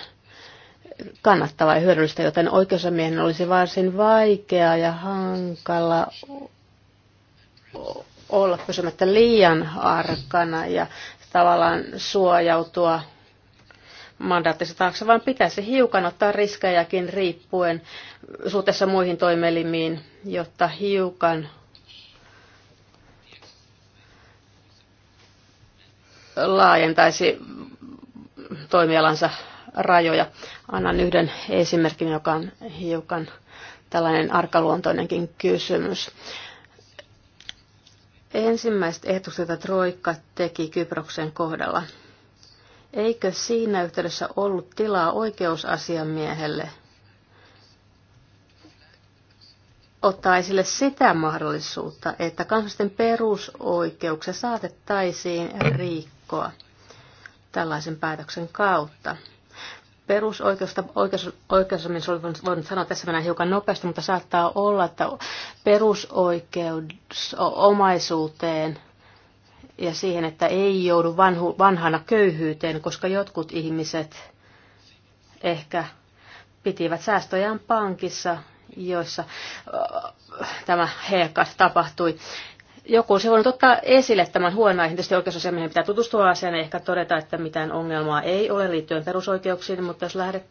kannattavaa ja hyödyllistä, joten oikeusamiehen olisi varsin vaikea ja hankala olla pysymättä liian arkana ja tavallaan suojautua mandaattinsa taakse, vaan pitäisi hiukan ottaa riskejäkin riippuen suhteessa muihin toimielimiin, jotta hiukan laajentaisi toimialansa rajoja. Annan yhden esimerkin, joka on hiukan tällainen arkaluontoinenkin kysymys. Ensimmäiset ehdotukset, joita Troikka teki Kyproksen kohdalla, Eikö siinä yhteydessä ollut tilaa oikeusasiamiehelle ottaa esille sitä mahdollisuutta, että kansallisten perusoikeuksia saatettaisiin riikkoa tällaisen päätöksen kautta? perusoikeusta, oikeus, oikeus, oli voinut sanoa, tässä mennään hiukan nopeasti, mutta saattaa olla, että perusoikeus omaisuuteen ja siihen, että ei joudu vanhu, vanhana köyhyyteen, koska jotkut ihmiset ehkä pitivät säästöjään pankissa, joissa äh, tämä heikas tapahtui. Joku se voinut ottaa esille tämän huonoa, tietysti oikeusasiamiehen pitää tutustua asiaan ja ehkä todeta, että mitään ongelmaa ei ole liittyen perusoikeuksiin, mutta jos lähdet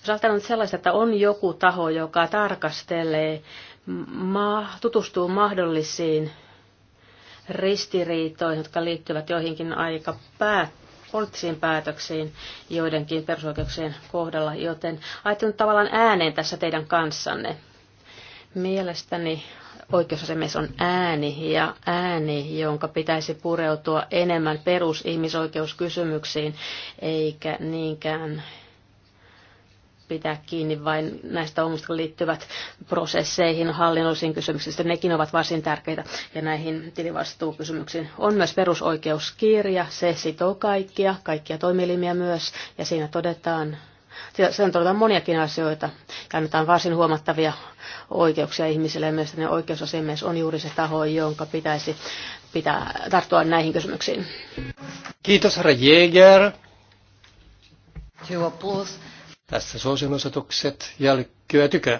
jos ajatellaan sellaista, että on joku taho, joka tarkastelee, ma, tutustuu mahdollisiin ristiriitoihin, jotka liittyvät joihinkin aika päät poliittisiin päätöksiin joidenkin perusoikeuksien kohdalla, joten ajattelin tavallaan ääneen tässä teidän kanssanne. Mielestäni oikeusasemies on ääni ja ääni, jonka pitäisi pureutua enemmän perusihmisoikeuskysymyksiin, eikä niinkään pitää kiinni vain näistä ongelmista liittyvät prosesseihin, hallinnollisiin kysymyksistä. Nekin ovat varsin tärkeitä ja näihin tilivastuukysymyksiin. On myös perusoikeuskirja, se sitoo kaikkia, kaikkia toimielimiä myös ja siinä todetaan sen todetaan moniakin asioita ja annetaan varsin huomattavia oikeuksia ihmisille ja myös ne oikeusasiamies on juuri se taho, jonka pitäisi pitää tarttua näihin kysymyksiin. Kiitos herra Jäger. Tässä suosion osoitukset, jälkkyä tykö.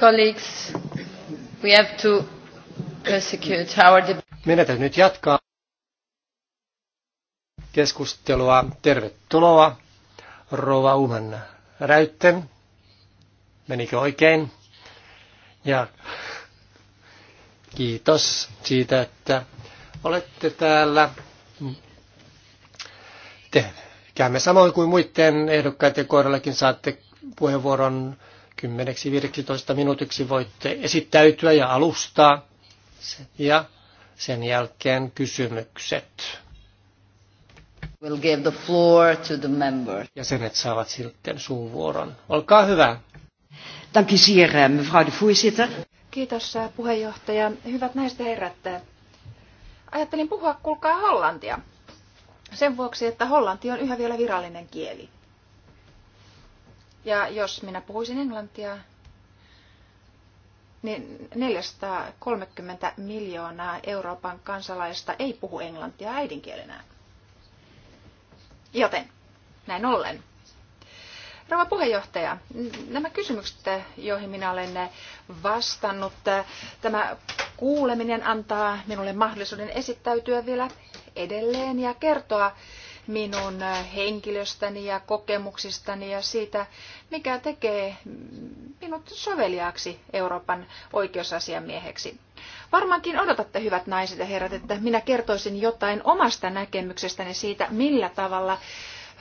Colleagues, we have to our Meidän nyt jatkaa keskustelua. Tervetuloa, Rova Uman Räytten. Menikö oikein? Ja kiitos siitä, että olette täällä. Te käymme samoin kuin muiden ehdokkaiden kohdallakin saatte puheenvuoron 10-15 minuutiksi voitte esittäytyä ja alustaa ja sen jälkeen kysymykset. We'll give the floor to the member. Jäsenet saavat sitten suun Olkaa hyvä. Dank u eh, mevrouw de voorzitter. Kiitos eh, puheenjohtaja. Hyvät näistä herrat. Eh, ajattelin puhua, kuulkaa hollantia. Sen vuoksi, että hollanti on yhä vielä virallinen kieli. Ja jos minä puhuisin englantia, niin 430 miljoonaa Euroopan kansalaista ei puhu englantia äidinkielenään. Joten, näin ollen. Rouva puheenjohtaja, nämä kysymykset, joihin minä olen vastannut, tämä kuuleminen antaa minulle mahdollisuuden esittäytyä vielä edelleen ja kertoa minun henkilöstäni ja kokemuksistani ja siitä, mikä tekee minut soveliaaksi Euroopan oikeusasiamieheksi. Varmaankin odotatte, hyvät naiset ja herrat, että minä kertoisin jotain omasta näkemyksestäni siitä, millä tavalla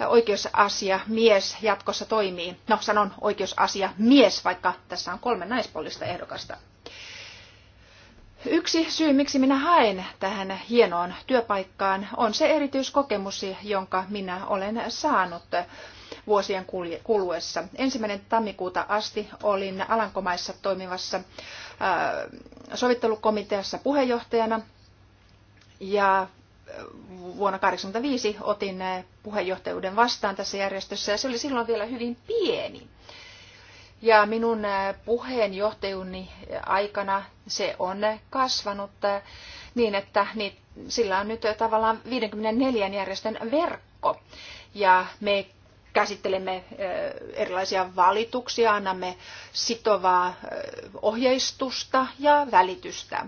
oikeusasia mies jatkossa toimii. No, sanon oikeusasia mies, vaikka tässä on kolme naispuolista ehdokasta. Yksi syy, miksi minä haen tähän hienoon työpaikkaan, on se erityiskokemus, jonka minä olen saanut vuosien kuluessa. Ensimmäinen tammikuuta asti olin Alankomaissa toimivassa äh, sovittelukomiteassa puheenjohtajana ja vuonna 1985 otin äh, puheenjohtajuuden vastaan tässä järjestössä ja se oli silloin vielä hyvin pieni. Ja minun äh, puheenjohtajuni aikana se on kasvanut äh, niin, että niin sillä on nyt tavallaan 54 järjestön verkko. Ja me käsittelemme äh, erilaisia valituksia, annamme sitovaa ohjeistusta ja välitystä.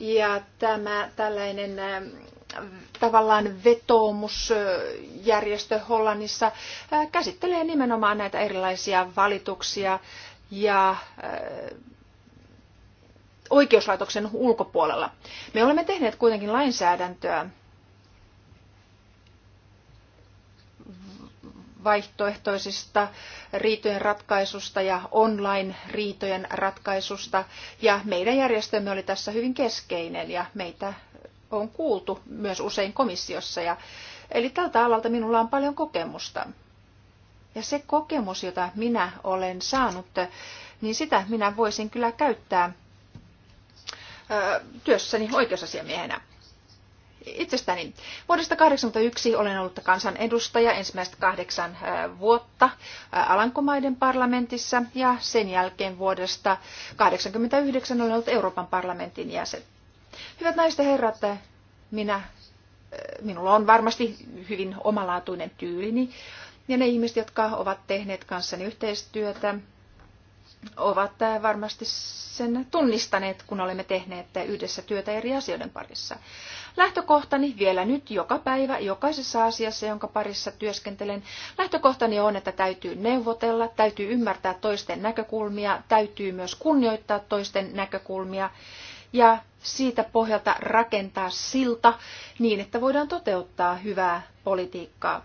Ja tämä tällainen ähm, tavallaan vetoomusjärjestö Hollannissa käsittelee nimenomaan näitä erilaisia valituksia ja oikeuslaitoksen ulkopuolella. Me olemme tehneet kuitenkin lainsäädäntöä vaihtoehtoisista riitojen ratkaisusta ja online-riitojen ratkaisusta. Ja meidän järjestömme oli tässä hyvin keskeinen ja meitä on kuultu myös usein komissiossa. Ja, eli tältä alalta minulla on paljon kokemusta. Ja se kokemus, jota minä olen saanut, niin sitä minä voisin kyllä käyttää työssäni oikeusasiamiehenä itsestäni. Vuodesta 1981 olen ollut kansanedustaja ensimmäistä kahdeksan vuotta Alankomaiden parlamentissa ja sen jälkeen vuodesta 1989 olen ollut Euroopan parlamentin jäsen. Hyvät naiset ja herrat, minä, minulla on varmasti hyvin omalaatuinen tyylini. Ja ne ihmiset, jotka ovat tehneet kanssani yhteistyötä, ovat varmasti sen tunnistaneet, kun olemme tehneet yhdessä työtä eri asioiden parissa. Lähtökohtani vielä nyt joka päivä, jokaisessa asiassa, jonka parissa työskentelen, lähtökohtani on, että täytyy neuvotella, täytyy ymmärtää toisten näkökulmia, täytyy myös kunnioittaa toisten näkökulmia ja siitä pohjalta rakentaa silta niin, että voidaan toteuttaa hyvää politiikkaa.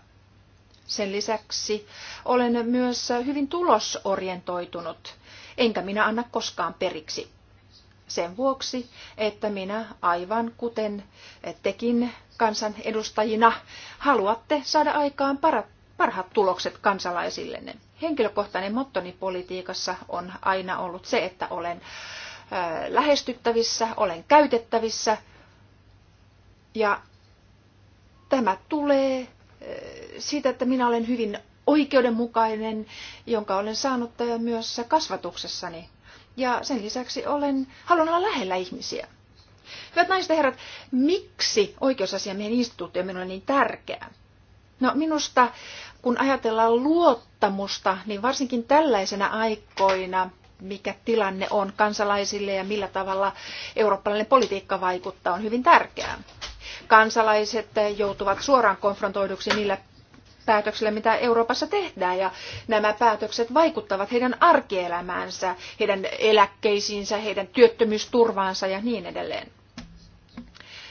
Sen lisäksi olen myös hyvin tulosorientoitunut, enkä minä anna koskaan periksi. Sen vuoksi, että minä aivan kuten tekin kansanedustajina haluatte saada aikaan parhaat tulokset kansalaisillenne. Henkilökohtainen mottoni politiikassa on aina ollut se, että olen lähestyttävissä, olen käytettävissä. Ja tämä tulee siitä, että minä olen hyvin oikeudenmukainen, jonka olen saanut myös kasvatuksessani. Ja sen lisäksi olen, haluan olla lähellä ihmisiä. Hyvät naiset ja herrat, miksi oikeusasiamiehen instituutio on minulle niin tärkeä? No minusta, kun ajatellaan luottamusta, niin varsinkin tällaisena aikoina mikä tilanne on kansalaisille ja millä tavalla eurooppalainen politiikka vaikuttaa, on hyvin tärkeää. Kansalaiset joutuvat suoraan konfrontoiduksi niillä päätöksillä, mitä Euroopassa tehdään, ja nämä päätökset vaikuttavat heidän arkielämäänsä, heidän eläkkeisiinsä, heidän työttömyysturvaansa ja niin edelleen.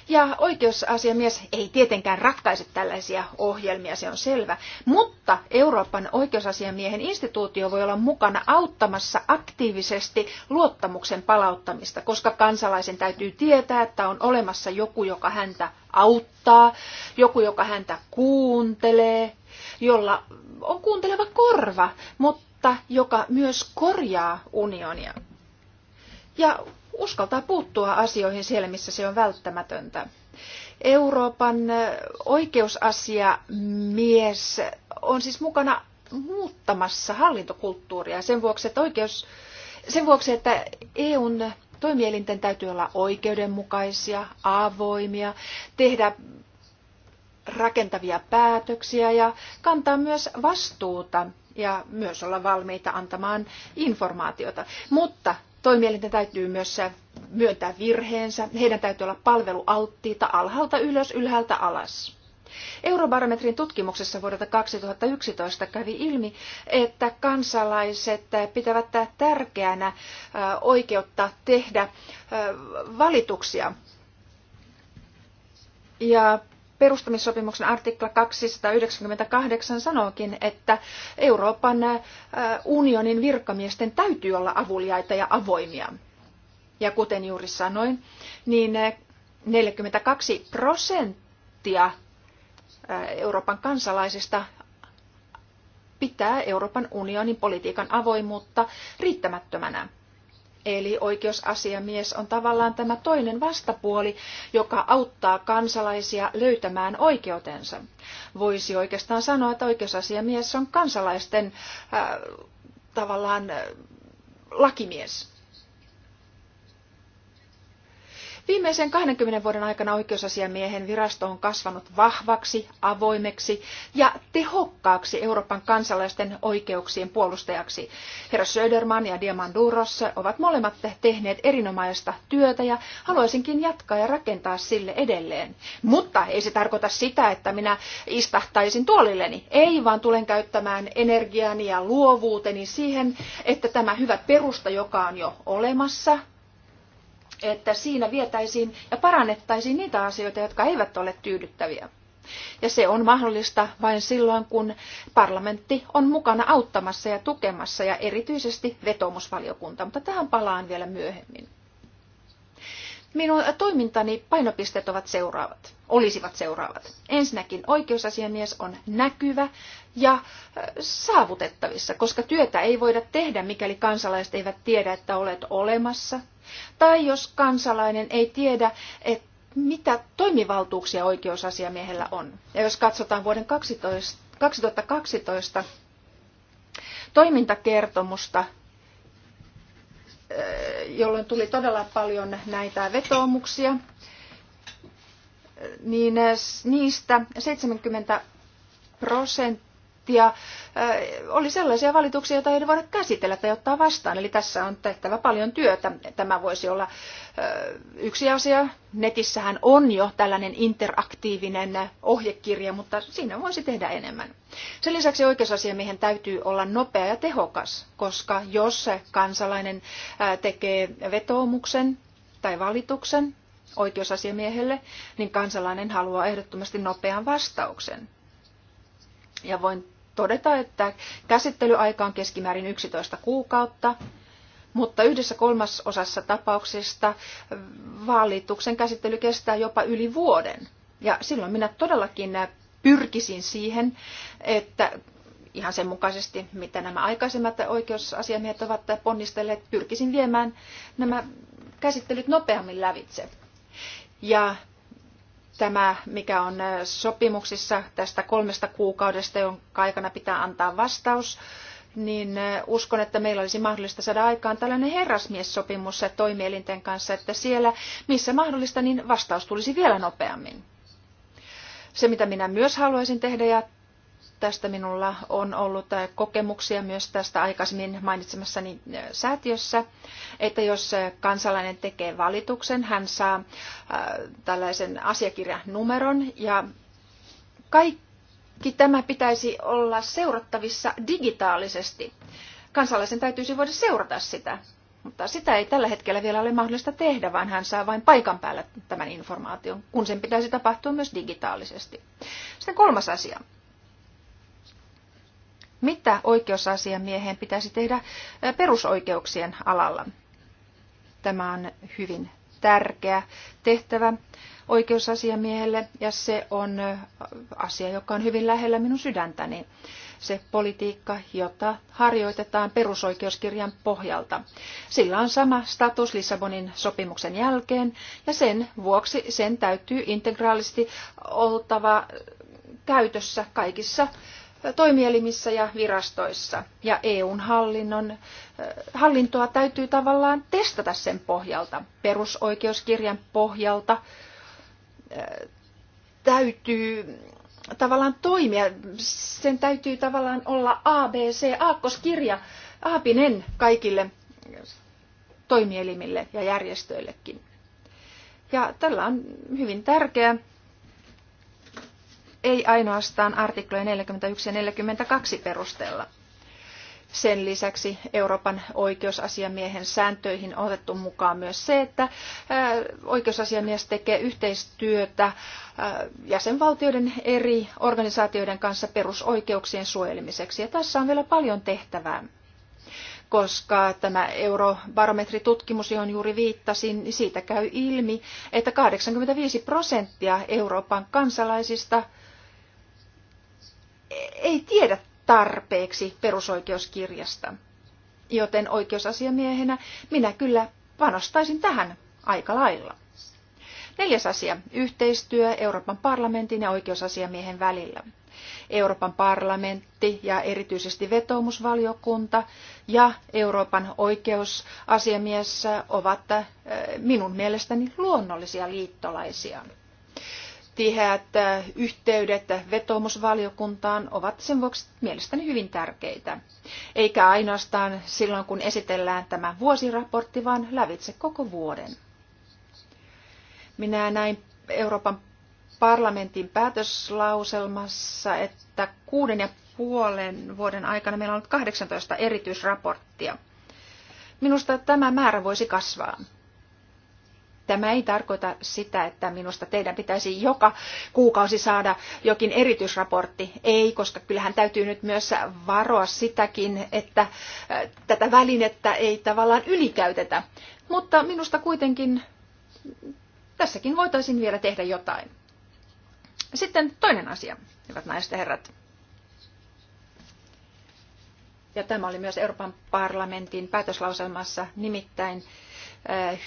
Ja oikeusasiamies ei tietenkään ratkaise tällaisia ohjelmia, se on selvä. Mutta Euroopan oikeusasiamiehen instituutio voi olla mukana auttamassa aktiivisesti luottamuksen palauttamista, koska kansalaisen täytyy tietää, että on olemassa joku, joka häntä auttaa, joku, joka häntä kuuntelee, jolla on kuunteleva korva, mutta joka myös korjaa unionia. Ja uskaltaa puuttua asioihin siellä, missä se on välttämätöntä. Euroopan oikeusasiamies on siis mukana muuttamassa hallintokulttuuria sen vuoksi, että, oikeus, sen vuoksi, että EUn toimielinten täytyy olla oikeudenmukaisia, avoimia, tehdä rakentavia päätöksiä ja kantaa myös vastuuta ja myös olla valmiita antamaan informaatiota. Mutta Toimielinten täytyy myös myöntää virheensä. Heidän täytyy olla palvelualttiita alhaalta ylös, ylhäältä alas. Eurobarometrin tutkimuksessa vuodelta 2011 kävi ilmi, että kansalaiset pitävät tärkeänä oikeutta tehdä valituksia. Ja perustamissopimuksen artikla 298 sanookin, että Euroopan äh, unionin virkamiesten täytyy olla avuliaita ja avoimia. Ja kuten juuri sanoin, niin 42 äh, prosenttia äh, Euroopan kansalaisista pitää Euroopan unionin politiikan avoimuutta riittämättömänä. Eli oikeusasiamies on tavallaan tämä toinen vastapuoli, joka auttaa kansalaisia löytämään oikeutensa. Voisi oikeastaan sanoa, että oikeusasiamies on kansalaisten äh, tavallaan äh, lakimies. Viimeisen 20 vuoden aikana oikeusasiamiehen virasto on kasvanut vahvaksi, avoimeksi ja tehokkaaksi Euroopan kansalaisten oikeuksien puolustajaksi. Herra Söderman ja Diamanduros ovat molemmat tehneet erinomaista työtä ja haluaisinkin jatkaa ja rakentaa sille edelleen. Mutta ei se tarkoita sitä, että minä istahtaisin tuolilleni. Ei, vaan tulen käyttämään energiani ja luovuuteni siihen, että tämä hyvä perusta, joka on jo olemassa, että siinä vietäisiin ja parannettaisiin niitä asioita, jotka eivät ole tyydyttäviä. Ja se on mahdollista vain silloin, kun parlamentti on mukana auttamassa ja tukemassa ja erityisesti vetomusvaliokunta, mutta tähän palaan vielä myöhemmin. Minun toimintani painopisteet ovat seuraavat, olisivat seuraavat. Ensinnäkin oikeusasiamies on näkyvä ja äh, saavutettavissa, koska työtä ei voida tehdä, mikäli kansalaiset eivät tiedä, että olet olemassa tai jos kansalainen ei tiedä, että mitä toimivaltuuksia oikeusasiamiehellä on. Ja jos katsotaan vuoden 12, 2012 toimintakertomusta, eh, jolloin tuli todella paljon näitä vetoomuksia, niin eh, niistä 70 prosenttia prosenttia oli sellaisia valituksia, joita ei voida käsitellä tai ottaa vastaan. Eli tässä on tehtävä paljon työtä. Tämä voisi olla yksi asia. Netissähän on jo tällainen interaktiivinen ohjekirja, mutta siinä voisi tehdä enemmän. Sen lisäksi oikeusasiamiehen täytyy olla nopea ja tehokas, koska jos kansalainen tekee vetoomuksen tai valituksen oikeusasiamiehelle, niin kansalainen haluaa ehdottomasti nopean vastauksen. Ja voin todeta, että käsittelyaika on keskimäärin 11 kuukautta, mutta yhdessä kolmasosassa tapauksista valituksen käsittely kestää jopa yli vuoden. Ja silloin minä todellakin pyrkisin siihen, että ihan sen mukaisesti, mitä nämä aikaisemmat oikeusasiamiehet ovat ponnistelleet, pyrkisin viemään nämä käsittelyt nopeammin lävitse. Ja tämä, mikä on äh, sopimuksissa tästä kolmesta kuukaudesta, jonka aikana pitää antaa vastaus, niin äh, uskon, että meillä olisi mahdollista saada aikaan tällainen herrasmiessopimus toimielinten kanssa, että siellä, missä mahdollista, niin vastaus tulisi vielä nopeammin. Se, mitä minä myös haluaisin tehdä ja Tästä minulla on ollut äh, kokemuksia myös tästä aikaisemmin mainitsemassani äh, säätiössä, että jos äh, kansalainen tekee valituksen, hän saa tällaisen asiakirjan numeron ja kaikki tämä pitäisi olla seurattavissa digitaalisesti. Kansalaisen täytyisi voida seurata sitä, mutta sitä ei tällä hetkellä vielä ole mahdollista tehdä, vaan hän saa vain paikan päällä tämän informaation, kun sen pitäisi tapahtua myös digitaalisesti. Sitten kolmas asia mitä oikeusasiamiehen pitäisi tehdä perusoikeuksien alalla. Tämä on hyvin tärkeä tehtävä oikeusasiamiehelle ja se on asia, joka on hyvin lähellä minun sydäntäni. Se politiikka, jota harjoitetaan perusoikeuskirjan pohjalta. Sillä on sama status Lissabonin sopimuksen jälkeen ja sen vuoksi sen täytyy integraalisti oltava käytössä kaikissa toimielimissä ja virastoissa. Ja EUn hallinnon, äh, hallintoa täytyy tavallaan testata sen pohjalta, perusoikeuskirjan pohjalta. Äh, täytyy tavallaan toimia, sen täytyy tavallaan olla ABC, aakkoskirja, aapinen kaikille toimielimille ja järjestöillekin. Ja tällä on hyvin tärkeä ei ainoastaan artiklojen 41 ja 42 perusteella. Sen lisäksi Euroopan oikeusasiamiehen sääntöihin on otettu mukaan myös se, että oikeusasiamies tekee yhteistyötä jäsenvaltioiden eri organisaatioiden kanssa perusoikeuksien suojelemiseksi. Ja tässä on vielä paljon tehtävää koska tämä eurobarometritutkimus, johon juuri viittasin, niin siitä käy ilmi, että 85 prosenttia Euroopan kansalaisista ei tiedä tarpeeksi perusoikeuskirjasta. Joten oikeusasiamiehenä minä kyllä panostaisin tähän aika lailla. Neljäs asia. Yhteistyö Euroopan parlamentin ja oikeusasiamiehen välillä. Euroopan parlamentti ja erityisesti vetoomusvaliokunta ja Euroopan oikeusasiamies ovat eh, minun mielestäni luonnollisia liittolaisia tiheät äh, yhteydet vetoomusvaliokuntaan ovat sen vuoksi mielestäni hyvin tärkeitä. Eikä ainoastaan silloin, kun esitellään tämä vuosiraportti, vaan lävitse koko vuoden. Minä näin Euroopan parlamentin päätöslauselmassa, että kuuden ja puolen vuoden aikana meillä on ollut 18 erityisraporttia. Minusta tämä määrä voisi kasvaa. Tämä ei tarkoita sitä, että minusta teidän pitäisi joka kuukausi saada jokin erityisraportti. Ei, koska kyllähän täytyy nyt myös varoa sitäkin, että tätä välinettä ei tavallaan ylikäytetä. Mutta minusta kuitenkin tässäkin voitaisiin vielä tehdä jotain. Sitten toinen asia, hyvät naiset ja herrat. Ja tämä oli myös Euroopan parlamentin päätöslauselmassa, nimittäin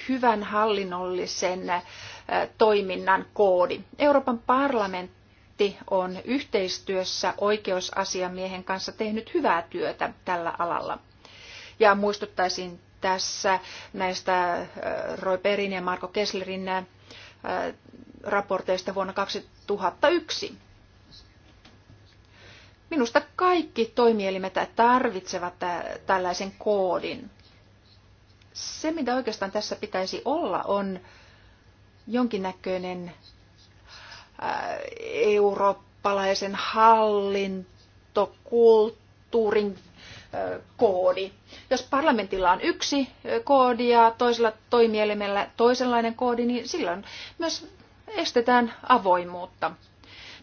hyvän hallinnollisen toiminnan koodi. Euroopan parlamentti on yhteistyössä oikeusasiamiehen kanssa tehnyt hyvää työtä tällä alalla. Ja muistuttaisin tässä näistä Roy Perin ja Marko Kesslerin raporteista vuonna 2001. Minusta kaikki toimielimet tarvitsevat tällaisen koodin se, mitä oikeastaan tässä pitäisi olla, on jonkinnäköinen äh, eurooppalaisen hallintokulttuurin äh, koodi. Jos parlamentilla on yksi äh, koodi ja toisella toimielimellä toisenlainen koodi, niin silloin myös estetään avoimuutta.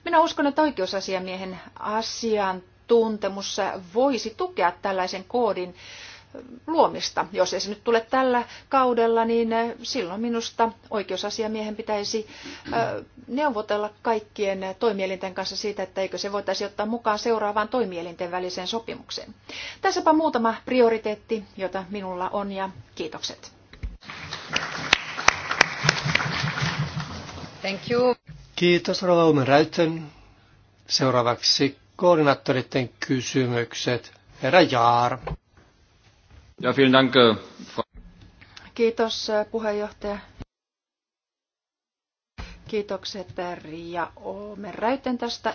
Minä uskon, että oikeusasiamiehen asiantuntemus voisi tukea tällaisen koodin luomista. Jos ei se nyt tule tällä kaudella, niin eh, silloin minusta oikeusasiamiehen pitäisi eh, neuvotella kaikkien toimielinten kanssa siitä, että eikö se voitaisi ottaa mukaan seuraavaan toimielinten väliseen sopimukseen. Tässäpä muutama prioriteetti, jota minulla on ja kiitokset. Thank you. Kiitos Rova Umeräytön. Seuraavaksi koordinaattoritten kysymykset. Herra Jaar. Ja, vielen dank. Äh, Kiitos äh, puheenjohtaja. Kiitokset äh, Ria Oomen Räyten tästä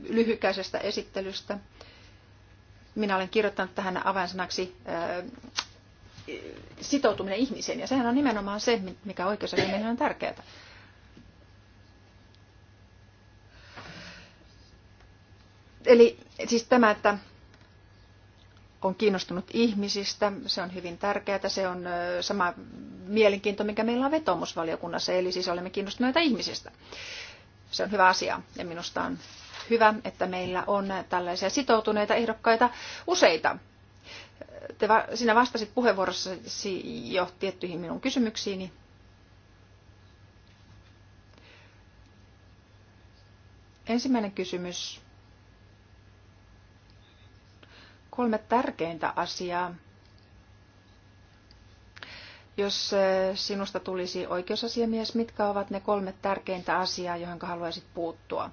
lyhykäisestä esittelystä. Minä olen kirjoittanut tähän avainsanaksi sitoutuminen ihmiseen, ja sehän on nimenomaan se, mikä oikeus on tärkeää. Eli siis tämä, että on kiinnostunut ihmisistä. Se on hyvin tärkeää. Se on sama mielenkiinto, mikä meillä on vetomusvaliokunnassa, eli siis olemme kiinnostuneita ihmisistä. Se on hyvä asia ja minusta on hyvä, että meillä on tällaisia sitoutuneita ehdokkaita useita. Te va- sinä vastasit puheenvuorossasi jo tiettyihin minun kysymyksiini. Ensimmäinen kysymys kolme tärkeintä asiaa. Jos eh, sinusta tulisi oikeusasiamies, mitkä ovat ne kolme tärkeintä asiaa, johon haluaisit puuttua?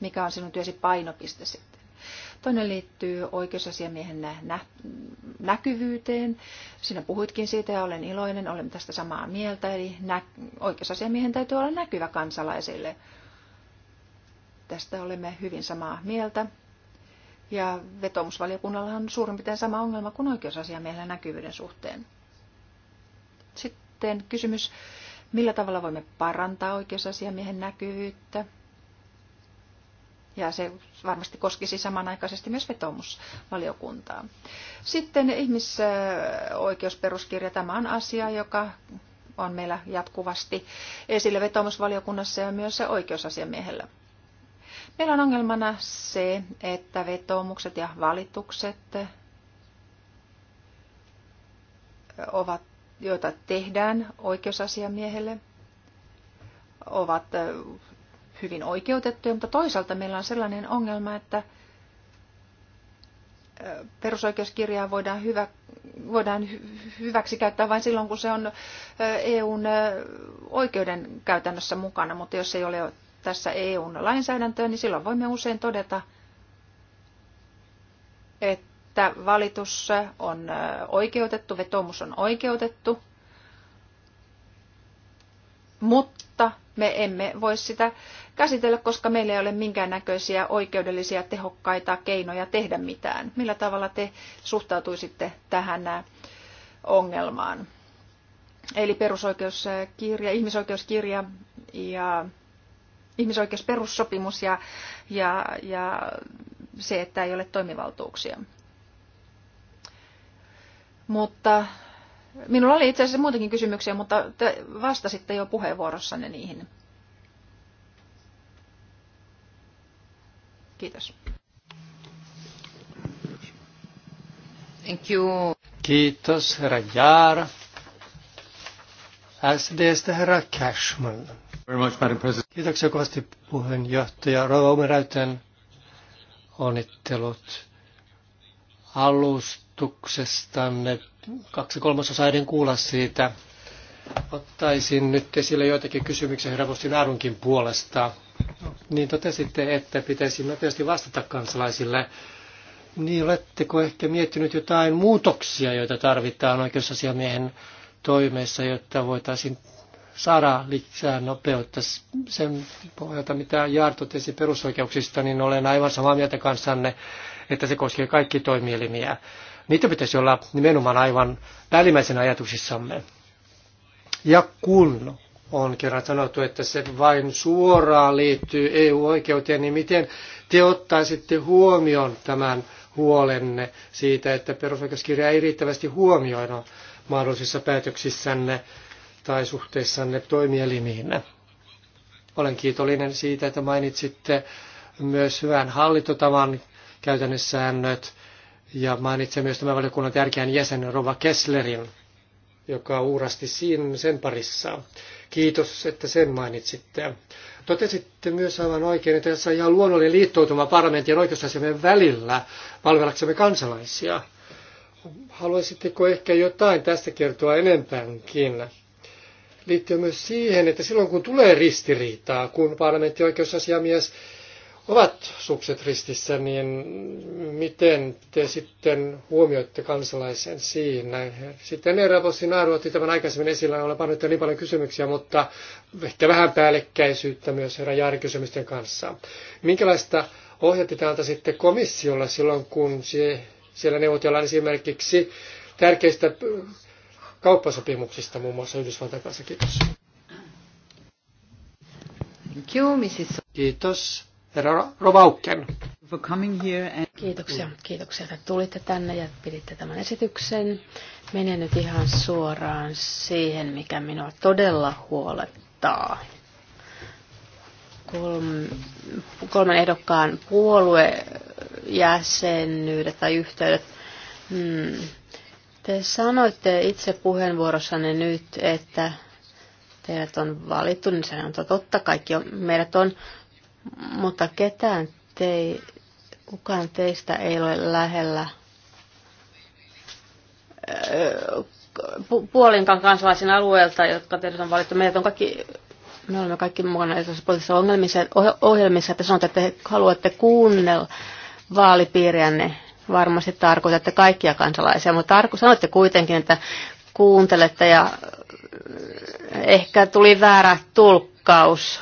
Mikä on sinun työsi painopiste sitten? Toinen liittyy oikeusasiamiehen nä- näkyvyyteen. Sinä puhuitkin siitä ja olen iloinen, olen tästä samaa mieltä. Eli nä- oikeusasiamiehen täytyy olla näkyvä kansalaisille Tästä olemme hyvin samaa mieltä. Ja vetomusvaliokunnalla on suurin piirtein sama ongelma kuin oikeusasiamiehellä näkyvyyden suhteen. Sitten kysymys, millä tavalla voimme parantaa oikeusasiamiehen näkyvyyttä? Ja se varmasti koskisi samanaikaisesti myös vetomusvaliokuntaa. Sitten ihmisoikeusperuskirja, tämä on asia, joka on meillä jatkuvasti esillä vetomusvaliokunnassa ja myös oikeusasiamiehellä. Meillä on ongelmana se, että vetoomukset ja valitukset, ovat, joita tehdään oikeusasiamiehelle, ovat hyvin oikeutettuja, mutta toisaalta meillä on sellainen ongelma, että perusoikeuskirjaa voidaan, hyvä, voidaan hyväksi käyttää vain silloin, kun se on EUn oikeuden käytännössä mukana, mutta jos ei ole tässä EUn lainsäädäntöön, niin silloin voimme usein todeta, että valitus on oikeutettu, vetomus on oikeutettu, mutta me emme voi sitä käsitellä, koska meillä ei ole minkäännäköisiä oikeudellisia tehokkaita keinoja tehdä mitään. Millä tavalla te suhtautuisitte tähän ongelmaan? Eli perusoikeuskirja, ihmisoikeuskirja ja ihmisoikeusperussopimus ja, ja, ja se, että ei ole toimivaltuuksia. Mutta minulla oli itse asiassa muutenkin kysymyksiä, mutta te vastasitte jo puheenvuorossanne niihin. Kiitos. Thank you. Kiitos, herra Jaara. SDstä herra Cashman. Very much, Madam President. Kiitoksia kovasti puheenjohtaja Rova Umeräyten onnittelut alustuksestanne. Kaksi kolmasosaa en kuulla siitä. Ottaisin nyt esille joitakin kysymyksiä herra Postin puolesta. Niin totesitte, että pitäisi nopeasti vastata kansalaisille. Niin oletteko ehkä miettinyt jotain muutoksia, joita tarvitaan oikeusasiamiehen toimeessa, jotta voitaisiin Sara lisää nopeutta. Sen pohjalta, mitä Jaar totesi perusoikeuksista, niin olen aivan samaa mieltä kanssanne, että se koskee kaikki toimielimiä. Niitä pitäisi olla nimenomaan aivan päällimmäisen ajatuksissamme. Ja kun on kerran sanottu, että se vain suoraan liittyy EU-oikeuteen, niin miten te ottaisitte huomioon tämän huolenne siitä, että perusoikeuskirja ei riittävästi huomioida mahdollisissa päätöksissänne tai suhteissanne toimielimiinne. Olen kiitollinen siitä, että mainitsitte myös hyvän hallintotavan käytännössäännöt ja mainitsen myös tämän valiokunnan tärkeän jäsenen Rova Kesslerin, joka uurasti siinä sen parissa. Kiitos, että sen mainitsitte. Totesitte myös aivan oikein, että tässä on ihan luonnollinen liittoutuma parlamentin ja oikeusasemien välillä palvelaksemme kansalaisia. Haluaisitteko ehkä jotain tästä kertoa enempänkin? liittyy myös siihen, että silloin kun tulee ristiriitaa, kun parlamentti ja oikeusasiamies ovat sukset ristissä, niin miten te sitten huomioitte kansalaisen siinä? Sitten Eera Bossin otti tämän aikaisemmin esillä, olen pannut niin paljon kysymyksiä, mutta ehkä vähän päällekkäisyyttä myös herra Jaari kysymysten kanssa. Minkälaista ohjatti täältä sitten komissiolla silloin, kun siellä neuvotellaan esimerkiksi tärkeistä kauppasopimuksista muun muassa Yhdysvaltain kanssa. Kiitos. Thank you, Mrs. Kiitos. Herra Rovaukken. For coming here and... Kiitoksia, kiitoksia, että tulitte tänne ja piditte tämän esityksen. Menen nyt ihan suoraan siihen, mikä minua todella huolettaa. Kolme kolmen ehdokkaan puoluejäsenyydet tai yhteydet. Hmm te sanoitte itse puheenvuorossanne nyt, että teidät on valittu, niin se on totta, kaikki on, meidät on, mutta ketään te, kukaan teistä ei ole lähellä öö, puolinkaan kansalaisen alueelta, jotka teidät on valittu. Meidät on kaikki, me olemme kaikki mukana erilaisissa poliittisissa ohjelmissa, että sanotte, että haluatte kuunnella vaalipiiriänne varmasti tarkoitatte kaikkia kansalaisia, mutta tarko, sanoitte kuitenkin, että kuuntelette ja äh, ehkä tuli väärä tulkkaus,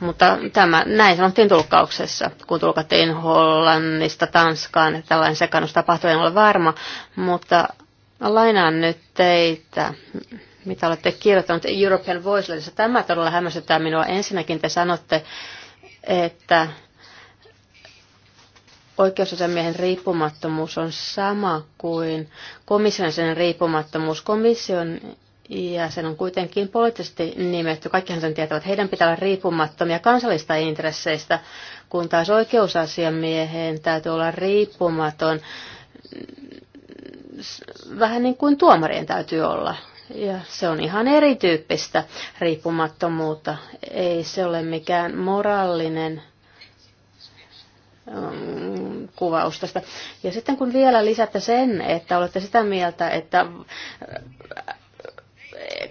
mutta tämä, näin sanottiin tulkkauksessa, kun tulkattiin Hollannista Tanskaan, että tällainen sekannus tapahtui, en ole varma, mutta lainaan nyt teitä, mitä olette kirjoittaneet European Voice-lehdessä. Tämä todella hämmästyttää minua. Ensinnäkin te sanotte, että oikeusasiamiehen riippumattomuus on sama kuin komission sen riippumattomuus. Komission ja sen on kuitenkin poliittisesti nimetty. Kaikkihan sen tietävät, heidän pitää olla riippumattomia kansallista intresseistä, kun taas oikeusasiamiehen täytyy olla riippumaton. Vähän niin kuin tuomarien täytyy olla. Ja se on ihan erityyppistä riippumattomuutta. Ei se ole mikään moraalinen Mm, kuvaus tästä. Ja sitten kun vielä lisätte sen, että olette sitä mieltä, että äh,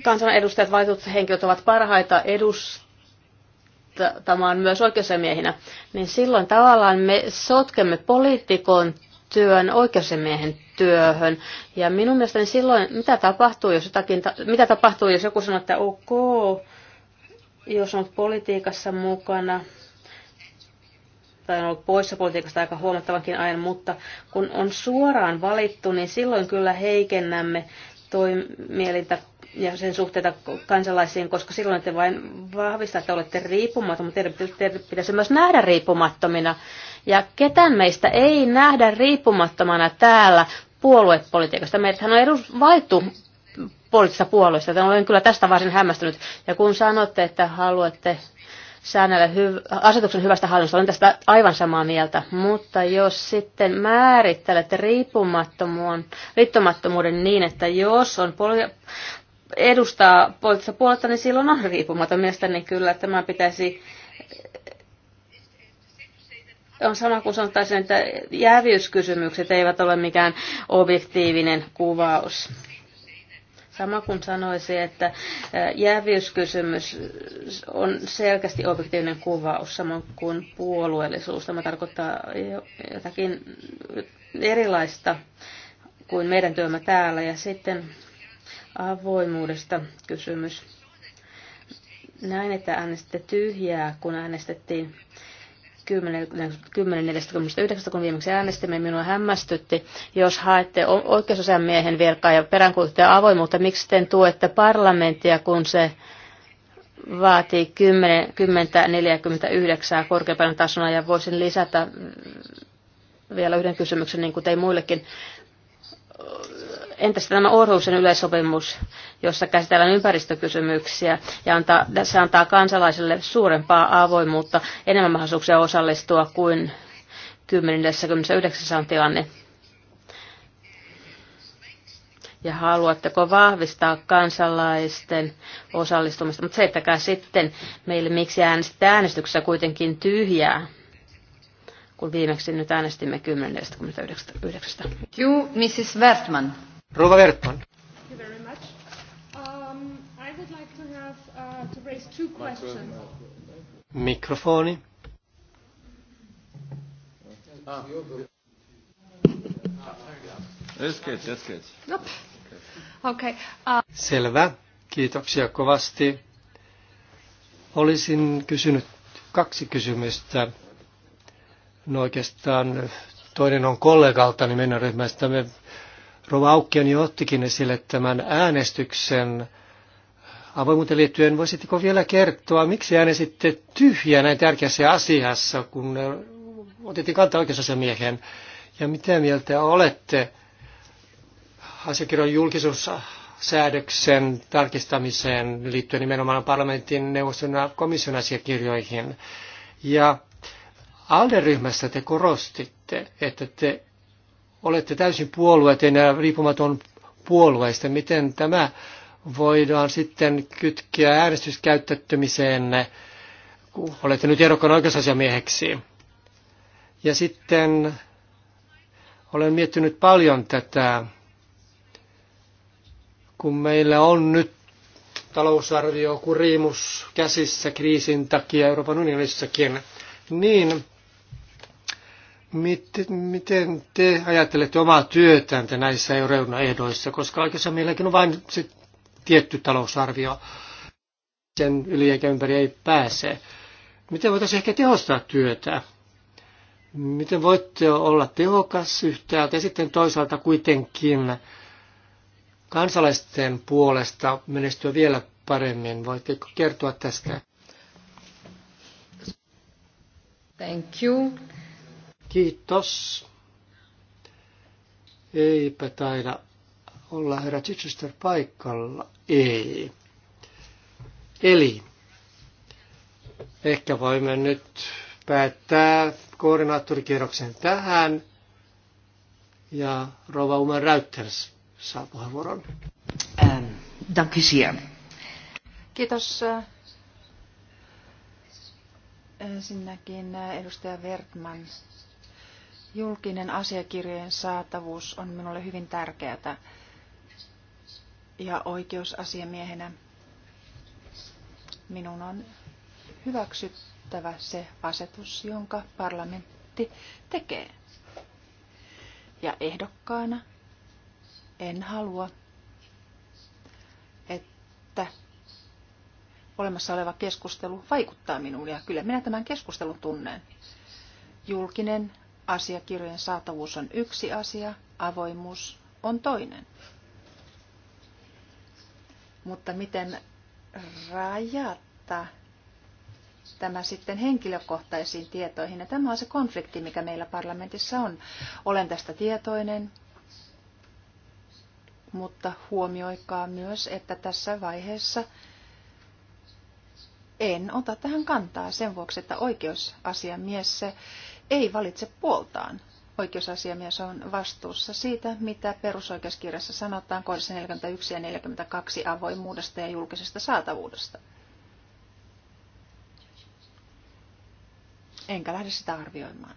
kansanedustajat, valitut henkilöt ovat parhaita edustamaan myös oikeusemiehinä, niin silloin tavallaan me sotkemme poliitikon työn oikeusmiehen työhön. Ja minun mielestäni silloin, mitä tapahtuu, jos, jotakin, mitä tapahtuu, jos joku sanoo, että ok, jos on politiikassa mukana, tai on ollut poissa politiikasta aika huomattavankin ajan, mutta kun on suoraan valittu, niin silloin kyllä heikennämme toimielintä ja sen suhteita kansalaisiin, koska silloin te vain vahvistatte, että olette riippumaton, mutta teidän pitäisi myös nähdä riippumattomina. Ja ketään meistä ei nähdä riippumattomana täällä puoluepolitiikasta. Meidän on edus valittu poliittisista puolueista, joten olen kyllä tästä varsin hämmästynyt. Ja kun sanotte, että haluatte säännöllä hyv- asetuksen hyvästä hallinnosta. Olen tästä aivan samaa mieltä, mutta jos sitten määrittelette riippumattomuuden, riippumattomuuden niin, että jos on poli- edustaa poliittista puolta, niin silloin on riippumaton. Mielestäni kyllä tämä pitäisi on sama kuin sanottaisiin, että jäävyyskysymykset eivät ole mikään objektiivinen kuvaus. Sama kuin sanoisi, että jäävyyskysymys on selkeästi objektiivinen kuvaus, samoin kuin puolueellisuus. Tämä tarkoittaa jotakin erilaista kuin meidän työmme täällä. Ja sitten avoimuudesta kysymys. Näin, että äänestitte tyhjää, kun äänestettiin 10.49, kun viimeksi äänestimme, minua hämmästytti, jos haette oikeusasiamiehen virkaa ja peräänkuulutte avoimuutta, miksi sitten tuette parlamenttia, kun se vaatii 10.49 korkeapäivän tasona ja voisin lisätä vielä yhden kysymyksen, niin kuin tein muillekin Entä sitten tämä Orhusen yleissopimus, jossa käsitellään ympäristökysymyksiä ja antaa, se antaa kansalaisille suurempaa avoimuutta, enemmän mahdollisuuksia osallistua kuin 10.49 on tilanne? Ja haluatteko vahvistaa kansalaisten osallistumista? Mutta seittäkää sitten meille, miksi äänestetään äänestyksessä kuitenkin tyhjää kun viimeksi nyt äänestimme 10.49. Juu, Mrs. Wertman. Rova Vertman. Um, uh, Mikrofoni. Ah. That's good, that's Okay. Uh... Selvä. Kiitoksia kovasti. Olisin kysynyt kaksi kysymystä. No oikeastaan toinen on kollegalta, niin meidän ryhmästämme Rova jo ottikin esille tämän äänestyksen avoimuuteen liittyen. Voisitteko vielä kertoa, miksi äänestitte tyhjä näin tärkeässä asiassa, kun otettiin kantaa oikeusasiamiehen? Ja mitä mieltä olette asiakirjan julkisuussäädöksen tarkistamiseen liittyen nimenomaan parlamentin neuvoston ja komission asiakirjoihin? Ja Alderyhmässä te korostitte, että te olette täysin puolueet ja riippumaton puolueista. Miten tämä voidaan sitten kytkeä äänestyskäyttäytymiseen, kun olette nyt ehdokkaan oikeusasiamieheksi? Ja sitten olen miettinyt paljon tätä, kun meillä on nyt talousarvio kurimus käsissä kriisin takia Euroopan unionissakin, niin Miten te ajattelette omaa työtäntä näissä reunaehdoissa, koska oikeastaan meilläkin on vain se tietty talousarvio, sen yli eikä ympäri ei pääse. Miten voitaisiin ehkä tehostaa työtä? Miten voitte olla tehokas yhtäältä ja sitten toisaalta kuitenkin kansalaisten puolesta menestyä vielä paremmin? Voitteko kertoa tästä? Thank you. Kiitos. Eipä taida olla herra Chichester paikalla. Ei. Eli ehkä voimme nyt päättää koordinaattorikierroksen tähän. Ja Rova Uman Reuters saa puheenvuoron. Ähm, Kiitos. Ensinnäkin äh, edustaja Wertman Julkinen asiakirjojen saatavuus on minulle hyvin tärkeää ja oikeusasiamiehenä minun on hyväksyttävä se asetus, jonka parlamentti tekee. Ja ehdokkaana en halua, että olemassa oleva keskustelu vaikuttaa minuun, ja kyllä minä tämän keskustelun tunnen. Julkinen Asiakirjojen saatavuus on yksi asia, avoimuus on toinen. Mutta miten rajata tämä sitten henkilökohtaisiin tietoihin? Ja tämä on se konflikti, mikä meillä parlamentissa on. Olen tästä tietoinen, mutta huomioikaa myös, että tässä vaiheessa en ota tähän kantaa sen vuoksi, että oikeusasiamies se ei valitse puoltaan. Oikeusasiamies on vastuussa siitä, mitä perusoikeuskirjassa sanotaan kohdassa 41 ja 42 avoimuudesta ja julkisesta saatavuudesta. Enkä lähde sitä arvioimaan.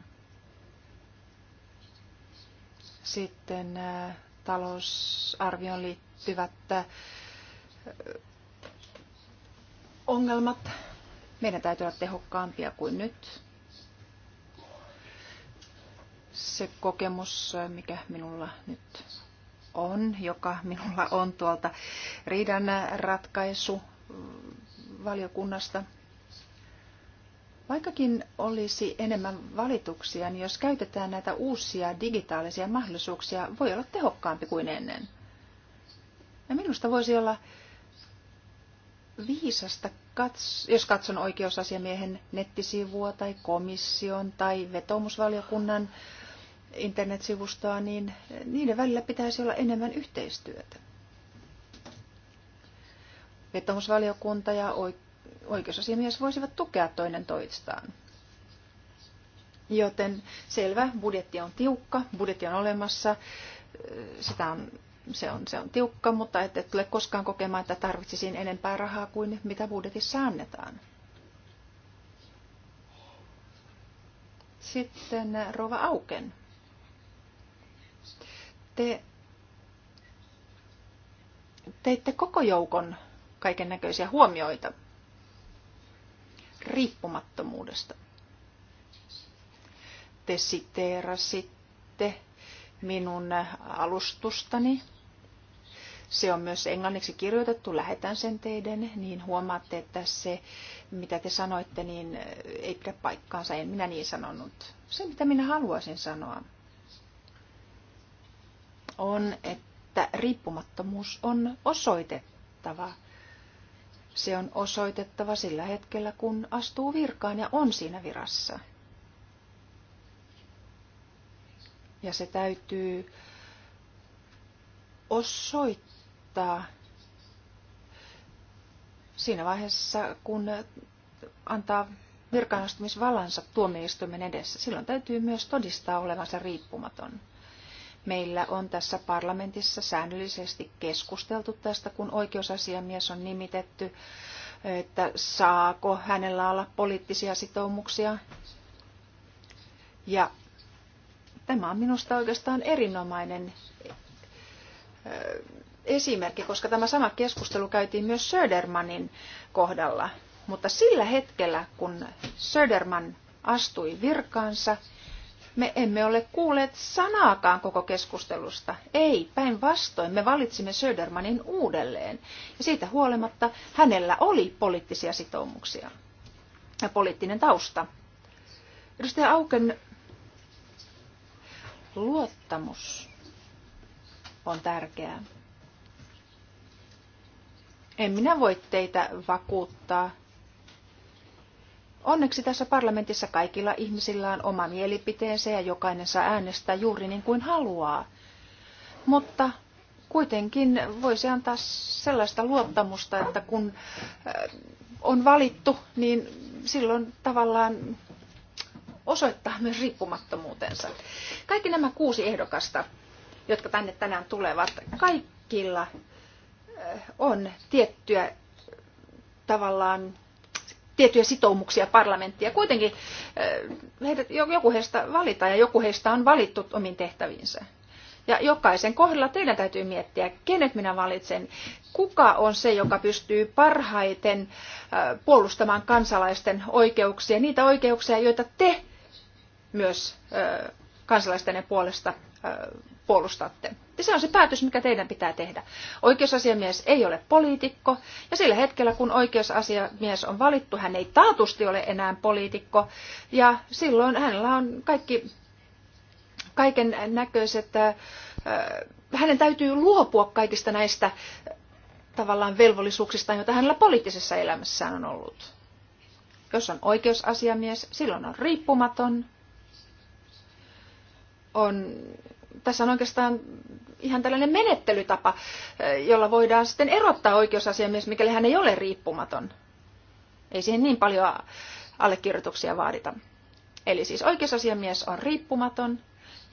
Sitten äh, talousarvioon liittyvät äh, ongelmat. Meidän täytyy olla tehokkaampia kuin nyt se kokemus, mikä minulla nyt on, joka minulla on tuolta riidan ratkaisu mm, valiokunnasta. Vaikkakin olisi enemmän valituksia, niin jos käytetään näitä uusia digitaalisia mahdollisuuksia, voi olla tehokkaampi kuin ennen. Ja minusta voisi olla viisasta, jos katson oikeusasiamiehen nettisivua tai komission tai vetomusvaliokunnan internetsivustoa, niin niiden välillä pitäisi olla enemmän yhteistyötä. Vetomusvaliokunta ja oikeusasiamies voisivat tukea toinen toistaan. Joten selvä, budjetti on tiukka, budjetti on olemassa, sitä on, se, on, se on tiukka, mutta et, et tule koskaan kokemaan, että tarvitsisiin enempää rahaa kuin mitä budjetissa annetaan. Sitten Rova Auken. Te teitte koko joukon kaiken näköisiä huomioita riippumattomuudesta. Te siteerasitte minun alustustani. Se on myös englanniksi kirjoitettu, lähetän sen teidän, niin huomaatte, että se, mitä te sanoitte, niin ei pidä paikkaansa. En minä niin sanonut. Se, mitä minä haluaisin sanoa, on, että riippumattomuus on osoitettava. Se on osoitettava sillä hetkellä, kun astuu virkaan ja on siinä virassa. Ja se täytyy osoittaa siinä vaiheessa, kun antaa virkaanastumisvalansa tuomioistuimen edessä. Silloin täytyy myös todistaa olevansa riippumaton. Meillä on tässä parlamentissa säännöllisesti keskusteltu tästä, kun oikeusasiamies on nimitetty, että saako hänellä olla poliittisia sitoumuksia. Ja tämä on minusta oikeastaan erinomainen esimerkki, koska tämä sama keskustelu käytiin myös Södermanin kohdalla. Mutta sillä hetkellä, kun Söderman astui virkaansa, me emme ole kuulleet sanaakaan koko keskustelusta. Ei, päinvastoin me valitsimme Södermanin uudelleen. Ja siitä huolimatta hänellä oli poliittisia sitoumuksia ja poliittinen tausta. Edustaja Auken luottamus on tärkeää. En minä voi teitä vakuuttaa Onneksi tässä parlamentissa kaikilla ihmisillä on oma mielipiteensä ja jokainen saa äänestää juuri niin kuin haluaa. Mutta kuitenkin voisi antaa sellaista luottamusta, että kun äh, on valittu, niin silloin tavallaan osoittaa myös riippumattomuutensa. Kaikki nämä kuusi ehdokasta, jotka tänne tänään tulevat, kaikilla äh, on tiettyä tavallaan tiettyjä sitoumuksia parlamenttia. Kuitenkin eh, heidät, joku heistä valitaan ja joku heistä on valittu omiin tehtäviinsä. Ja jokaisen kohdalla teidän täytyy miettiä, kenet minä valitsen, kuka on se, joka pystyy parhaiten eh, puolustamaan kansalaisten oikeuksia, niitä oikeuksia, joita te myös eh, kansalaisten puolesta puolustatte. Ja se on se päätös, mikä teidän pitää tehdä. Oikeusasiamies ei ole poliitikko, ja sillä hetkellä, kun oikeusasiamies on valittu, hän ei taatusti ole enää poliitikko, ja silloin hänellä on kaikki, kaiken näköiset, äh, äh hänen täytyy luopua kaikista näistä äh, tavallaan velvollisuuksista, joita hänellä poliittisessa elämässään on ollut. Jos on oikeusasiamies, silloin on riippumaton, on tässä on oikeastaan ihan tällainen menettelytapa, eh, jolla voidaan sitten erottaa oikeusasiamies, mikäli hän ei ole riippumaton. Ei siihen niin paljon allekirjoituksia vaadita. Eli siis oikeusasiamies on riippumaton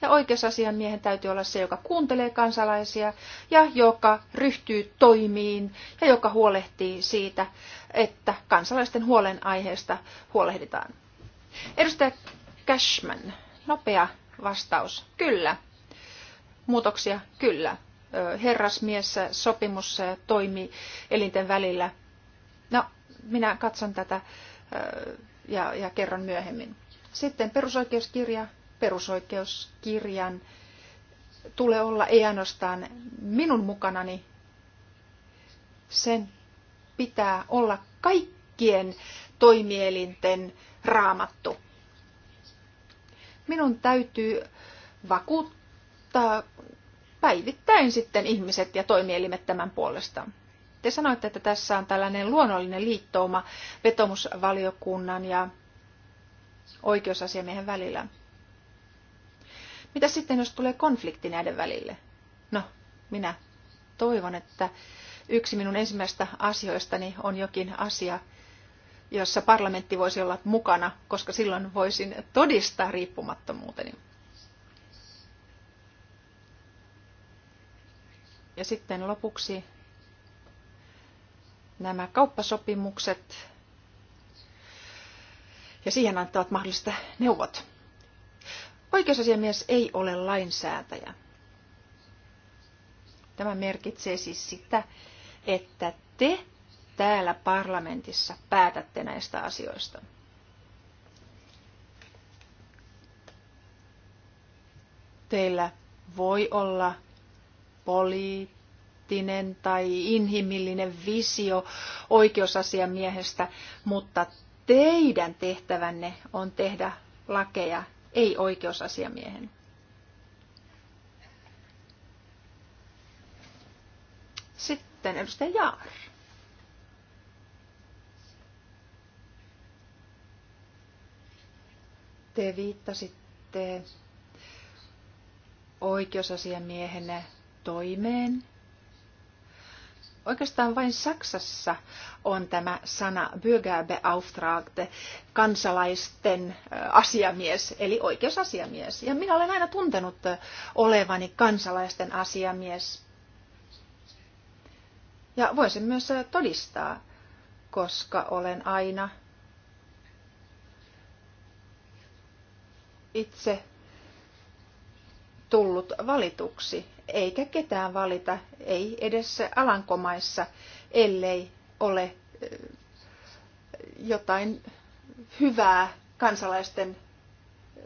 ja oikeusasiamiehen täytyy olla se, joka kuuntelee kansalaisia ja joka ryhtyy toimiin ja joka huolehtii siitä, että kansalaisten huolenaiheesta huolehditaan. Edustaja Cashman, nopea vastaus. Kyllä. Muutoksia kyllä. Herrasmies sopimus toimi elinten välillä. No, minä katson tätä ja, ja kerron myöhemmin. Sitten perusoikeuskirja. Perusoikeuskirjan tulee olla ei ainoastaan minun mukanani. Sen pitää olla kaikkien toimielinten raamattu. Minun täytyy vakuuttaa mutta päivittäin sitten ihmiset ja toimielimet tämän puolesta. Te sanoitte, että tässä on tällainen luonnollinen liittouma vetomusvaliokunnan ja oikeusasiamiehen välillä. Mitä sitten, jos tulee konflikti näiden välille? No, minä toivon, että yksi minun ensimmäistä asioistani on jokin asia, jossa parlamentti voisi olla mukana, koska silloin voisin todistaa riippumattomuuteni. Ja sitten lopuksi nämä kauppasopimukset ja siihen antavat mahdollista neuvot. Oikeusasiamies ei ole lainsäätäjä. Tämä merkitsee siis sitä, että te täällä parlamentissa päätätte näistä asioista. Teillä voi olla poliittinen tai inhimillinen visio oikeusasiamiehestä, mutta teidän tehtävänne on tehdä lakeja, ei oikeusasiamiehen. Sitten edustaja Jaar. Te viittasitte oikeusasiamiehen toimeen. Oikeastaan vain Saksassa on tämä sana Bürgerbeauftragte, kansalaisten asiamies, eli oikeusasiamies. Ja minä olen aina tuntenut olevani kansalaisten asiamies. Ja voisin myös todistaa, koska olen aina itse tullut valituksi eikä ketään valita, ei edes Alankomaissa, ellei ole jotain hyvää kansalaisten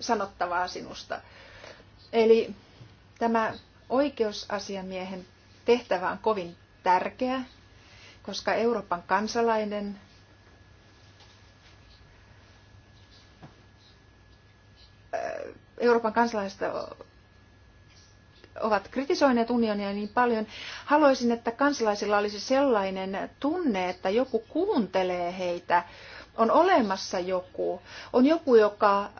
sanottavaa sinusta. Eli tämä oikeusasiamiehen tehtävä on kovin tärkeä, koska Euroopan kansalainen Euroopan kansalaista ovat kritisoineet unionia niin paljon, haluaisin, että kansalaisilla olisi sellainen tunne, että joku kuuntelee heitä, on olemassa joku, on joku, joka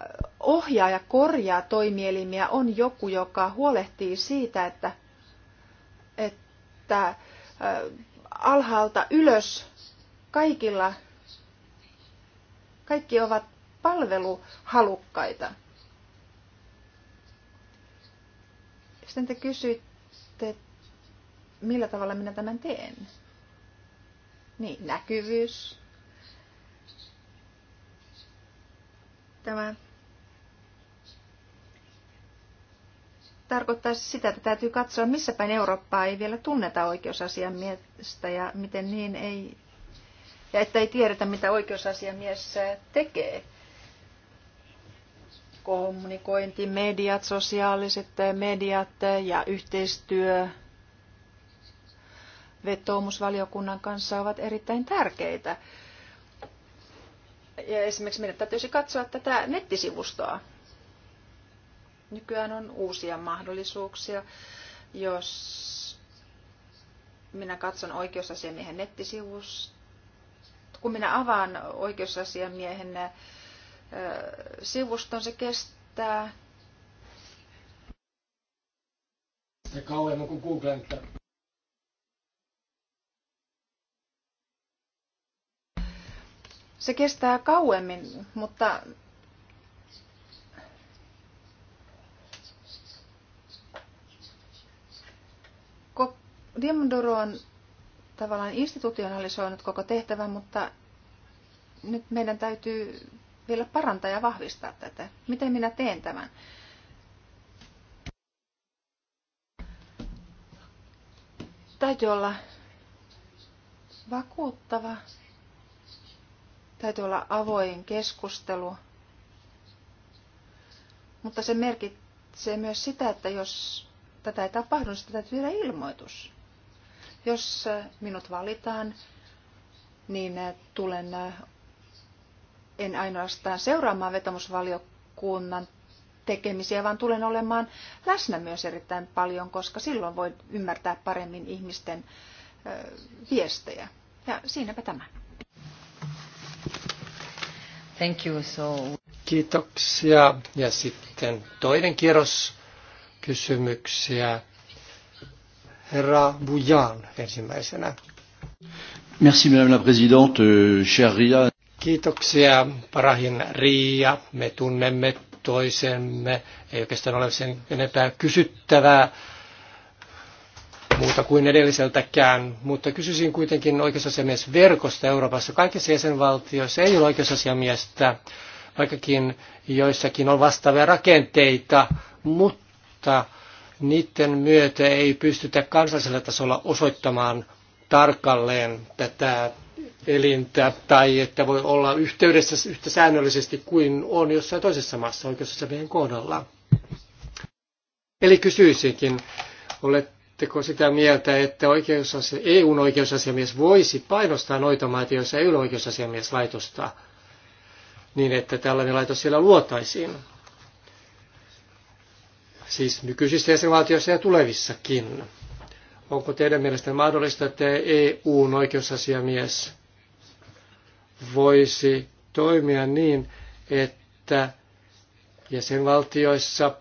ohjaa ja korjaa toimielimiä, on joku, joka huolehtii siitä, että, että äh, alhaalta ylös kaikilla, kaikki ovat palveluhalukkaita. Sitten te kysytte, millä tavalla minä tämän teen. Niin, näkyvyys. Tämä tarkoittaa siis sitä, että täytyy katsoa, missä päin Eurooppaa ei vielä tunneta oikeusasiamiestä ja miten niin ei, ja että ei tiedetä, mitä oikeusasiamies tekee kommunikointi, mediat, sosiaaliset mediat ja yhteistyö vetoomusvaliokunnan kanssa ovat erittäin tärkeitä. Ja esimerkiksi meidän täytyisi katsoa tätä nettisivustoa. Nykyään on uusia mahdollisuuksia. Jos minä katson oikeusasiamiehen nettisivusta, kun minä avaan oikeusasiamiehen nettisivustoa, sivuston. Se kestää... Se kauemmin kuin Että... Se kestää kauemmin, mutta Diamondoro on tavallaan institutionalisoinut koko tehtävän, mutta nyt meidän täytyy vielä parantaa ja vahvistaa tätä? Miten minä teen tämän? Täytyy olla vakuuttava. Täytyy olla avoin keskustelu. Mutta se merkitsee myös sitä, että jos tätä ei tapahdu, niin sitä täytyy tehdä ilmoitus. Jos minut valitaan, niin tulen en ainoastaan seuraamaan vetomusvaliokunnan tekemisiä, vaan tulen olemaan läsnä myös erittäin paljon, koska silloin voi ymmärtää paremmin ihmisten viestejä. Ja siinäpä tämä. Thank you so. Kiitoksia. Ja sitten toinen kierros kysymyksiä. Herra Bujan ensimmäisenä. Merci Madame la Présidente, euh, cher Ria. Kiitoksia, Parahin Riia. Me tunnemme toisemme. Ei oikeastaan ole sen enempää kysyttävää muuta kuin edelliseltäkään, mutta kysyisin kuitenkin oikeusasiamies verkosta Euroopassa. Kaikissa jäsenvaltioissa ei ole oikeusasiamiestä, vaikkakin joissakin on vastaavia rakenteita, mutta niiden myötä ei pystytä kansallisella tasolla osoittamaan tarkalleen tätä elintä tai että voi olla yhteydessä yhtä säännöllisesti kuin on jossain toisessa maassa meidän kohdalla. Eli kysyisinkin, oletteko sitä mieltä, että oikeusasia, EUn oikeusasiamies voisi painostaa noita maita, joissa ei oikeusasiamies laitosta, niin että tällainen laitos siellä luotaisiin? Siis nykyisissä jäsenvaltioissa ja tulevissakin. Onko teidän mielestänne mahdollista, että EUn oikeusasiamies voisi toimia niin, että jäsenvaltioissa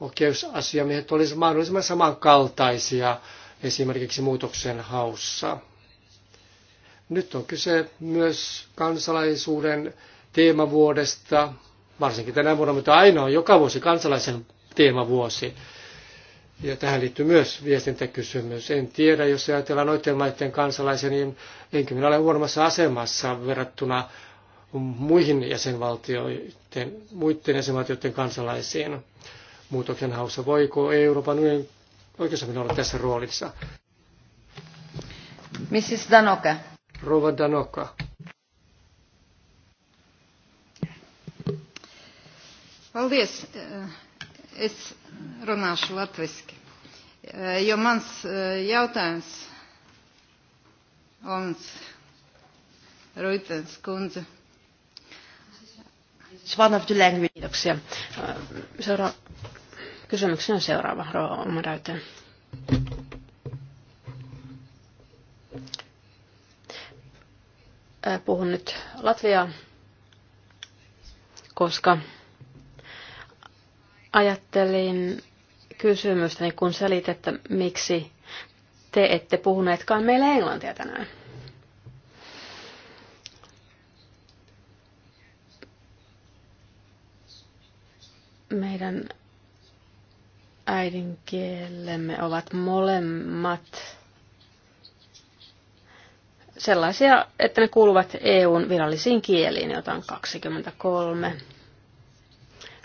oikeusasiamiehet olisivat mahdollisimman samankaltaisia esimerkiksi muutoksen haussa. Nyt on kyse myös kansalaisuuden teemavuodesta, varsinkin tänä vuonna, mutta aina on joka vuosi kansalaisen teemavuosi. Ja tähän liittyy myös viestintäkysymys. En tiedä, jos ajatellaan noiden maiden kansalaisia, niin enkä minä ole huonommassa asemassa verrattuna muihin jäsenvaltioiden, muiden jäsenvaltioiden kansalaisiin muutoksen haussa. Voiko Euroopan unionin oikeassa olla tässä roolissa? Mrs. Danoka. Rova Danoka. uh... Es runāšu latviski, eh, jo mans eh, jautājums Olmans Ruitens kundze. It's one of the language. Kiitoksia. Eh, seura- Kysymykseni on seuraava, Rooма Räytön. Puhun nyt Latviaa, koska Ajattelin kysymystäni, niin kun että miksi te ette puhuneetkaan meille englantia tänään. Meidän äidinkielemme ovat molemmat sellaisia, että ne kuuluvat EUn virallisiin kieliin, joita on 23.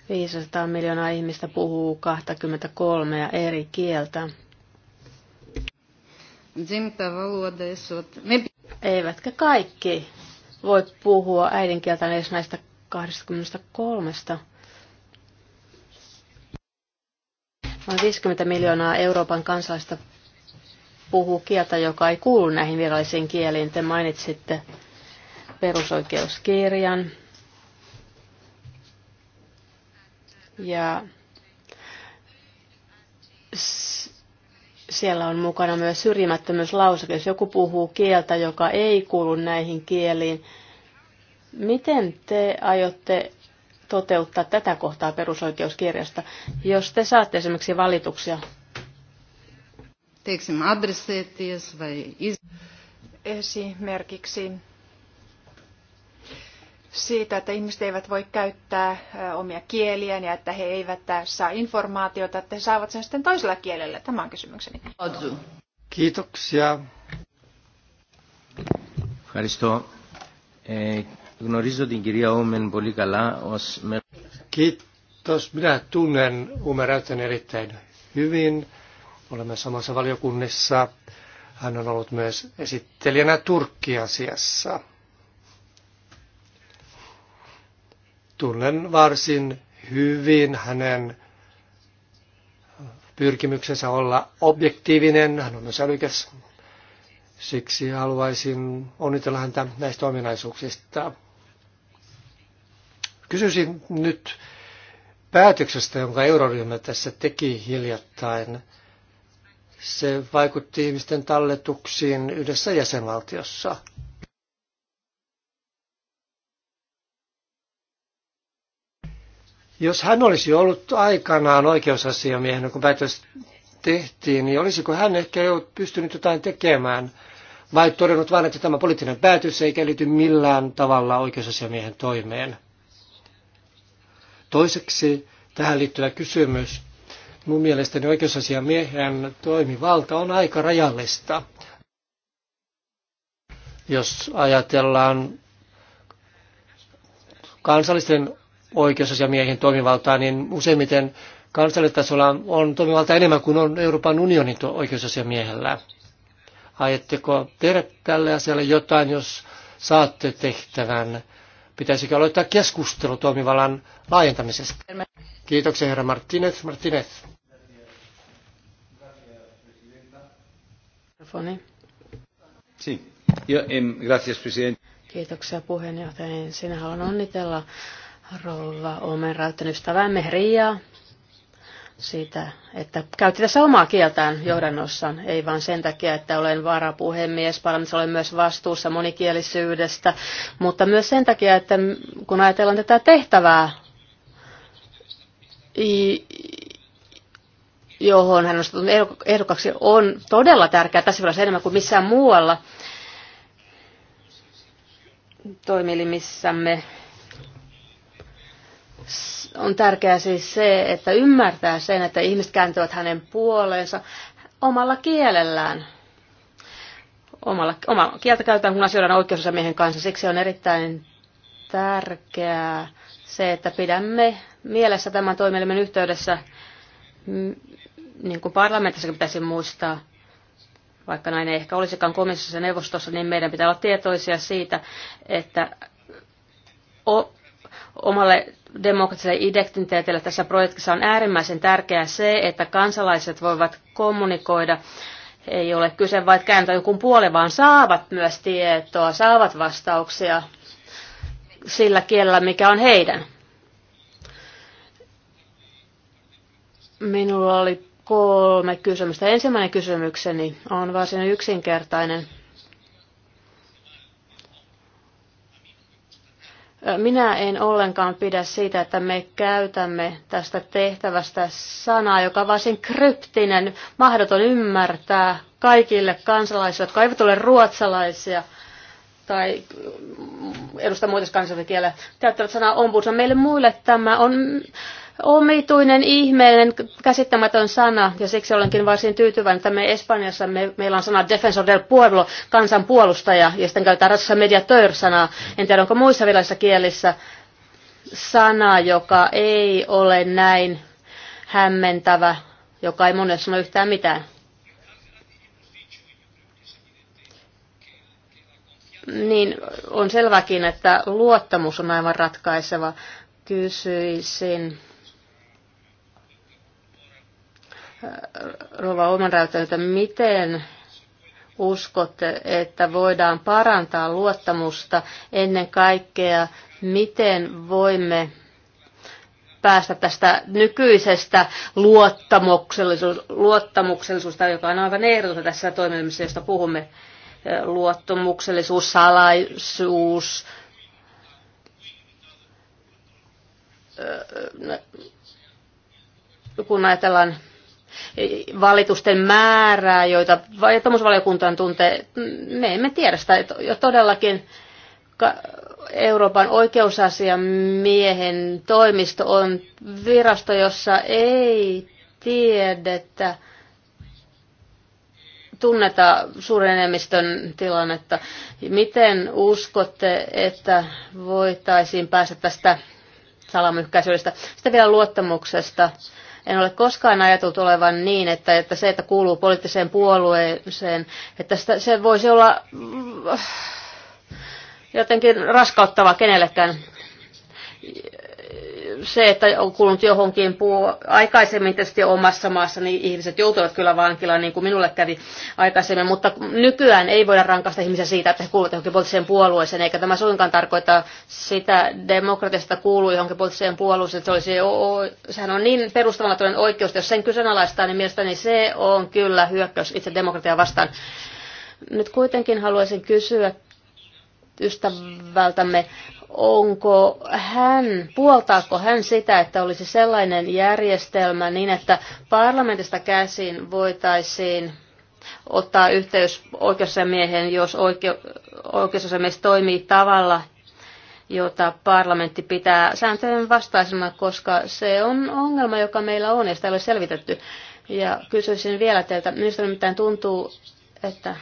500 miljoonaa ihmistä puhuu 23 eri kieltä. Eivätkä kaikki voi puhua äidinkieltään edes näistä 23. Noin 50 miljoonaa Euroopan kansalaista puhuu kieltä, joka ei kuulu näihin virallisiin kieliin. Te mainitsitte perusoikeuskirjan, Ja siellä on mukana myös syrjimättömyyslauseke. Jos joku puhuu kieltä, joka ei kuulu näihin kieliin, miten te aiotte toteuttaa tätä kohtaa perusoikeuskirjasta, jos te saatte esimerkiksi valituksia? Esimerkiksi siitä, että ihmiset eivät voi käyttää omia kieliään ja että he eivät saa informaatiota, että he saavat sen sitten toisella kielellä. Tämä on kysymykseni. Kiitoksia. E, Kiitos. Minä tunnen Umeräytön erittäin hyvin. Olemme samassa valiokunnassa. Hän on ollut myös esittelijänä Turkki-asiassa. tunnen varsin hyvin hänen pyrkimyksensä olla objektiivinen. Hän on myös älykäs. Siksi haluaisin onnitella häntä näistä ominaisuuksista. Kysyisin nyt päätöksestä, jonka euroryhmä tässä teki hiljattain. Se vaikutti ihmisten talletuksiin yhdessä jäsenvaltiossa. Jos hän olisi ollut aikanaan oikeusasiamiehenä, kun päätös tehtiin, niin olisiko hän ehkä jo pystynyt jotain tekemään vai todennut vain, että tämä poliittinen päätös ei liity millään tavalla oikeusasiamiehen toimeen? Toiseksi tähän liittyvä kysymys. Mun mielestäni oikeusasiamiehen toimivalta on aika rajallista. Jos ajatellaan kansallisten oikeusasiamiehen toimivaltaa, niin useimmiten kansallistasolla on toimivalta enemmän kuin on Euroopan unionin oikeusasiamiehellä. Aiotteko tehdä tälle asialle jotain, jos saatte tehtävän? Pitäisikö aloittaa keskustelu toimivallan laajentamisesta? Kiitoksia herra Martinez. Martinez. Kiitoksia puheenjohtaja. Niin sinä haluan onnitella rouva Omen Rauten ystävämme Ria siitä, että käytti tässä omaa kieltään johdannossaan, ei vain sen takia, että olen varapuhemies, parannus olen myös vastuussa monikielisyydestä, mutta myös sen takia, että kun ajatellaan tätä tehtävää, johon hän on tullut ehdokaksi, on todella tärkeää tässä vaiheessa enemmän kuin missään muualla toimielimissämme on tärkeää siis se, että ymmärtää sen, että ihmiset kääntyvät hänen puoleensa omalla kielellään. Omalla, omalla kieltä käytetään, kun asioidaan oikeusasiamiehen kanssa. Siksi on erittäin tärkeää se, että pidämme mielessä tämän toimielimen yhteydessä, niin kuin parlamentissakin pitäisi muistaa, vaikka näin ei ehkä olisikaan komissiossa ja neuvostossa, niin meidän pitää olla tietoisia siitä, että omalle demokratiselle identiteetille tässä projektissa on äärimmäisen tärkeää se, että kansalaiset voivat kommunikoida. Ei ole kyse vain kääntää joku puoli, vaan saavat myös tietoa, saavat vastauksia sillä kielellä, mikä on heidän. Minulla oli kolme kysymystä. Ensimmäinen kysymykseni on varsin yksinkertainen. Minä en ollenkaan pidä siitä, että me käytämme tästä tehtävästä sanaa, joka on varsin kryptinen, mahdoton ymmärtää kaikille kansalaisille, jotka eivät ole ruotsalaisia – tai edustaa muita kansalliskielä käyttävät sanaa ombudsman. Meille muille tämä on omituinen, ihmeellinen, käsittämätön sana, ja siksi olenkin varsin tyytyväinen, että me Espanjassa me, meillä on sana defensor del pueblo, kansanpuolustaja, ja sitten käytetään ratsassa mediatör sanaa En tiedä, onko muissa virallisissa kielissä sana, joka ei ole näin hämmentävä, joka ei monelle sano yhtään mitään. niin on selväkin, että luottamus on aivan ratkaiseva. Kysyisin äh, Rova Omanräytänyltä, miten uskotte, että voidaan parantaa luottamusta ennen kaikkea, miten voimme päästä tästä nykyisestä luottamuksellisuudesta joka on aivan ehdotonta tässä toimimisessa, josta puhumme, luottamuksellisuus, salaisuus, kun ajatellaan valitusten määrää, joita vetomusvaliokuntaan tuntee, me emme tiedä sitä. Jo todellakin Euroopan oikeusasiamiehen toimisto on virasto, jossa ei tiedetä, tunneta suuren enemmistön tilannetta. Miten uskotte, että voitaisiin päästä tästä salamyhkäisyydestä? sitä vielä luottamuksesta. En ole koskaan ajatellut olevan niin, että, että se, että kuuluu poliittiseen puolueeseen, että sitä, se voisi olla jotenkin raskauttava kenellekään se, että on kulunut johonkin puu aikaisemmin tietysti omassa maassa, niin ihmiset joutuvat kyllä vankilaan, niin kuin minulle kävi aikaisemmin, mutta nykyään ei voida rankaista ihmisiä siitä, että he kuuluvat johonkin poliittiseen puolueeseen, eikä tämä suinkaan tarkoita sitä demokratiasta kuuluu johonkin poliittiseen puolueeseen, se olisi, sehän on niin perustavallatoinen oikeus, että jos sen kyseenalaistaa, niin mielestäni se on kyllä hyökkäys itse demokratiaa vastaan. Nyt kuitenkin haluaisin kysyä ystävältämme, onko hän, puoltaako hän sitä, että olisi sellainen järjestelmä niin, että parlamentista käsin voitaisiin ottaa yhteys oikeusasiamiehen, jos oikeu- oikeusasiamies toimii tavalla, jota parlamentti pitää sääntöjen vastaisena, koska se on ongelma, joka meillä on ja sitä ei ole selvitetty. Ja kysyisin vielä teiltä, minusta nimittäin tuntuu, että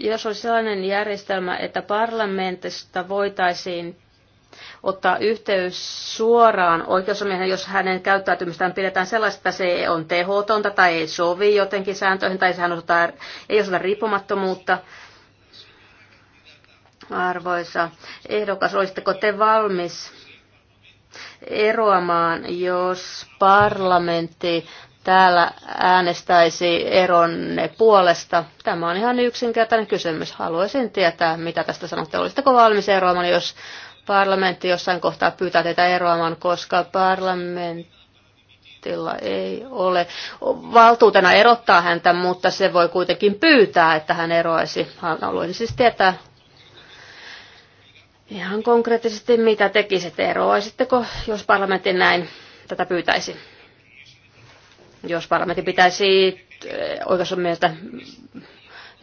jos olisi sellainen järjestelmä, että parlamentista voitaisiin ottaa yhteys suoraan oikeusamiehen, jos hänen käyttäytymistään pidetään sellaista, että se on tehotonta tai ei sovi jotenkin sääntöihin tai hän osoittaa, ei osoita riippumattomuutta. Arvoisa ehdokas, olisitteko te valmis eroamaan, jos parlamentti täällä äänestäisi eronne puolesta? Tämä on ihan yksinkertainen kysymys. Haluaisin tietää, mitä tästä sanotte. Olisitteko valmis eroamaan, jos parlamentti jossain kohtaa pyytää teitä eroamaan, koska parlamentilla ei ole valtuutena erottaa häntä, mutta se voi kuitenkin pyytää, että hän eroaisi. Haluaisin siis tietää ihan konkreettisesti, mitä tekisitte. Eroaisitteko, jos parlamentti näin tätä pyytäisi? jos parlamentti pitäisi eh, oikeastaan mieltä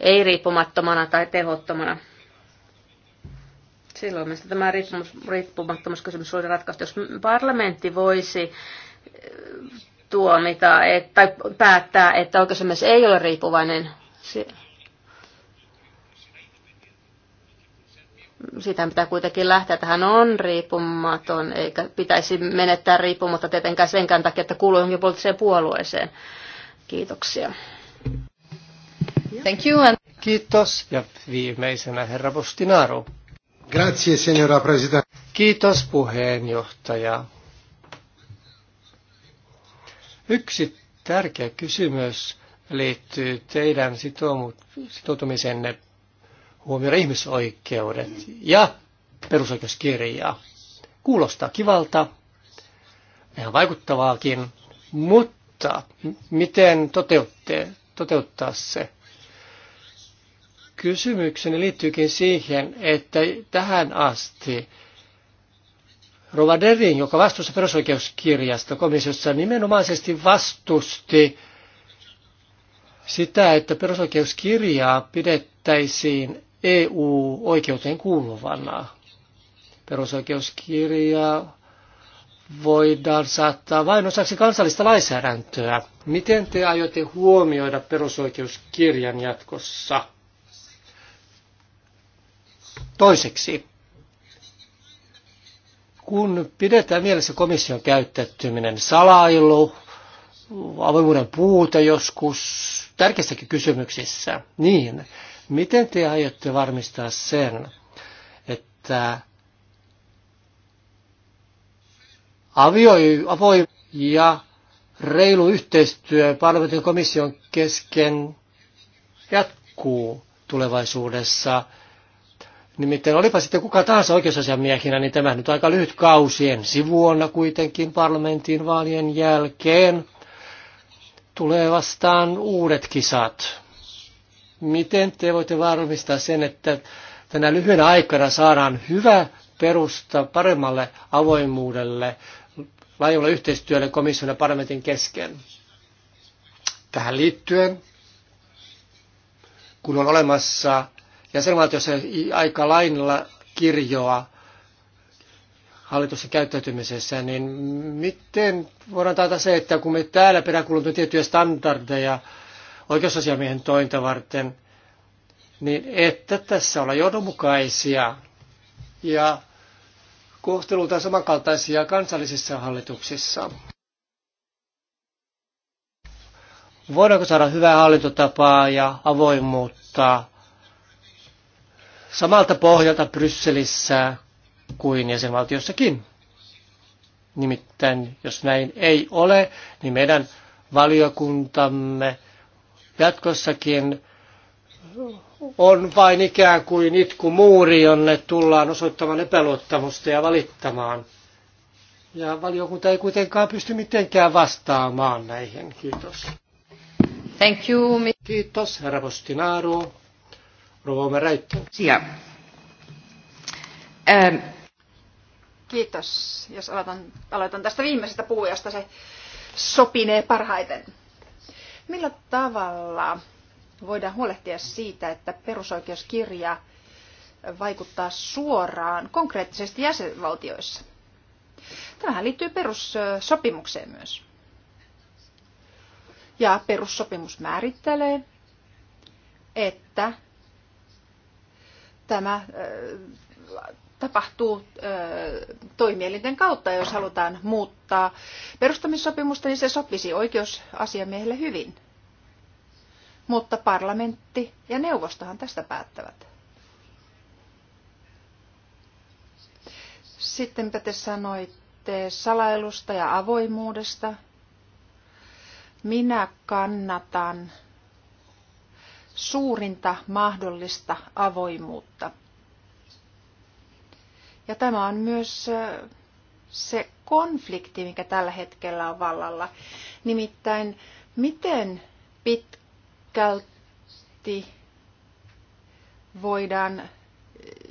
ei-riippumattomana tai tehottomana. Silloin mielestäni tämä riippumattomuuskysymys olisi ratkaistu. Jos parlamentti voisi eh, tuomita et, tai päättää, että oikeusasiamies ei ole riippuvainen siitä pitää kuitenkin lähteä, tähän on riippumaton, eikä pitäisi menettää riippumatta tietenkään senkään takia, että kuuluu johonkin poliittiseen puolueeseen. Kiitoksia. Thank you. And... Kiitos. Ja viimeisenä herra Bustinaru. Grazie, signora president. Kiitos puheenjohtaja. Yksi tärkeä kysymys liittyy teidän sitoutumisenne huomioida ihmisoikeudet ja perusoikeuskirjaa. Kuulostaa kivalta, ihan vaikuttavaakin, mutta miten toteutte, toteuttaa se? Kysymykseni liittyykin siihen, että tähän asti Rovaderin, joka vastuussa perusoikeuskirjasta komissiossa, nimenomaisesti vastusti sitä, että perusoikeuskirjaa pidettäisiin EU-oikeuteen kuuluvana. Perusoikeuskirja voidaan saattaa vain osaksi kansallista lainsäädäntöä. Miten te aiotte huomioida perusoikeuskirjan jatkossa? Toiseksi, kun pidetään mielessä komission käyttäytyminen, salailu, avoimuuden puute joskus tärkeissäkin kysymyksissä, niin Miten te aiotte varmistaa sen, että avio, avoin ja reilu yhteistyö parlamentin komission kesken jatkuu tulevaisuudessa? Nimittäin olipa sitten kuka tahansa oikeusasiamiehinä, niin tämä nyt aika lyhyt kausi ensi vuonna kuitenkin parlamentin vaalien jälkeen tulee vastaan uudet kisat. Miten te voitte varmistaa sen, että tänä lyhyenä aikana saadaan hyvä perusta paremmalle avoimuudelle, laajalle yhteistyölle komission ja parlamentin kesken? Tähän liittyen, kun on olemassa jäsenvaltiossa aika lainilla kirjoa hallituksen käyttäytymisessä, niin miten voidaan taata se, että kun me täällä peräkulutamme tiettyjä standardeja, oikeusasiamiehen tointa varten, niin että tässä olla johdonmukaisia ja kohtelulta samankaltaisia kansallisissa hallituksissa. Voidaanko saada hyvää hallintotapaa ja avoimuutta samalta pohjalta Brysselissä kuin jäsenvaltiossakin? Nimittäin, jos näin ei ole, niin meidän valiokuntamme Jatkossakin on vain ikään kuin muuri, jonne tullaan osoittamaan epäluottamusta ja valittamaan. Ja valiokunta ei kuitenkaan pysty mitenkään vastaamaan näihin. Kiitos. Thank you. Kiitos, herra Postinaaru. Rovome Räittö. Yeah. Ähm. Kiitos. Jos aloitan, aloitan tästä viimeisestä puhujasta, se sopinee parhaiten. Millä tavalla voidaan huolehtia siitä, että perusoikeuskirja vaikuttaa suoraan konkreettisesti jäsenvaltioissa? Tämähän liittyy perussopimukseen myös. Ja perussopimus määrittelee, että tämä tapahtuu toimielinten kautta. Ja jos halutaan muuttaa perustamissopimusta, niin se sopisi oikeusasiamiehelle hyvin. Mutta parlamentti ja neuvostohan tästä päättävät. Sitten mitä te sanoitte salailusta ja avoimuudesta. Minä kannatan suurinta mahdollista avoimuutta. Ja tämä on myös se konflikti, mikä tällä hetkellä on vallalla. Nimittäin, miten pitkälti voidaan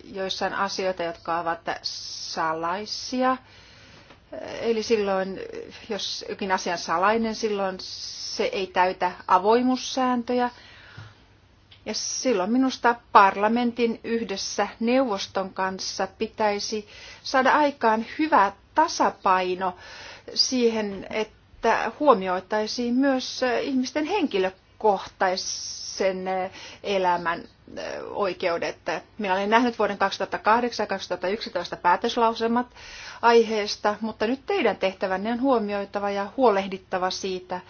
joissain asioita, jotka ovat salaisia, Eli silloin, jos jokin asia on salainen, silloin se ei täytä avoimuussääntöjä – ja silloin minusta parlamentin yhdessä neuvoston kanssa pitäisi saada aikaan hyvä tasapaino siihen, että huomioitaisiin myös ihmisten henkilökohtaisen elämän oikeudet. Minä olen nähnyt vuoden 2008 ja 2011 päätöslausemat aiheesta, mutta nyt teidän tehtävänne on huomioitava ja huolehdittava siitä,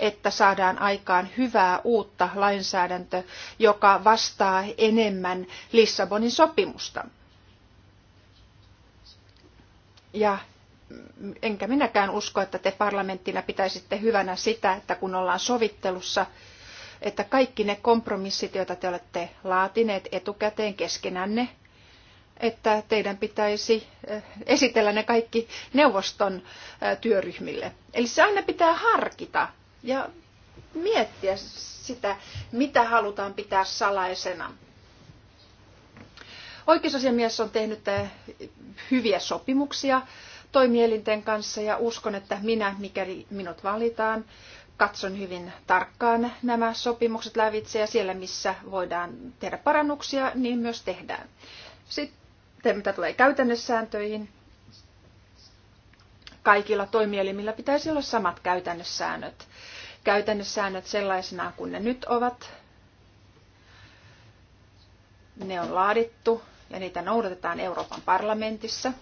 että saadaan aikaan hyvää uutta lainsäädäntöä, joka vastaa enemmän Lissabonin sopimusta. Ja enkä minäkään usko, että te parlamenttina pitäisitte hyvänä sitä, että kun ollaan sovittelussa, että kaikki ne kompromissit, joita te olette laatineet etukäteen keskenänne, että teidän pitäisi eh, esitellä ne kaikki neuvoston eh, työryhmille. Eli se aina pitää harkita ja miettiä sitä, mitä halutaan pitää salaisena. Oikeusasiamies on tehnyt eh, hyviä sopimuksia toimielinten kanssa ja uskon, että minä, mikäli minut valitaan, katson hyvin tarkkaan nämä sopimukset lävitse ja siellä, missä voidaan tehdä parannuksia, niin myös tehdään. Sitten mitä tulee käytännössääntöihin, kaikilla toimielimillä pitäisi olla samat käytännössäännöt käytännössäännöt sellaisenaan kuin ne nyt ovat. Ne on laadittu ja niitä noudatetaan Euroopan parlamentissa.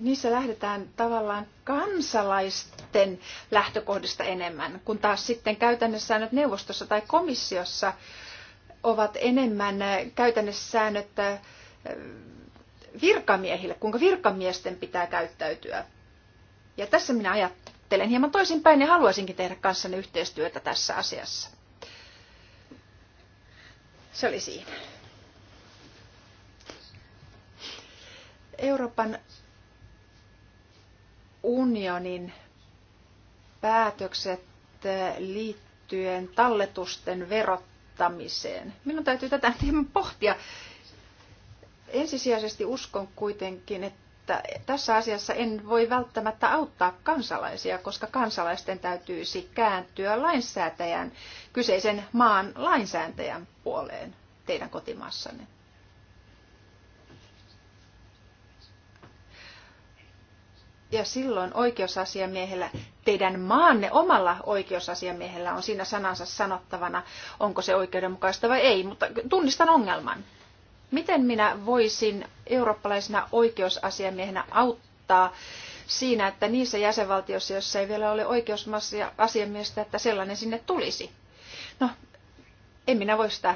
Niissä lähdetään tavallaan kansalaisten lähtökohdista enemmän, kun taas sitten käytännössäännöt neuvostossa tai komissiossa ovat enemmän äh, käytännössäännöt äh, virkamiehille, kuinka virkamiesten pitää käyttäytyä. Ja tässä minä ajattelen hieman toisinpäin ja haluaisinkin tehdä kanssanne yhteistyötä tässä asiassa. Se oli siinä. Euroopan unionin päätökset liittyen talletusten verottamiseen. Minun täytyy tätä hieman pohtia. Ensisijaisesti uskon kuitenkin, että että tässä asiassa en voi välttämättä auttaa kansalaisia, koska kansalaisten täytyisi kääntyä lainsäätäjän, kyseisen maan lainsääntäjän puoleen teidän kotimaassanne. ja silloin oikeusasiamiehellä, teidän maanne omalla oikeusasiamiehellä on siinä sanansa sanottavana, onko se oikeudenmukaista vai ei, mutta tunnistan ongelman. Miten minä voisin eurooppalaisena oikeusasiamiehenä auttaa siinä, että niissä jäsenvaltioissa, joissa ei vielä ole oikeusasiamiestä, että sellainen sinne tulisi? No, en minä voi sitä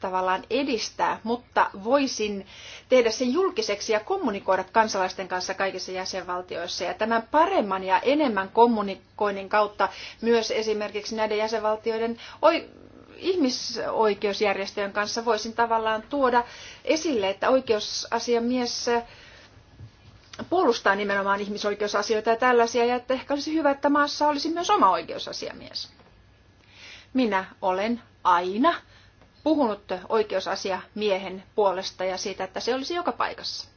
tavallaan edistää, mutta voisin tehdä sen julkiseksi ja kommunikoida kansalaisten kanssa kaikissa jäsenvaltioissa. Ja tämän paremman ja enemmän kommunikoinnin kautta myös esimerkiksi näiden jäsenvaltioiden ihmisoikeusjärjestöjen kanssa voisin tavallaan tuoda esille, että oikeusasiamies eh, puolustaa nimenomaan ihmisoikeusasioita ja tällaisia, ja että ehkä olisi hyvä, että maassa olisi myös oma oikeusasiamies. Minä olen aina puhunut oikeusasiamiehen puolesta ja siitä, että se olisi joka paikassa.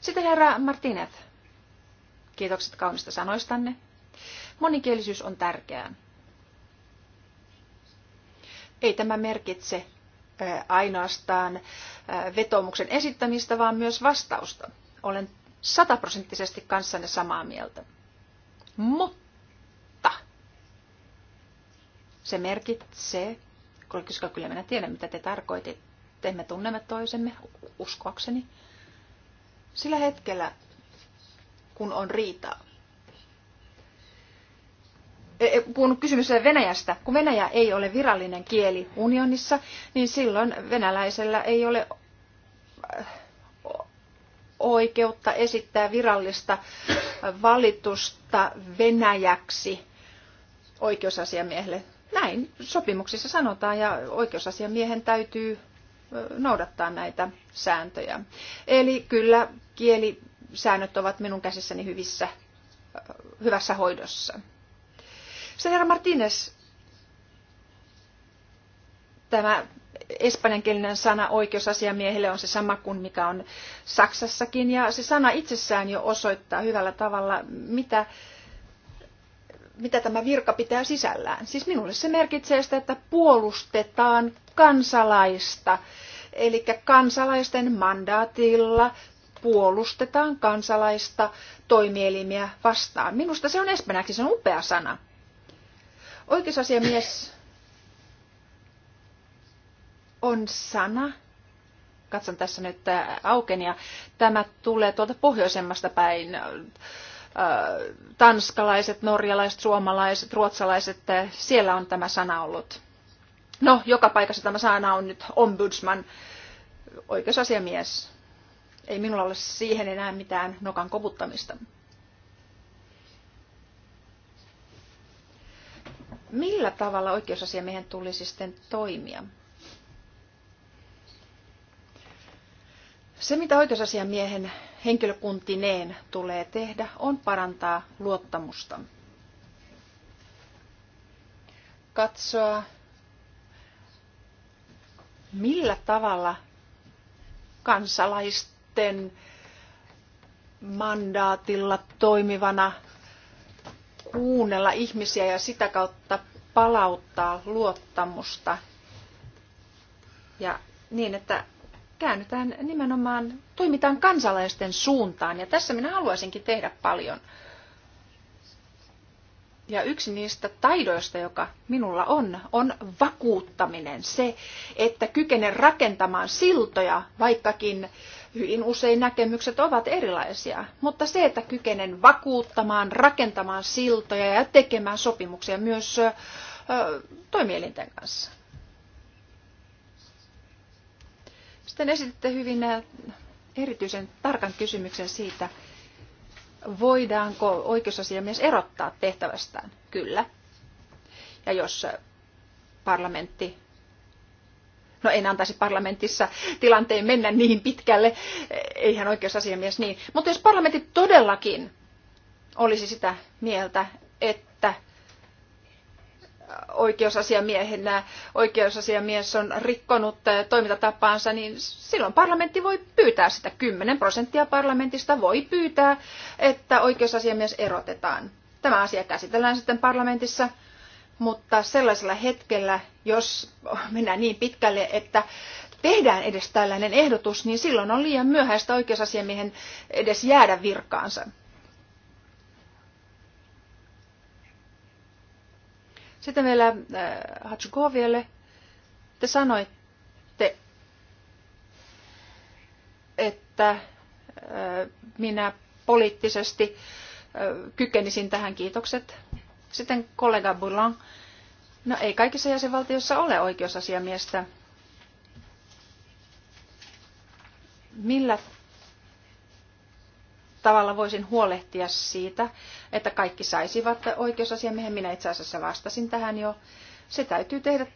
Sitten herra Martinet, kiitokset kaunista sanoistanne. Monikielisyys on tärkeää ei tämä merkitse ainoastaan vetomuksen esittämistä, vaan myös vastausta. Olen sataprosenttisesti kanssanne samaa mieltä. Mutta se merkitsee, koska kyllä minä tiedän, mitä te tarkoititte, me tunnemme toisemme, uskoakseni, sillä hetkellä, kun on riitaa puhunut eh, eh, kysymys Venäjästä. Kun Venäjä ei ole virallinen kieli unionissa, niin silloin venäläisellä ei ole eh, oikeutta esittää virallista valitusta Venäjäksi oikeusasiamiehelle. Näin sopimuksissa sanotaan ja oikeusasiamiehen täytyy noudattaa näitä sääntöjä. Eli kyllä kielisäännöt ovat minun käsissäni hyvissä, hyvässä hoidossa. Senera Martinez, tämä espanjankielinen sana oikeusasiamiehelle on se sama kuin mikä on Saksassakin. Ja se sana itsessään jo osoittaa hyvällä tavalla, mitä, mitä tämä virka pitää sisällään. Siis minulle se merkitsee sitä, että puolustetaan kansalaista. Eli kansalaisten mandaatilla puolustetaan kansalaista toimielimiä vastaan. Minusta se on espanjaksi, se on upea sana. Oikeusasiamies on sana. Katson tässä nyt äh, aukenia. Tämä tulee tuolta pohjoisemmasta päin. Äh, tanskalaiset, norjalaiset, suomalaiset, ruotsalaiset, äh, siellä on tämä sana ollut. No, joka paikassa tämä sana on nyt ombudsman, oikeusasiamies. Ei minulla ole siihen enää mitään nokan koputtamista. Millä tavalla oikeusasiamiehen tulisi sitten toimia? Se, mitä oikeusasiamiehen henkilökuntineen tulee tehdä, on parantaa luottamusta. Katsoa, millä tavalla kansalaisten mandaatilla toimivana kuunnella ihmisiä ja sitä kautta palauttaa luottamusta. Ja niin, että käännytään nimenomaan, toimitaan kansalaisten suuntaan. Ja tässä minä haluaisinkin tehdä paljon. Ja yksi niistä taidoista, joka minulla on, on vakuuttaminen. Se, että kykene rakentamaan siltoja, vaikkakin äh, hyvin usein näkemykset ovat erilaisia, mutta se, että kykenen vakuuttamaan, rakentamaan siltoja ja tekemään sopimuksia myös ö, toimielinten kanssa. Sitten esititte hyvin erityisen tarkan kysymyksen siitä, voidaanko oikeusasiamies erottaa tehtävästään. Kyllä. Ja jos parlamentti No en antaisi parlamentissa tilanteen mennä niin pitkälle, eihän oikeusasiamies niin. Mutta jos parlamentti todellakin olisi sitä mieltä, että oikeusasiamiehen oikeusasiamies on rikkonut toimintatapaansa, niin silloin parlamentti voi pyytää sitä. 10 prosenttia parlamentista voi pyytää, että oikeusasiamies erotetaan. Tämä asia käsitellään sitten parlamentissa mutta sellaisella hetkellä, jos mennään niin pitkälle, että tehdään edes tällainen ehdotus, niin silloin on liian myöhäistä oikeusasiamiehen edes jäädä virkaansa. Sitten vielä äh, Hatsukovielle. Te sanoitte, että äh, minä poliittisesti äh, kykenisin tähän kiitokset. Sitten kollega Boulan. No ei kaikissa jäsenvaltioissa ole oikeusasiamiestä. Millä tavalla voisin huolehtia siitä, että kaikki saisivat oikeusasiamiehen? Minä itse asiassa vastasin tähän jo. Se täytyy tehdä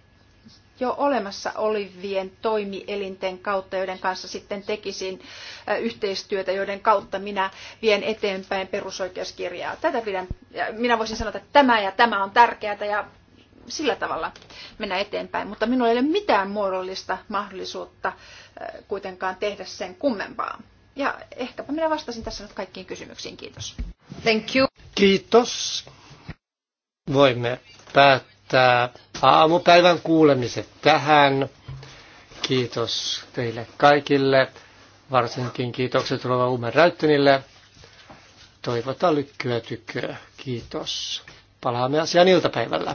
jo olemassa olivien toimielinten kautta, joiden kanssa sitten tekisin yhteistyötä, joiden kautta minä vien eteenpäin perusoikeuskirjaa. Tätä pidän, ja minä voisin sanoa, että tämä ja tämä on tärkeää ja sillä tavalla mennä eteenpäin, mutta minulla ei ole mitään muodollista mahdollisuutta kuitenkaan tehdä sen kummempaa. Ja ehkäpä minä vastasin tässä nyt kaikkiin kysymyksiin. Kiitos. Thank you. Kiitos. Voimme päättää päättää aamupäivän kuulemiset tähän. Kiitos teille kaikille. Varsinkin kiitokset Rova Umen Räyttönille. Toivotan lykkyä tyköä. Kiitos. Palaamme asiaan iltapäivällä.